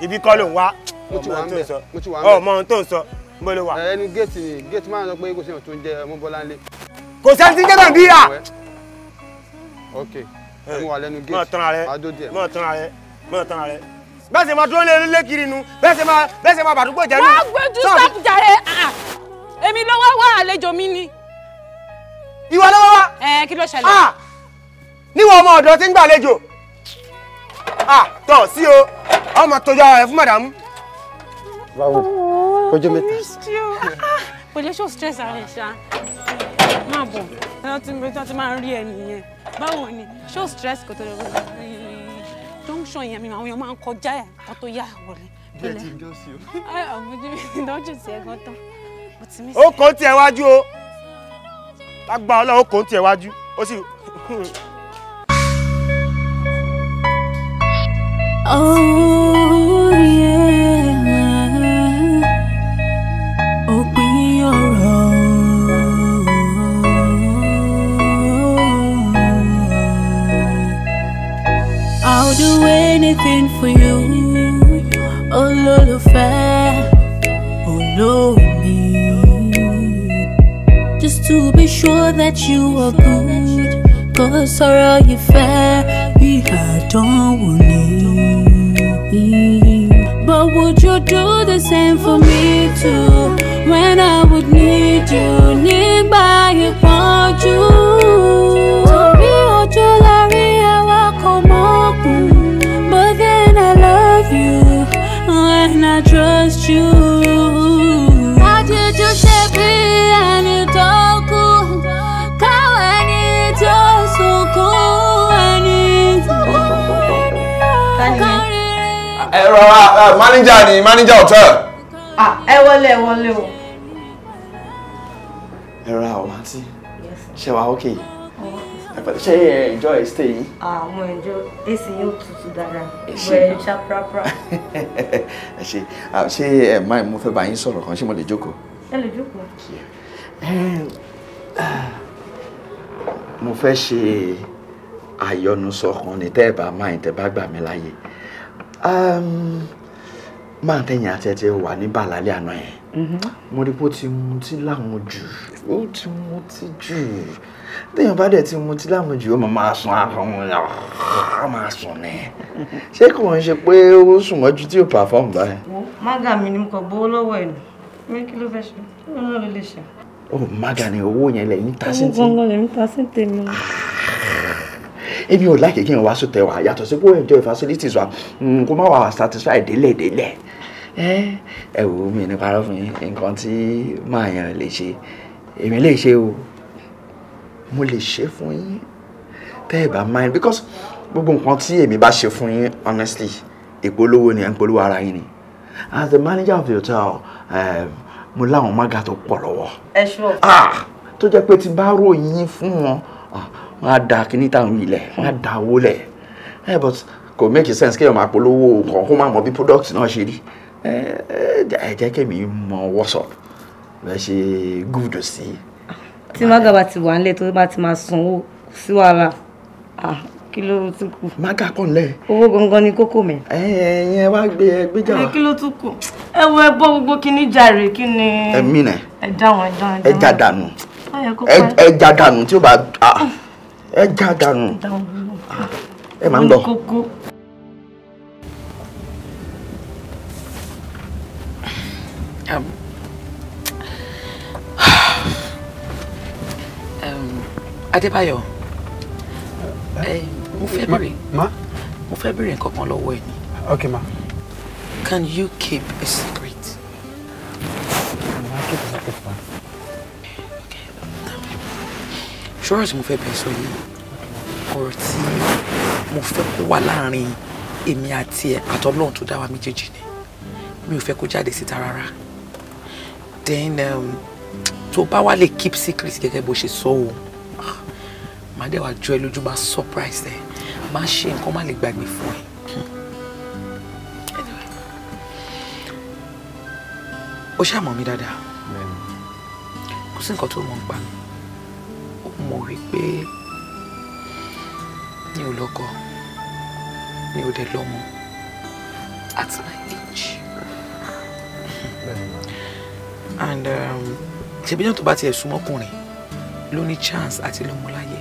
F: ibi kọ́ ló ń wá mo ti wà ń bẹ̀ mo ti wà ń bẹ̀ ọmọ ohun tó ń sọ mo lè wà. ẹnu géètì ni géètì máa ń sọ pé kò sí ọ̀tún jẹ Mọ́bọ́láńlé. kò sẹ́ni tí jẹ́nà bí yà. ok mo wà lẹ́nu géètì máa dó díẹ̀. mọ̀ tán rẹ mọ̀ tán rẹ bẹ́ẹ̀ sì máa dúró lé nílé kiri nu bẹ́ẹ̀ sì máa bẹ́ẹ̀ sì máa bàdúgbò jẹ́ nu. wọ́n
B: gbẹ́jú sọ́ọ̀bù jàre ah, ah. èmi lọ́wọ́ wá àlejò mi ni. ìwọ lọ́wọ́ wá. ẹ kí ló ṣẹlẹ̀. Ah,
D: níwọ̀n ọmọ ọ̀dọ́ ti ń gbàlejò Ah, tọ̀ sí o ọmọ tọjọ ara rẹ fún màdàmú.
A: báwo kọjọ mẹ́ta.
B: kò lè ṣó stress ara ẹ ṣá máa bọ̀ ẹni tí mo ti máa ń rí ẹni yẹn báwo ni ṣó stress kò tó lè wọlé junction yẹn mi àwọn èèyàn máa ń kọjá ẹ̀ kan tó yá wọlé.
F: bí ẹ ti ń jọ sí
B: o. ọ̀gbìn jìbìtì ti dọ́jú sí ẹ̀gbọ́n tán
F: ó kò ń tiẹ̀ wájú o lágbára ọlọ́run ó kò ń tiẹ̀ wájú ó sì.
A: Oh yeah. Open your own.
B: I'll do anything for you. little little me, Just to be sure that you are good. Cause fair? We ìfẹ́ bí àdánwò ni. But would you do the same for me too When I would need you Nígbà ìpọ́njú Torí ojú lárí àwa kò mọ́kùn But then I love you And I trust you manager
F: ni manager hotel.
B: ẹ wọlé ẹ wọlé o.
F: ẹ ra àwọn àǹtí ṣe wà ókè ṣe ẹ enjoy stay yìí.
E: àwọn ẹjọ èsì yóò tutù dára ìwé ẹ ṣàprápra.
F: ẹ ṣe ṣe ẹ máa mo fẹ́ bá yín sọ̀rọ̀ kan ṣé mo lè jókòó. ẹ lè jókòó. Ah, mo fẹ́ ṣe àyọnusọ kan ní tẹ́ ẹ bá máa ń tẹ́ bá gbà mí láyè.
D: Ehm, máa tẹ̀yìn àti ẹ̀tẹ̀ wà ní bàlálẹ̀ àná yẹn
F: mm-hmm. mo rí pé ó ti mutí láwọn jù
D: ó ti mutí jù téèyàn bá dẹ̀ ti mutí láwọn jù ó máa máa sùn àfọ̀n á máa sùn ní
F: ṣé kò ń ṣe pé ó sùn mọ́jú tí ò pàfọ́m báyìí.
I: mága mi ni mo kàn bówó lọ́wọ́ ẹ̀ ní kí ló fẹ́ ṣe kí ló lè ṣe.
F: ó
C: oh, mága ni owó yẹn lẹ́yìn ta sí ti. owó
I: gbọ́ngàn lèmi ta sí tèmi. Ah
D: èmi ò like again, n wá sùtẹ̀ wá yàtọ̀ sí pé ó enjoy facilities wa mm, kó má wà satisfied délẹ̀ délẹ̀ Eh? wò mí ní parọ́ fún yín nǹkan tí màá yàn lè ṣe èmi lè ṣe o mo lè ṣe fún yín tẹ́ ẹ bá mind because gbogbo nǹkan tí èmi bá ṣe fún yín honestly ìpolówó ni ẹ̀ ara yín ni as the manager of the hotel um, mo láwọn mága tó pọ̀ lọ́wọ́. ẹ ṣọ́. Ah! tó jẹ́ pé tí bá ròyìn fún wọn ah, wọ́n á da kíní táwọn yìí lẹ̀ wọ́n á
F: da owó lẹ̀ ẹ eh, but kò make sense kéèyàn máa polówó nǹkan kó má mọ bí product náà ṣe rí ẹ eh, ẹ jẹ́ kémi mọ whatsapp bẹ́ẹ̀ ṣe good sí.
D: tí maga bá ti wà nílẹ̀ tó bá ti máa sanwó sí wàhálà kí ló tún kù. maga kọ́ nílẹ̀. owó gangan ni kókó mi. ẹ eh, ẹ yẹn wá gbé ẹ gbé jà wá. kí
H: ló tún kù ẹ wo ẹ bọ gbogbo kíní jàre kí ni. ẹ mí ẹ dáhùn ẹ dáhùn ẹ dáhùn ẹ jà
D: dànù ẹ jà dànù tí ó bá ẹ já dànù ẹ máa ń lọ. Adébáyọ̀ mo fẹ́ bèrè mo fẹ́ bèrè nǹkan kan lọ́wọ́ ẹ ni. Okay ma. Can you keep a secret? Ṣọ́rọ̀ tí mo fẹ́ bẹ̀ sọ yìí ọ̀rọ̀ tí mo fẹ́ kó wà láàrin èmi àti ẹ àtọ́lọ́run tó dá wa méjèèjì ni mi ò fẹ́ kó jáde síta rárá then um, tó bá wá lè keep secret gẹ́gẹ́ bó ṣe sọ o ah, màá dẹ̀ wá jọ ẹ lójú máa surprise ẹ máa ṣe nǹkan má lè gbàgbé fún ẹ. o ṣáà mọ̀ mí dáadáa kò sí nǹkan tó mọ̀ ń pa mi mọ̀ wípé mi ò lọ́kọ mi ò dẹ̀ lọ́mọ
A: at my age
D: and um, ṣèbíyàn tó bá tiẹ̀ súnmọ́kùnrin ló ní chance àti lọ́mọ láyé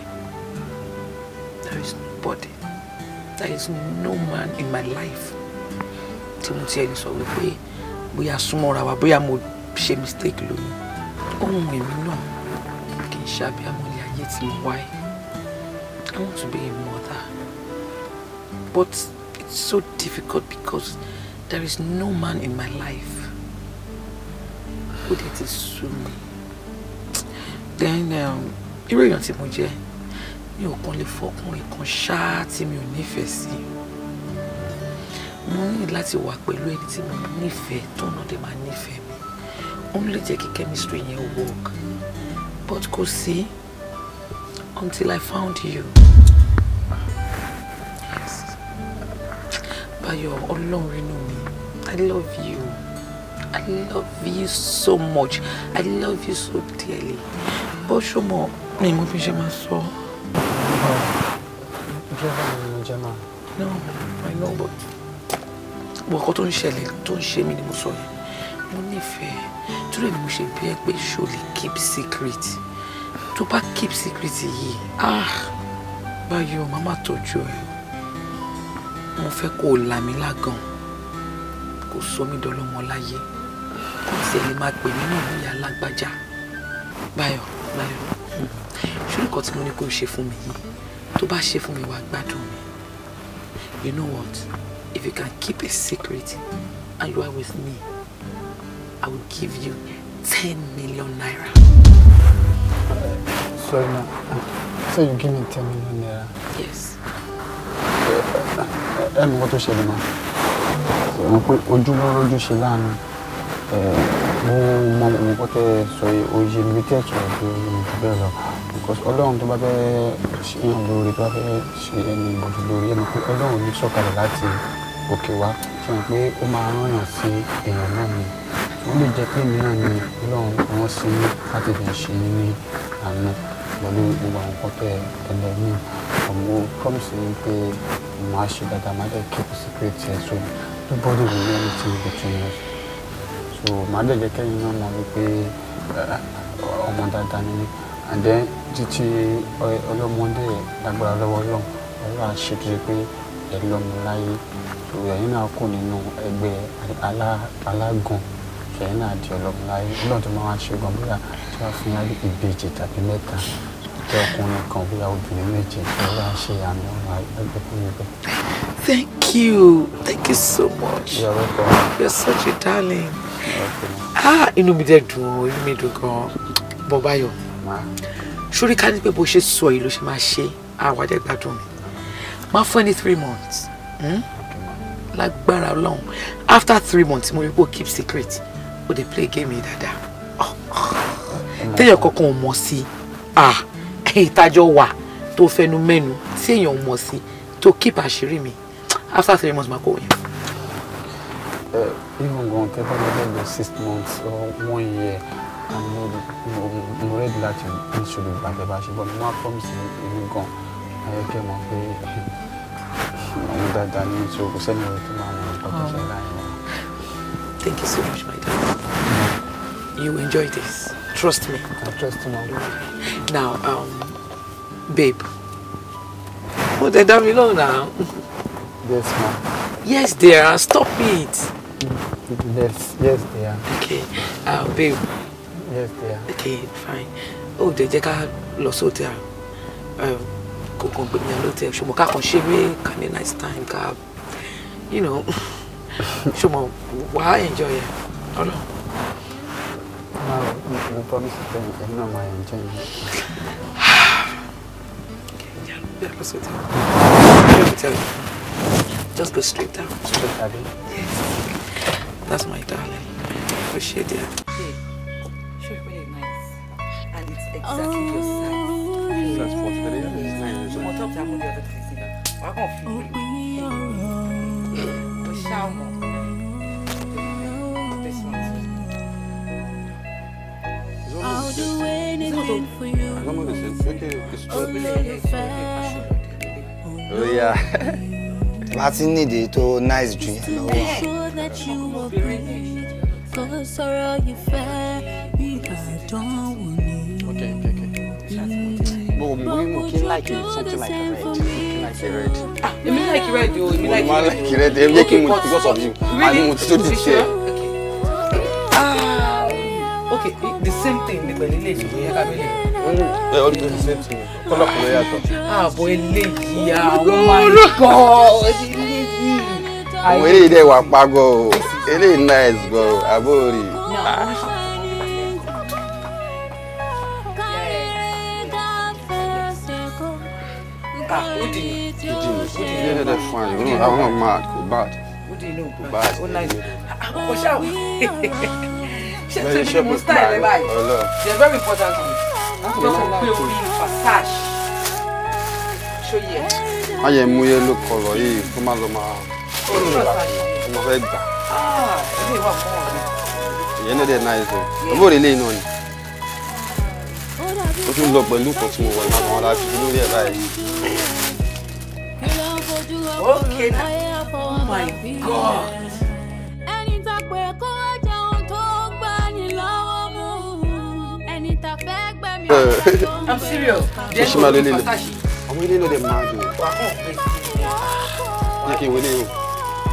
D: there is nobody there is no man in my life tí mo tiẹ̀ lè sọ wípé bóyá súnmọ́ra wa bóyá mo ṣe mistake lóyún ohun èmi náà kì í ṣàbíyàmọ́ ní ayé tí mo wáyé I want to be a mother. But it's so difficult because there is no man in my life who did it sue me. Then, um, irú èèyàn tí mo jẹ́, mi ò kàn lè fọkùnrin kan ṣáá tí mi ò nífẹ̀ẹ́ sí. Mo ní láti wà pẹ̀lú ẹni tí mo nífẹ̀ẹ́ tó náà dé máa nífẹ̀ẹ́ mi. Ó ń lè jẹ́ kí chemistry yẹn work. But kò sí until I found you. Ah, yes. Bayo, Ọlọ́run mi, I love you. I love you so much. I love you so dearly. Bó ṣó mọ̀ ni mo fi ṣe máa sọ. Jẹ́rọ ni mo jẹ́ máa. No, I know but wọ́n kọ́ tó ń ṣẹlẹ̀ tó ń ṣe mí ni mo sọ yẹn. Mo nífẹ̀ẹ́ torí ni mo ṣe bí ẹ pé ṣó keep secret. Tó bá keep secret yìí, ah, Bayo, màmá tọ́jú ẹ mo fẹ́ kó o là mí lágàn kó sọ mí dọlọ́mọ láyé kó sì lè máa pè mí náà níyà lágbájá báyọ̀ báyọ̀ ṣùgbọ́n tí mo ní kó o ṣe fún mi yìí tó bá ṣe fún mi wàá gbádùn mi you know what if you can keep a secret and you
G: are with me I will give you ten million naira. Sorry, ma. So you give me ten million naira? Yes ẹ mọ tó ṣẹlẹ̀ máa wọn pé ojúmọ lójú ṣe láàánú mo mọ mo kọ́ tẹ sọ oyè mi tẹ̀ sọ̀rọ̀ tó bẹ́ẹ̀ lọ because ọlọ́run tó bá fẹ́ ṣe èèyàn lóore tó bá fẹ́ ṣe ẹni ìbòjú lóore ẹni pé ọlọ́run ní sọ̀kalẹ̀ láti òkè wá ṣe hàn pé ó máa rán yàn sí èèyàn náà ni wọ́n lè jẹ́ pé mìíràn ni ọlọ́run rán sí láti fi ṣe ní ní àánú pẹ̀lú gbogbo àwọn kọ́tẹ́ ẹlẹ́mìí àmọ́ promise ni pé máa ṣe dáadáa máa dẹ̀ keep secret yẹn so nobody will know anything between us so máa dẹ̀ jẹ́ kẹ́yìn náà mọ̀ wípé ọmọ dáadáa ni and then títí ọlọ́mọdé lágbára lọ́wọ́ lọ́n ọlọ́ àṣetúnṣe pé ẹ lọ́mọ láyé so ẹ̀yin náà kù nínú ẹgbẹ́ alágàn so ẹ̀yin náà di ọlọ́mọ láyé lọ́dún máa ń ṣe gan bóyá tí wọ́n fi ń rí ìbejì tàbí mẹ́ta ọkùnrin kan bóyá obìnrin méje bóyá ṣe àmì ọ̀nà
D: Thank you. Thank you so much. You're welcome. such a darling. Ah, inú mi dẹ̀ dùn ó, inú mi dùn gan-an. Bọ̀báyọ̀. Ṣorí ká ní pé bó ṣe sọ yìí ló ṣe máa ṣe àwọn àjẹgbádùn mi. Máa fún ẹ ní three months. Hmm? Lágbára Ọlọ́run. After three months, mo rí pé keep secret. Ó dey play game yìí dáadáa. Oh, oh. Téèyàn kankan ò mọ̀ sí i. Ah! ìtajọ wà tó fẹnu mẹ́nu tí èèyàn mọ̀ sí tó keep àṣírí mi
G: after three months máa kó yẹn. even gan tẹ́tẹ́ lọ́dọ̀ lọ six months or one year and mo mo ready láti ìṣòro ìgbàgbẹ́ bá ṣe bọ́ mo máa promise mi gan ayẹ́kẹ́ mọ̀ pé àwọn dáadáa ní tí o sẹ́ni ọ̀rọ̀ tó máa mọ̀ nípa tó ṣe láàyè. Thank you so much, my
D: darling. Mm-hmm. You enjoy this. Trust me. I ah, trust you, Mom. Now, um, babe. Put the damn below now.
G: Yes, Mom.
D: Yes, dear. Stop it.
G: Yes, yes, dear. Okay. Uh,
D: babe. Yes, dear. Okay, fine. Oh, they just got lost hotel. Um, go go go near hotel. She must come she me can a nice time. Cab. You know. She must. Why
G: enjoy it? Hello. you promise to tell me no my enjoying Yeah, let's go tell you. Just go straight down. Straight down? Yes.
D: That's my darling. Appreciate it. Babe, she's really nice. And it's exactly oh. your size. That's nice. So, what to that.
H: I'm going to feel it.
I: do anything for you.
C: Oh yeah. Láti nídìí tó nice jù yẹn lọ́wọ́.
B: Cause ọ̀rọ̀ ìfẹ́ bí àdánwò ni. Okay, okay,
F: okay. Mo mo like it. something like red.
I: Like red.
D: Ah, èmi like red o, èmi
F: like red. Mo like it red, èmi kí mo because of you. Àní mo ti tó di
D: Okay. okay same thing ni pẹ̀lú ilé ìṣòro yẹ kábílì.
F: ẹ ọ dún same thing kọ́lá kò lọ
D: ààbò eléyìí àwọn
F: máa ń
A: kọ́ eléyìí. àwọn eléyìí
F: dẹ̀ wà pagọ́ o eléyìí nice gan àbórí. Ah, ó
A: dì ní.
B: ó dì ní. ó dì ní. ó
F: dì ní. àwọn máa kò bá. ó dì ní. kò bá. ó náà.
D: àwọn kò ṣáà wá ṣe ṣe ṣe mo style ẹ báyìí
F: they are
D: very important things
F: láti lọ sọ pé
D: orí passage
F: ṣóyè. ayẹ mú yẹ ló kọlọ yìí kó má lọ máa ọmọ fẹ gbà. Ah, ìyẹn náà dẹ̀ náà ẹ sọ ọmọ òrè lẹ́yìn náà ni ó tún lọ pẹ̀lú kan tí mo
A: Oh my God.
F: I'm serious. not I'm Ṣèṣìmá ló lélẹ̀. Àwọn ilé lọ́dẹ̀ máa jò. Ní kí n wọlé o.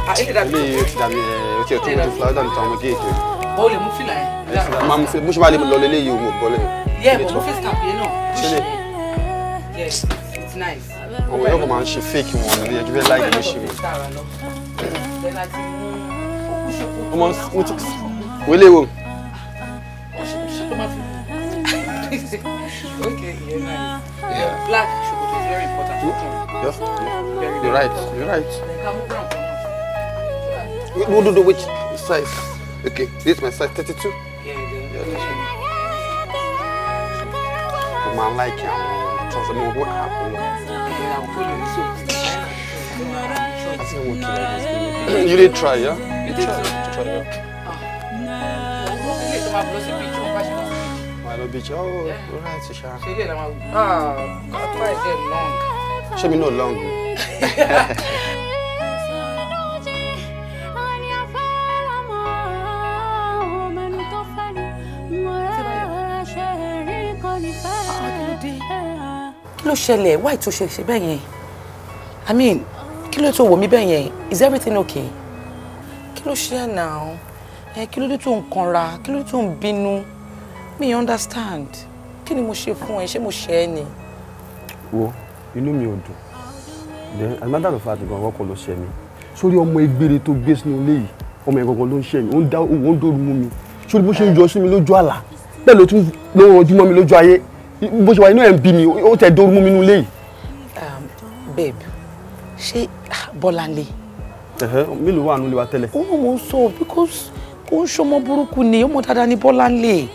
F: Ah, ilé yìí eh, ti dàbí ẹ̀ ọtí ẹ̀tún ti fúláwọ́ dàbí tàwọn ọmọdé èké. Bọ́ọ̀ lè mú fìlà yẹn. Máa mú fẹ́ mú ṣe máa lè lọ lélẹ̀ yìí o mò bọ́lẹ̀.
D: Yẹ́ bọ̀ mú fèsì kàpé náà. Ṣẹlẹ̀. Yes, it's nice. Ọ̀pọ̀ yóò
F: kọ̀ máa ń ṣe fake wọn ní ẹjú bẹ́ẹ̀ láì ní ṣe mi. Ọmọ wọlé wo.
D: okay, yeah, nice. Black shokoto is very important. Mm. Yes, yeah.
A: very
F: you're right, you're right. No, do no, which size? Okay, this is my size 32. Yeah, yeah, yeah. Man, like him, trust me, what happened? You did try, yeah? You did try, try yeah. Ah lọ beach oh alright ṣá. ṣe yẹ làwọn
D: ah god why is it
F: long. ṣé mi náà long.
D: kí ló ṣẹlẹ̀ why tó ṣe ṣe bẹ́ẹ̀ yẹn i mean kí ló tó wò mí bẹ́ẹ̀ yẹn is everything okay kí ló ṣe náà ẹ eh, kí ló dé tó ń kanra kí ló tó ń bínú mi understand kí ni mo ṣe fún ẹ ṣé mo ṣe ẹ ni.
F: wo inú mi ò dùn then as a matter of fact gan ọkọ ló ṣe mi sórí ọmọ egbére tó gbé sínú ilé yìí ọmọ yẹn gangan ló ń ṣe mi ó ń dá òun ń dòrú mú mi sórí bó ṣe ń yọ sí mi lójú àlá bẹ́ẹ̀ ló tún ló ń rọjú mọ́ mi lójú ayé bó ṣe wà inú ẹ̀ ń bí mi ó tẹ̀ dòrú mú mi nínú ilé yìí. Um, babe
D: ṣé ah, bọ́láńlé.
F: mélòó wà nílé wa tẹ́lẹ̀.
D: ó mọ̀ sọ because kó ń ṣọmọ burúkú ni ọmọ dáadáa ni bọ́láńlé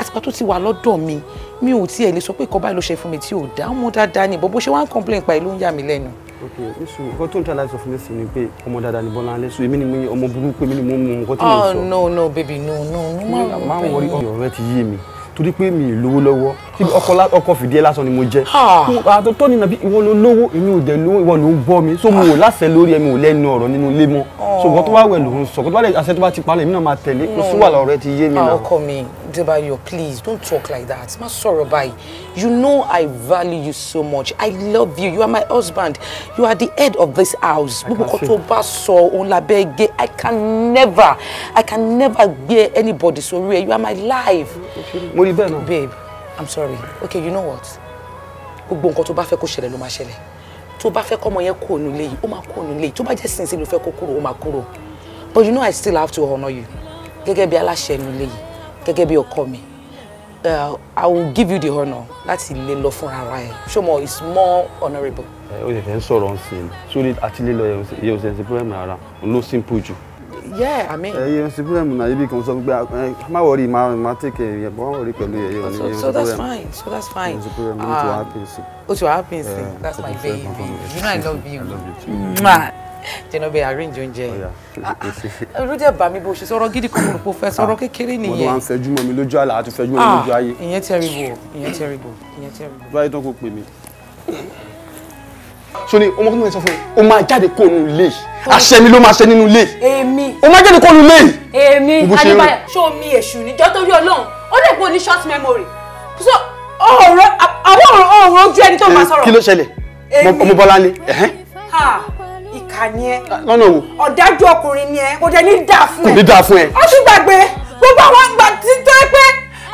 D: àtìpá tó ti wà lọ́dọ̀ mi mi ò tiẹ̀ lè sọ pé ìkọ́ báyìí ló ṣe fún mi tí ò dá ọmọ dáadáa ni bọ́bọ́ ṣe wá ń complain pa ìlú ń yà mí lẹ́nu.
A: ok
F: nisu nǹkan tó ń tẹ́lá sọ fún mi sí ni pé ọmọ dáadáa ni bọ́lá alẹ́ so èmi ni mo yẹ ọmọ burúkú èmi ni mo mú nǹkan tí mo oh, sọ. oh no
I: no baby no no no má wọrí ọ̀rọ̀
F: rẹ ti yé mi torí pé mi ì lówó lọ́wọ́ tí ọkọ ọkọ fìdí ẹ lásán ni mo jẹ àtọ́tọ́ ah, ni nàbí ìwọ ló lówó èmi ò dẹ̀ lówó ìwọ ló ń bọ́ mi so mo ò ah. láṣẹ lórí ẹ ò lẹ́nu ọ̀rọ̀ nínú ilé mọ́ so oh. nǹkan wá wẹ̀ ló sọ nǹkan wá lẹ̀ àṣẹ tó bá ti palẹ̀ èmi náà máa tẹ̀lé kó sún wà lọ́rọ̀ ẹ ti yé mi ah, náà. ọkọ
D: mi Débáyọ̀ please don't talk like that má sọ̀rọ̀ báyìí you know I value you so much I love you you are my husband you are the head of this house gbogbo tó bá sọ òun lábẹ́ gé I can never I can never gbé anybody sórí ẹ you are my life. mo rí bẹ́ẹ̀ náà babe i'm sorry okay you know what gbogbo nǹkan tó bá fẹ́ kó ṣẹlẹ̀ ló máa ṣẹlẹ̀ tó bá fẹ́ kọ́mọ yẹn kúrò nílé yìí ó máa kúrò nílé yìí tó bá jẹ́ sínsìn ló fẹ́ kó kúrò ó máa kúrò but you know i still have to honour you gẹ́gẹ́ bí aláṣẹ inú ilé yìí gẹ́gẹ́ bí ọkọ mi uh, i will give you the honour láti lè lọ fúnra ara ẹ ṣó mọ it's more honourable.
F: ó lè fẹ́ sọ̀rọ̀ ọ̀sìn sórí àtìlélọ́yẹ̀ yẹ̀ ọ̀sẹ̀ ṣe pẹ́rẹ́mì ara ló simple jù yeah i mean. ẹyẹ ṣe problem na ibi kan sọ pé má wọrí má take ẹyẹ bọ́ wọrí pẹ̀lú ẹyẹ so that's fine
D: so that's fine. ṣe problem o ti wà happy sí. that's my baby you know i love you. i love
F: you too.
D: jẹnabẹ arrange oúnjẹ
F: olùdẹ
D: oh, ah, ah, bá mi bó ṣe sọ̀rọ̀ gidi kan mo rò pé fẹ́ ah, sọ̀rọ̀ kékeré nìyẹn. mo máa ń
F: fẹjú mọ́ mi lójú àlá àti fẹjú mọ́ mi lójú ayé.
D: ìyẹn terrible ìyẹn
F: terrible ìyẹn terrible. Why don't kò pè mí sóni ọmọ kí ni mo sọ fún mi o máa jáde kó nu ilé àṣẹ mi ló máa ṣe nínú ilé. èmi o máa jáde kó nu ilé.
B: èmi adébáyọ̀ ṣó mi èṣù níjọ́ torí ọlọ́run ó lè kó ní short memory so
D: ọ̀rọ̀ àwọn ọ̀rọ̀ ojú ẹni tó máa eh, sọ̀rọ̀. kí ló
F: ṣẹlẹ̀ ọmọ bọ́lá ni.
D: ìkà ni ẹ ah, ọ̀dájú ọkùnrin ni ẹ kò dé ní dáa fún ẹ. kò ní dáa fún ẹ. ó tún gbàgbé gbogbo àwọn ìgbà tí tó ẹ pé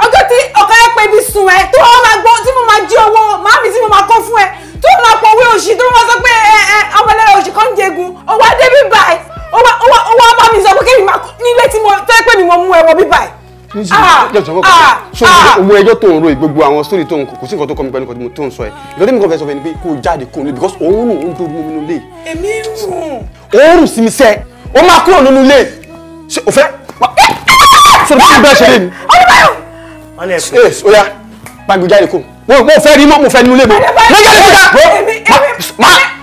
D: ọjọ́ tí ọ̀kọ́ ẹ pé ibi sùn ẹ tó
E: wọ́n máa gbọ́ tí mo máa jí owó màámi tí mo máa kọ́ fún ẹ tó máa pọ̀ wí òṣì tó máa sọ pé ẹ ẹ
D: àwọn ẹlẹ́rọ kan ń jẹgun ọwọ́ adé bí báyìí ọwọ́ ọwọ́ bá mi sọ pé kí ni máa nílé tí mo
F: tẹ́ pé mi mo mú ẹwọ bí báyìí. Owó ẹjọ́ tó ń ro gbogbo àwọn sórí tó ń kò sí nǹkan tó kọ́ mi pẹ̀lú nǹkan tó ń sọ ẹ̀. Ìgbà tí mi kàn fẹ́ sọ fẹ́ ni pé kó o jáde kó o lè because òórùn òun tó mú mi nulẹ̀.
A: Èmi rùn.
F: Òórùn
D: sí gbàgbé jáde kò mo fẹ́ rí mo fẹ́ nílé mo mo jáde kúta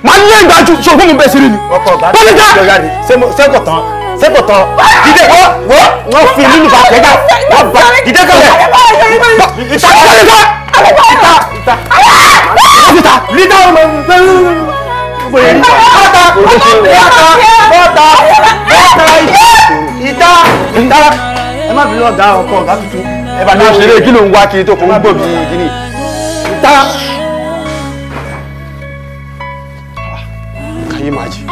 D: ma ní ẹ̀ gbájú ṣògbọ́n mi bẹ́ẹ̀ sí rí ni.
A: ọkọ ọgá tó ń bọ̀ jáde
D: sẹ́kọ̀ tán sẹ́kọ̀ tán dídé kọ́
A: wọ́n wọ́n fi nínú bá kẹjá wọ́n bá dídé kọ́ rẹ̀ ìta ìta ìta ìta ìta lídà ọmọ ìgbẹ́rù bọ́tà bọ́tà bọ́tà ìta
F: ìta ẹ má bínú ọ̀gá ọkọ ọ̀gá tuntun máa ṣeré kí ló ń wá kiri tó kò ń gbò bíi kíní.
A: tá. káyé máa jì.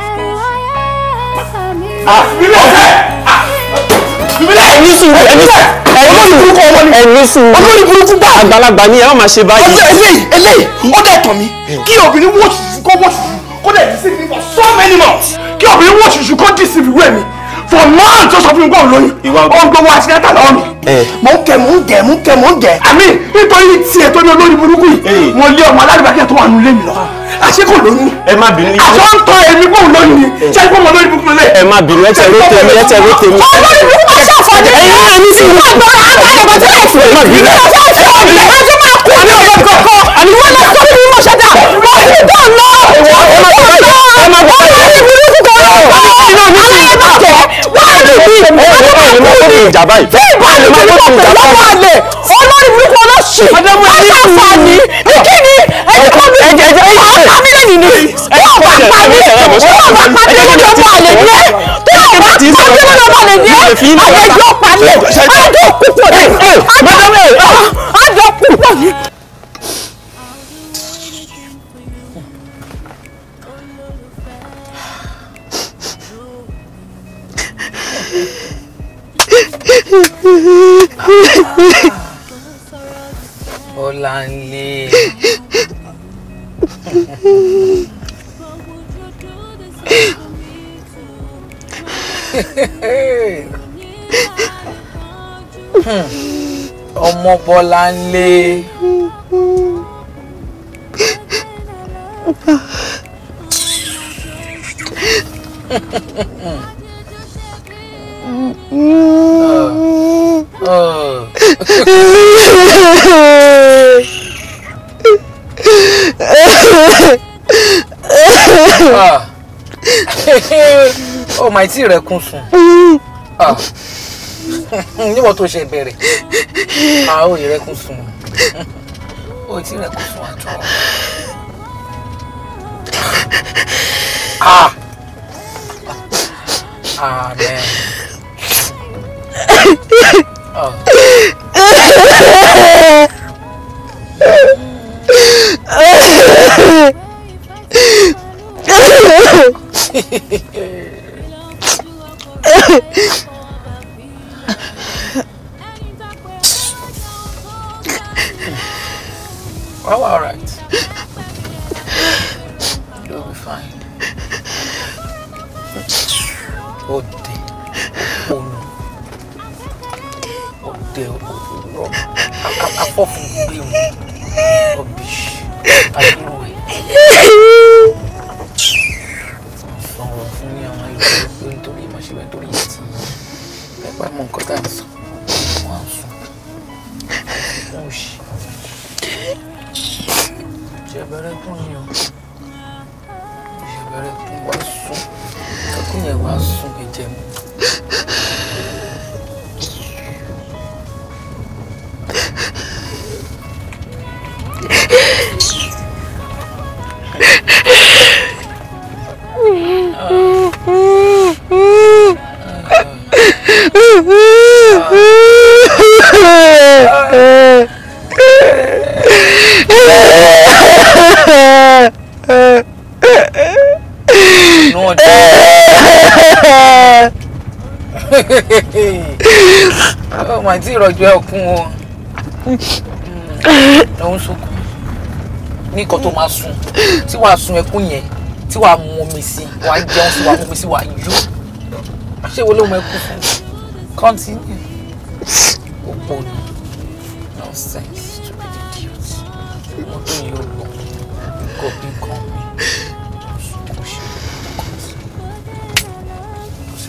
A: Ah, bíbélì ah!
G: bíbélì ẹni sùn ẹni sùn ẹni sùn ẹni sùn olórí burúkú bá àgbàlagbà ni ẹ má
D: máa ṣe báyìí. ọjọ́ eléyìí eléyìí ó dẹ̀ tàn mí kí obìnrin wọ́ọ̀tì kó wọ́ọ̀tì kó dẹ̀ dísìfì for so many months kí obìnrin wọ́ọ̀tì kó dísìfì wẹ̀ mí for months ó sọ fún mi pé òun lóyún òun gbowó àṣìlẹ́tà lọ́wọ́ mi mò ń kẹ mò ń gẹ mò ń kẹ mò ń gẹ àmì nítorí tiẹ̀ tó
F: ní olórí burúkú yìí wọ́n lé ọmọ alárìbákẹ́ tó wà nílé mi lọ àṣé kò lóyún ẹ má bínú yìí àṣọ ń tọ èmi pé òun lóyún ni ṣé kó mo lórí burúkú lẹ. ẹ má bínú ẹ tẹ̀lé tèmi ẹ tẹ̀lé tèmi. olórí burúkú máa ṣàfọ̀dé ẹ̀yìn ọ̀rọ̀ mi sí ìlú àgbọ̀rọ̀ àgbọ̀rọ̀ tí láì fún mi ìlú ọ̀ṣọ́ ìṣẹ́ ọ̀ṣẹ́ tó máa kú àmì ọ̀rọ̀ kọ̀ọ̀kan àmì
A: wọ́n lọ sọ́ọ́ olórí burúkú ọlọ́sì aláfààní ní kí ni ẹ̀dọ́gbọ̀n mi àtàmílẹ̀yìn ni tí ò bá pàdé tí ò bá pàdé lọ́dọ̀ bá lè ní ẹ́ tí ò bá pàdé lọ́dọ̀ bá lè ní ẹ́ àgbẹ̀jọ́ pàdé àjọ kúkú rẹ̀
D: àjọ kúkú rẹ̀.
I: Ọláńlé.
D: Ọmọ Bọ́láńlé. Mm-hmm ó máa tí rẹ kún sùn níwọ̀n tó ṣe bẹ̀rẹ̀ àwọn òye rẹ kún sùn ó tí rẹ kún sùn àjọ. Ah. Amen.
A: Ah, well,
I: all right. You'll be fine.
A: Good. dẹ afọ́fun gbé wọn rubbish àdúró ẹ̀. sọ̀rọ̀ fún ní àwọn ìlú pé nítorí ìmọ̀ṣẹ́ bẹ́ẹ̀ torí ìtì
D: ẹ̀pá mọ nǹkan tá à ń sọ wọ́n á sùn fún ọmọ àti ìrọ̀jọ́ ẹkún o òun hmm. sunkún ní nǹkan tó máa sun tí wàá sun ẹkún yẹn tí wàá mu omi sí wàá jẹun sí wàá mu omi sí wàá yó ṣé wo ló ẹkún fún kọ́ntínú òpó ni nonsense.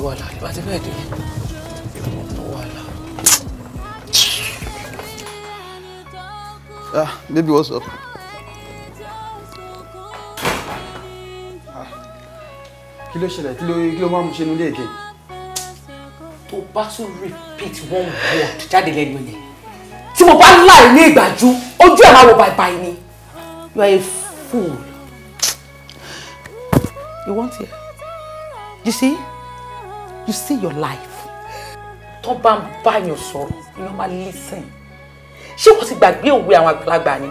I: wàhálà àdìbá ti fẹ́ẹ̀ dé ìrànwọ́
F: wàhálà. ah baby what's up. Ah, kí ló ṣẹlẹ̀ kí ló kí ló máa mú ṣe nílé èké.
D: tó bá tún repeat one word jáde lẹ́nu yẹn tí mo bá láì ní ìgbàjú ojú ẹ̀ máa wọ bàìbàì ni you are a fool. You want it? You see? you see your life tó bá ń báyàn sọ̀rọ̀ èèyàn máa listen ṣé wọ́n ti gbàgbé òwe àwọn àgbàlagbà ni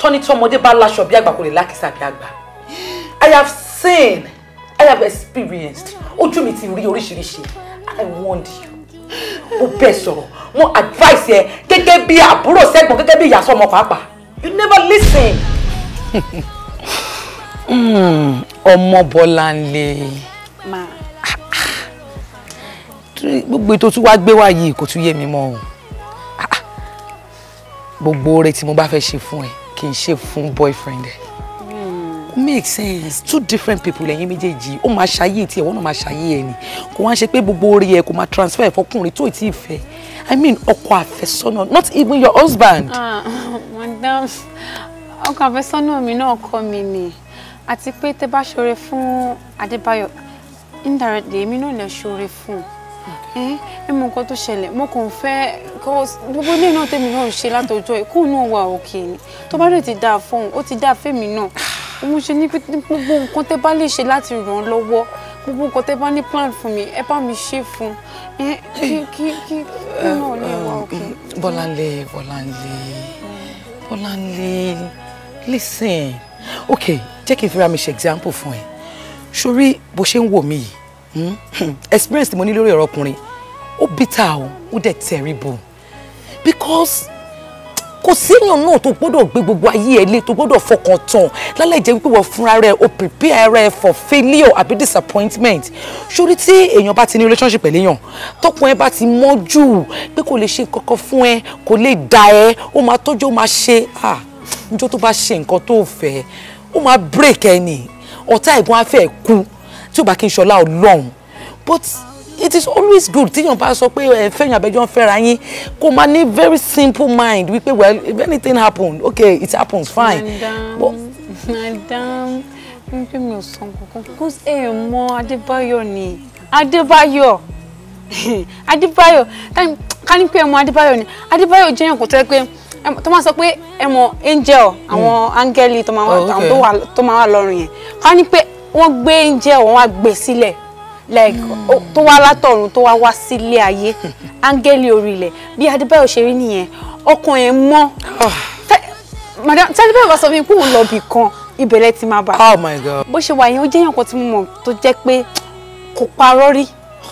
D: tọ́ni tí ọmọdé bá láṣọ bí àgbà kò lè lákìsà bí àgbà i have seen i have experienced ojú mi ti rí oríṣiríṣi i warned you mo bẹ́ẹ̀ sọ̀rọ̀ mo advice ẹ gẹ́gẹ́ bí àbúrò sẹ́gbọ̀n gẹ́gẹ́ bí ìyàsọ́ ọmọ pàápàá you never listen. Hmm. ọmọ Bọ́láńlé. Ma gbogbo ètò tún wá gbé wá yìí kò tún yé mi mọ́ o ah, ah. gbogbo oore tí mo bá fẹ́ ṣe fún ẹ kì í ṣe fún boyfriend ẹ hmm. make sense two different people lẹ́yìn méjèèjì ó máa ṣayé tí ẹ̀wọ́n náà máa ṣayé ẹ̀ ni kò wá ṣe pé gbogbo oore yẹ kò máa transfer fọkùnrin tó ti fẹ́ i mean ọkọ àfẹ́sọ́nà not even your husband.
B: ah madam ọkọ àfẹ́sọ́nà mi náà kọ́ mi ni àti pé tẹ́ bá ṣoore fún Adébáyọ̀ indirectly èmi náà lè ṣoore fún un ẹ eh, mọ nǹkan tó ṣẹlẹ̀ mo kàn fẹ́ gbogbo ilé náà tèmi náà ṣe látọjọ́ ẹ kóun náà wà òkè ni tó bá lè ti dáa fóun ó ti dáa fẹ́mi náà mo ṣe ní gbogbo nǹkan tẹ́ bá lè ṣe láti ràn án lọ́wọ́ gbogbo nǹkan tẹ́ bá ní plan fún mi ẹ bá mi ṣe fún un eh, kí kí kí eh, náà lè wà
D: òkè. Um, Bọ́láńlé Bọ́láńlé Bọ́láńlé listen okay jẹ́ kí n fira mi ṣe example fún ẹ sórí bó ṣe ń wò mí yìí Hmm. experience tí mo ní lórí ọ̀rọ̀ ọkùnrin ó bitter o ó dẹ̀ terrible because kò séèyàn náà tó gbọ́dọ̀ gbé gbogbo ayé ẹ̀ lé tó gbọ́dọ̀ fọkàn tán lálẹ́ jẹ́ wípé wọ́n fúnra rẹ̀ o prepare rẹ̀ for failure àbí disappointment sórí tí èèyàn bá ti ní relationship pẹ̀lú èèyàn tọkùn ẹ bá ti mọ́ jù pé kò lè ṣe kankan fún ẹ kò lè da ẹ ó máa tọ́jú ó máa ṣe ah níjọ́ tó bá ṣe nǹkan tó fẹ́ ó máa break ẹ nì ọ̀tá ẹ̀gbọ́n afẹ́ ẹ̀ kú tí ò bá kí n ṣọlá ọlọ́run but it is always good tíyàn bá sọ pé ẹ fẹ́yìn abẹ́jọ́ ń fẹ́ra yín kó máa ní very simple mind wípé well if anything happen okay it happens fine. madam but,
B: madam wípé mi ò sọ kankan kó ẹ mọ adébáyọ̀ ni adébáyọ̀ adébáyọ̀ ká ní pé ẹ mọ adébáyọ̀ ni adébáyọ̀ jẹ́ ẹ̀kọ́ tó yẹ pé tó máa sọ pé ẹ mọ angel àwọn hmm. áńgẹ́lì oh, tó máa wà lọ́rùn yẹn ká ní pé wọ́n gbé oúnjẹ wọn wá gbé sílẹ̀ like tó wá látọ̀run tó wá wá sílé ayé áńgẹ́lì orílẹ̀ bí adébáyọ̀ ṣe rí nìyẹn ọkàn ẹ̀ mọ́ ah. madam tell me, what's fún mi pé òun lọ bì kan ìbẹ̀rẹ̀ ti máa bà. oh my god. bó ṣe wa yẹn ó jẹ́ yàn kan tí mo mọ̀ tó jẹ́ pé kò parọ́ rí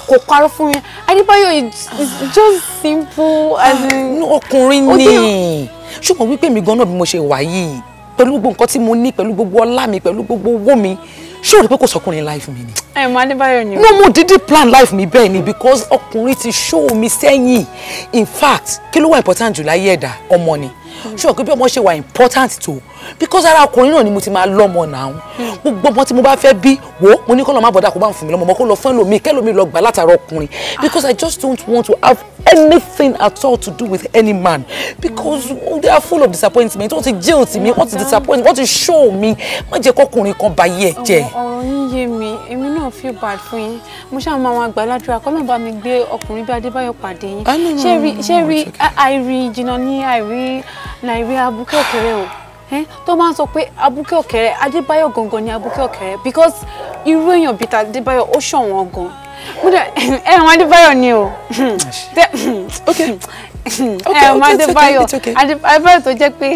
B: kò parọ́ fún mi adébáyọ̀ is
D: just simple as ah, in. ọkùnrin ni ṣùgbọ́n wípé mi gan-an bí mo ṣe wà yìí pẹ̀lú gbogbo nǹkan tí mo ní pẹ̀lú gbogbo ọlá mi pẹ̀lú gbogbo owó mi ṣé o rí pé kò sọkùnrin life mi ni.
B: ẹ mọ adébáyọ ni
D: no mo dídí plan life mi bẹ́ẹ̀ ni because ọkùnrin ti show mi sẹ́yìn in fact kí ló wà important jù láyé ẹ̀dá ọmọ ni ṣé o rí pé ọmọ ṣe wà important tó because ara ọkùnrin náà ni mo ti máa lọ́mọ náà gbogbo ọmọ tí mo bá fẹ́ bí wo mo ní kọ́ lọ́ọ́ má bọ̀dá kó bá ń fún mi lọ́mọ kó lọ fún ẹlòmíì kẹlòmíì lọ gbà látara ọkùnrin because I just don't want to have anything at all to do with any man because they are full of disappointment wọ́n ti jail tì mí wọ́n ti disappoint wọ́n ti show mi má jẹ́ kọ́kùnrin kan bá yẹ jẹ́. ọ̀rọ̀ yín
A: yé mi
B: èmi náà feel bad fún yín mo ṣáà máa wọn àgbàládùra kọ́lọ́ bá mi gbé ọkùnrin bí Adébáyọ̀ pàdé yín ṣé rí àìrí jìnnà ní àìrí nàìrí abúkẹ́ òkèrè o tó máa ń sọ pé abúkẹ́ ọ̀kẹ́rẹ́ adébáyọ̀ gangan ni abúkẹ́ ọ̀kẹ́rẹ́ because irú èèyàn bíi tàdébáyọ̀ ó ṣọ̀wọ́n gan múdà ẹ wọn adébáyọ̀ ni o ẹ wọn adébáyọ̀ adébáyọ̀ tó jẹ́ pé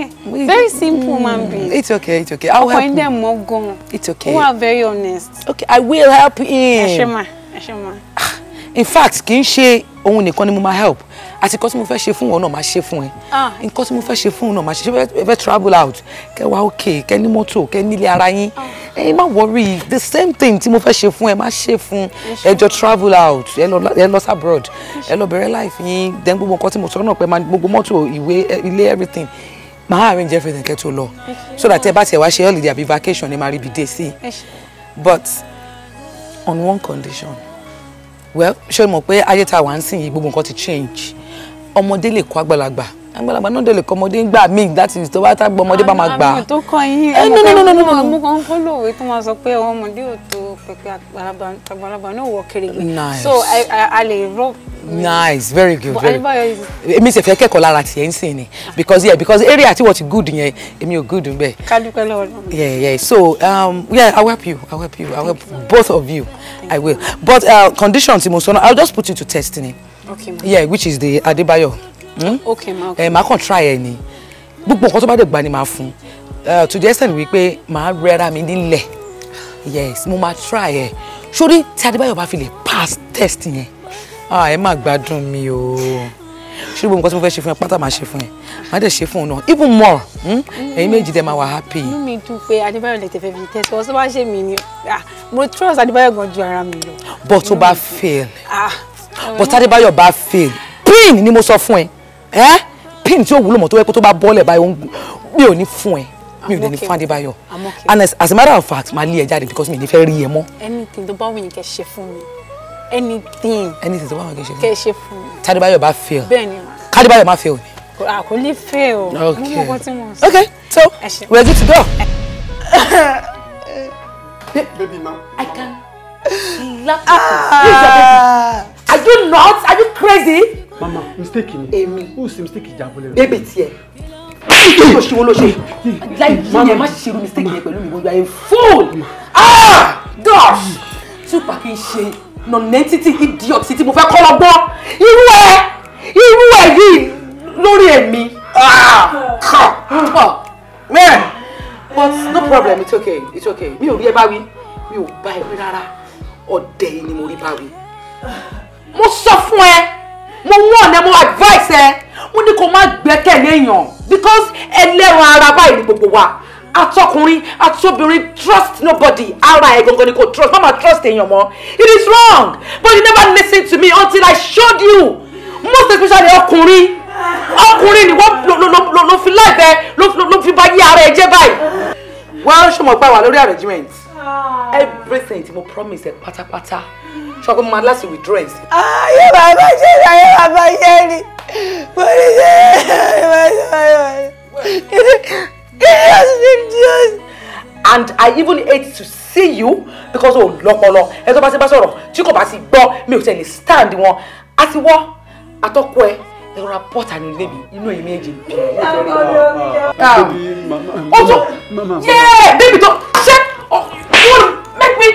B: very simple man mm, be
D: it's okay it's okay I'll help you ọkùnrin
B: dẹ̀ mọ́ gan
D: it's okay Who are
B: very honest
D: okay i will help him ẹ ṣe ma
B: ah, ẹ ṣe ma
D: in fact kì í ṣe òun nìkan ni mo máa help àti nǹkan tí mo fẹ́ ṣe fún wọn náà máa ṣe fún ẹ ah. nǹkan tí mo fẹ́ ṣe fún wọn náà máa ṣe ṣe fẹ́ travel out kẹ wá òkè kẹ ní mọ́tò kẹ nílé ara yín ah. ẹ má worry the same thing tí mo fẹ́ ṣe fún ẹ má ṣe fún ẹ jọ travel out ẹ lọ abroad ẹ lọ bẹ̀rẹ̀ life yín then gbogbo nǹkan tí mo sọ náà pé gbogbo mọ́tò ìwé ilé everything máa arrange everything kẹ́ tó lọ so that ẹ bá tiẹ̀ wá ṣe holiday àbí vacation ẹ máa rí ibi dé sí but on one condition well ṣé o mọ̀ pé ayé tá a wà ń sìn yìí gbogbo nǹkan ti change ọmọdé lè kọ́ àgbàlagbà àgbàlagbà náà dẹ̀ lè kọ́ ọmọdé gbà mí láti tó bá tá gbọ́ ọmọdé bá máa gbà. àwọn tó
B: kọ yín ẹ mọ pé mo kàn ń fọlọ́wé tó máa sọ pé àwọn ọmọdé ò tó pẹpẹ àgbàlagbà náà wọ kiri gbé so a lè rọ.
D: nice very good very
B: good
D: èmi sì fẹ́ kẹ́kọ̀ọ́ lára tiẹ̀ ń sìn ni because yeah because area tí wọ́n ti good yẹn èmi ò good ń bẹ̀. kálukẹ́ lọ́wọ́ náà. yeah yeah so um, yeah I'll help you I'll help you I'll help both of you i will but uh, condition tí mo sọ náà i just put you to testing.
B: Okay
I: Yeah,
D: which is the Adebayo. Hmm?
B: Okay ma. Okay. Eh, màá
D: kàn try ẹ ni. Gbogbo nǹkan tó bá dé gbà ni màá fún. Uh, to the extent wípé màá rẹ́ra mi nílẹ̀. Yes, mo máa try ẹ. Sórí tí Adebayo bá fi lè pass test yẹn. Ah, ẹ máa gbádùn mi o. Ṣé gbogbo nǹkan tí mo fẹ́ ṣe fún ẹ pátá màá ṣe fún ẹ? Màá dẹ̀ ṣe fún un náà. Even more, Hmm. Mm-hmm. ẹ̀yin méjì dẹ̀ máa wà happy. Inú
B: mi dùn pé Adebayo lè tẹ̀fẹ̀ fi test. Ọ̀sán bá ṣe mí ni. Ah, mo trust Adebayo gan ju ara mi lọ.
D: But tó bá fail. Ah but Adébáyọ̀ bá fail pin ni mo sọ fún ẹ pin tí ó wúlò mọ́ tó yẹ kó tó bá bọ́ọ̀lẹ̀ báyìí mi ò ní fún ẹ mi ò ní fún Adébáyọ̀ and as a matter of fact máa lé ẹ jáde because mi ò ní fẹ́ rí ẹ mọ́.
B: anything tó bá wù yín kẹ́ ṣe fún mi anything.
D: anything tó bá wù yín kẹ́
B: ṣe fún mi. Tádébáyọ̀
D: bá fail bẹ́ẹ̀ni ma Kádébáyọ̀ má fail ni.
B: a kò fail mo mọ nǹkan tí mo sọ. okay
D: so we are good to go. baby ma. i can slap you are you nuts are you crazy. mama mistake ni èmi who say mistake ìjàmbọ̀lẹ̀ rẹ. Baby, tiẹ̀ kí ló ṣe wọ́n ló ṣe láì jí yẹn má mistake yẹn pẹ̀lú mi gbogbo ayé fool ah gosh tupac kì í ṣe non-entity idiot tí mo fẹ́ kọ́ lọ gbọ́ irú ẹ irú ẹ yìí lórí ẹ̀mí. Ah! mẹ́ẹ̀ but no problem it's okay it's okay mi ò rí ẹ bá wí mi ò bá ẹ wí rárá ọ̀dẹ̀ ni mo rí bá wí mo sọ fún ẹ mo wọ̀n ẹ mo advice ẹ mo ní kó má gbẹ́kẹ̀lé èèyàn because ẹlẹ́ran ara báyìí ni gbogbo wa atọkùnrin atọbìnrin trust nobody ara ẹ gangan ni kò trust mama trust èèyàn mọ́ it is wrong but you never listen to me until I showed you most especially ọkùnrin ọkùnrin ni lo ló fi láìpẹ́ lo fi bá yí ara ẹ jẹ́ báyìí wọ́n ṣọmọ gbà wá lórí arrangement ah. everything tí mo promise ẹ pátápátá ṣọkọ mo máa láti withdraw ẹ̀ sí.
A: ayé bàbá ṣe é ayé
D: bàbá ṣe é ni mo ní ṣe é mo ní ṣe é mo ní ṣe é. and I even hate to see you because o lọ́pọlọ ẹ tó bá ti bá sọ̀rọ̀ tí kò bá ti gbọ́ mi ò tẹ̀ lè stand wọn àti wọ́ àtọ́kọ ẹ ẹ̀rọ apọ́ta ni lébi inú èmi ẹ̀jẹ̀ bí. o tún yé bébì tó ṣe oh make me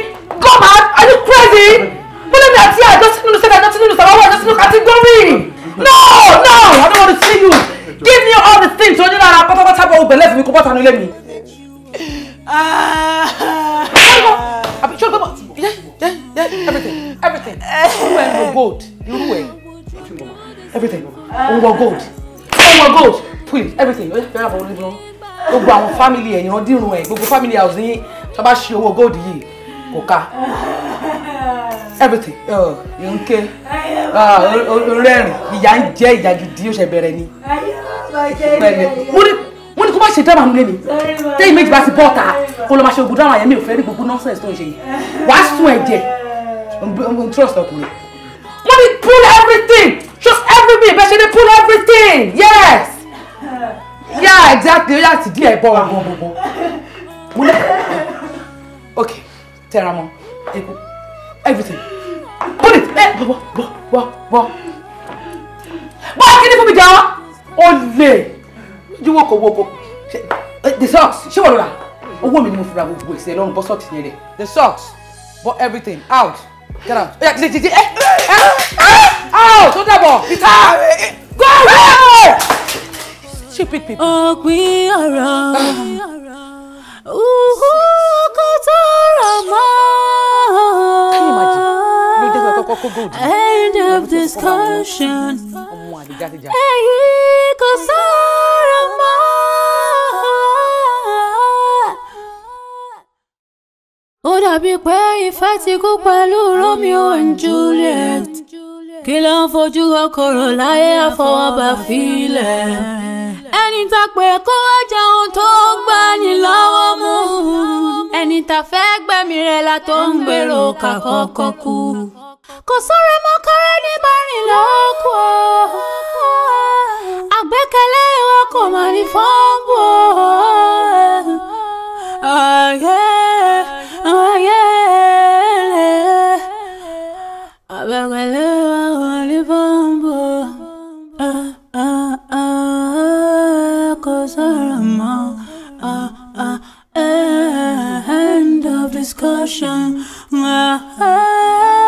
D: go mad are you crazy. Pulling that here, just to say that nothing to I want just look at it going.
A: No, no, I don't
D: want to see you. Give me all the things so you know that I'm going to open. Let me go back and let me. Ah. I'm sure about yeah, yeah, yeah, everything, everything. You were gold. You were everything. You were gold. You were gold. Please, everything. You have all the gbogbo àwọn family You ẹ̀yàn dírun ẹ̀ gbogbo family I was in. So bá ṣe owó gold yìí kò ká everything yóò ń ké rẹ́rìn ìyá ń jẹ́ ìyá gidi ó ṣe bẹ̀rẹ̀ ni mo ní kó má ṣe dáàmà nílé mi
A: téyì méjì bá ti bọ́ ta kó lọ́ọ́ máa
D: ṣe ògùn dáàmà yẹn mi ò fẹ́ rí gbogbo nọ́ọ̀sẹ̀sì tó ń ṣe yìí wàá sún ẹ̀jẹ̀ n trust ọkùnrin mo ní pull everything just every bit bẹ́ẹ̀ ṣe ní pull everything yes
A: yeah exactly
D: ó yà ti di ẹ̀ bọ́ wa gbogbo mo ní ok tẹ̀ra mọ́ eku everything. Put it. Eh, bọ̀ bọ̀ bọ̀ bọ̀. Bọ́ kíni fún mi jọ? O lè. Ju walk wọ́kọ̀. Eh, the socks ṣé wọ́n lọ rà? Owó mi ni mo fi ra gbogbo ìṣẹ̀ lọ́rùn bọ́ socks yẹn rẹ̀. The socks bọ́ everything out. Get out. Oya ti ti Eh. Out. Don't ẹ tó It's out. go away. Stupid people. Ọ̀gbìn we are.
B: Ooh, rọ̀ mọ́ kó gold. end of discussion ẹ̀yin kò sọ̀rọ̀ mọ́. ó dàbí pé ìfẹ́ ti kú pẹ̀lú Romeo and Juliet kí ló ń fojú kòkòrò láyé àfọwọ́bà filẹ̀. ẹni tá pé kó wá jẹun tó gbà ní lọ́wọ́ mú ẹni tá fẹ́ gbẹ̀mí rẹ̀ la tó ń gbèrò kàkọ́kọ́ kú. kò sọ̀rọ̀ mọ́ kọ́rẹ́ ní bárìn lọ́kù o àgbẹ́kẹ̀lé wọn kò mọ̀ ní fọ́ọ̀mù o. àgbẹ́kẹ̀lé wọn kò ní fọ́ọ̀mù o. kò sọ̀rọ̀ mọ́ end of discussion. Uh, uh,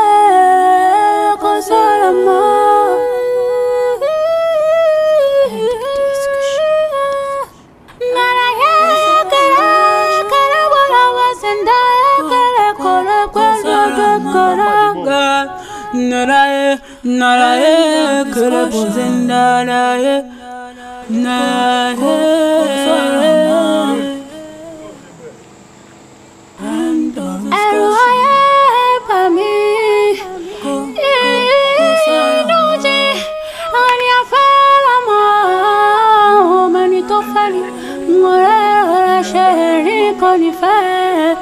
B: sarama i naraye, kırabozin nìkan nífẹ̀ẹ́.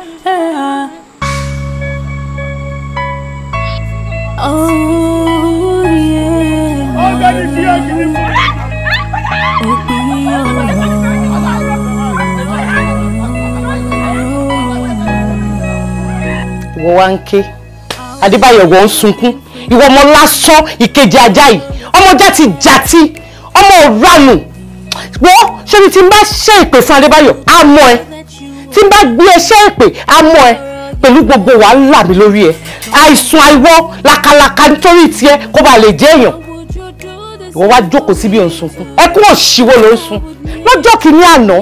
A: ọ̀gbẹ́ni tí a kì í fún mi. òpin ọ̀rọ̀.
C: wọ́n wá ń
D: ké adébáyọ̀ wọ́n ń sunkún ìwọ ọmọ lásán ìkejì ajá yìí ọmọ jàti jàti ọmọ òranù wọ́n ṣé ni tí n ṣe ìpè fún adébáyọ̀ á mọ tí n bá gbé ẹṣẹ́ èpè á mọ́ ẹ pẹ̀lú gbogbo wàhálà mi lórí ẹ àìsùn àìwọ làkàlàkà nítorí tiẹ kó bá lè jẹ́ èèyàn ìwọ wá jókòó síbi ò ń sunkún ẹkún òṣìwò ló ń sun lọ́jọ́ kìíní àná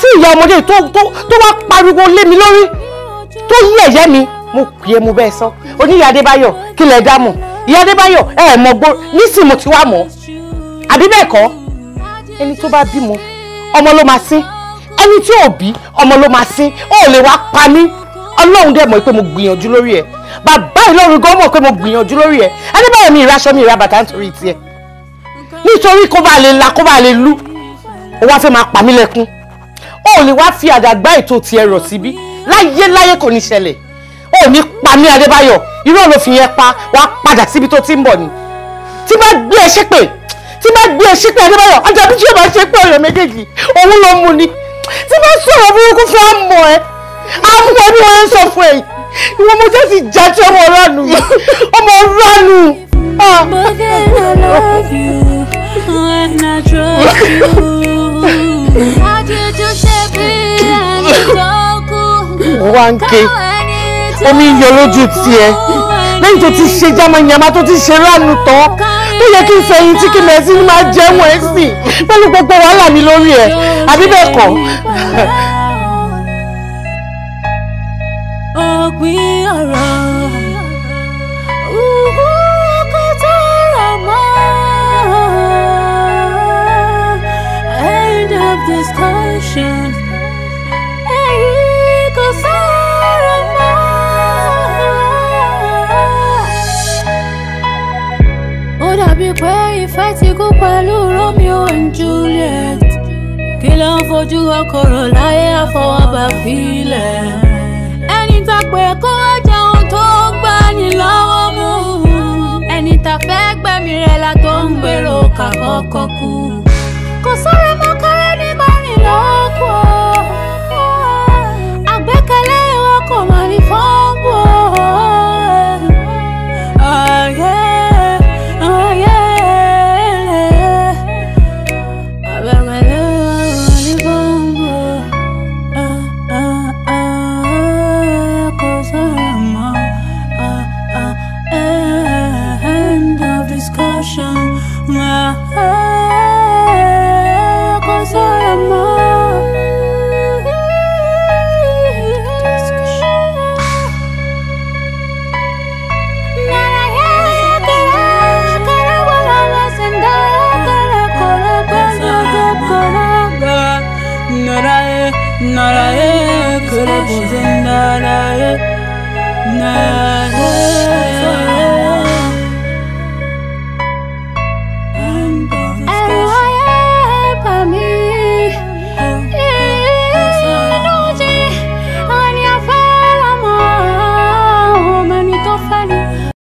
D: tí ìyá ọmọdé tó wá pariwo lé mi lórí tó yí ẹ̀yẹ́ mi mo pè é mo bẹ́ẹ̀ sọ oníyá adébáyọ̀ kí lẹ dá mọ̀ ìyá adébáyọ̀ ẹ ẹ̀ mọ̀ gbó nísìnyí mo ti wá mọ̀ àbí bẹ́ẹ̀ kọ́ ẹni tó bá bímọ ọmọ ló máa sín ẹni tí ò bí ọmọ ló máa sin ó lè wá pa mí ọlọ́run dẹ̀ mọ̀ pé mo gbìyànjú lórí ẹ̀ bàbá ìlọrin gan mọ̀ pé mo gbìyànjú lórí ẹ̀ ẹni báyọ̀ mi ìraṣọ mi ìra bàtà nítorí tiẹ̀ nítorí kó bá lè la kó bá lè lú ó wá fẹ́ máa pa mí lẹ́kún ó lè wá fi àdàgbà ètò tiẹ̀ rọ̀ síbí láyé láyé kò ní ṣẹlẹ̀ ó ní pa mí adébáyọ̀ irú òun yẹn pa wá padà síbi tó ti ń bọ̀ ni tí bá gbé ẹ ṣépè tí bá gbé ẹ ṣépè adébáyọ̀ ajá bí tí yóò bá ṣépè ọ̀rẹ́ méjèèjì òun ló mú ni
A: tí bá sọ̀rọ̀ burúkú fún àmọ́ ẹ àmọ́ ẹ bí wọ́n ń sọ fún ẹ ìwọ mo jẹ́ sì já tí ọmọ ránu ọmọ ránu. Wọ́n ah. wá ń ké, omi ń yọ lójú
D: tiẹ̀ lẹ́yìn tó ti ṣe jámọ̀yàmá tó ti ṣe ránu tán tó yẹ kí n fẹ̀yìn tí kí mẹ́sì ni máa jẹ́wọ̀n ẹ̀ sìn pẹ̀lú gbogbo wàhálà mi lórí ẹ̀ àbí bẹ́ẹ̀ kọ́.
A: ọ̀gbìn ọ̀rọ̀ ọkọ̀ tó rọ̀ mọ́ end of discussion. mi pé
B: ìfẹ́ ti kú pẹ̀lú Romeo and Juliet kí ló ń fojú ọkọ̀rọ̀ láyé àfọwọ́bà filẹ̀ ẹni tá pé kó wá jẹun tó gbà ní lọ́wọ́ mú ẹni tá fẹ́ gbẹ̀mí rẹ̀ la tó ń gbèrò kàkọ́kọ́ kú kò sọ̀rọ̀ mọ́ ní bá rìn lọ́wọ́.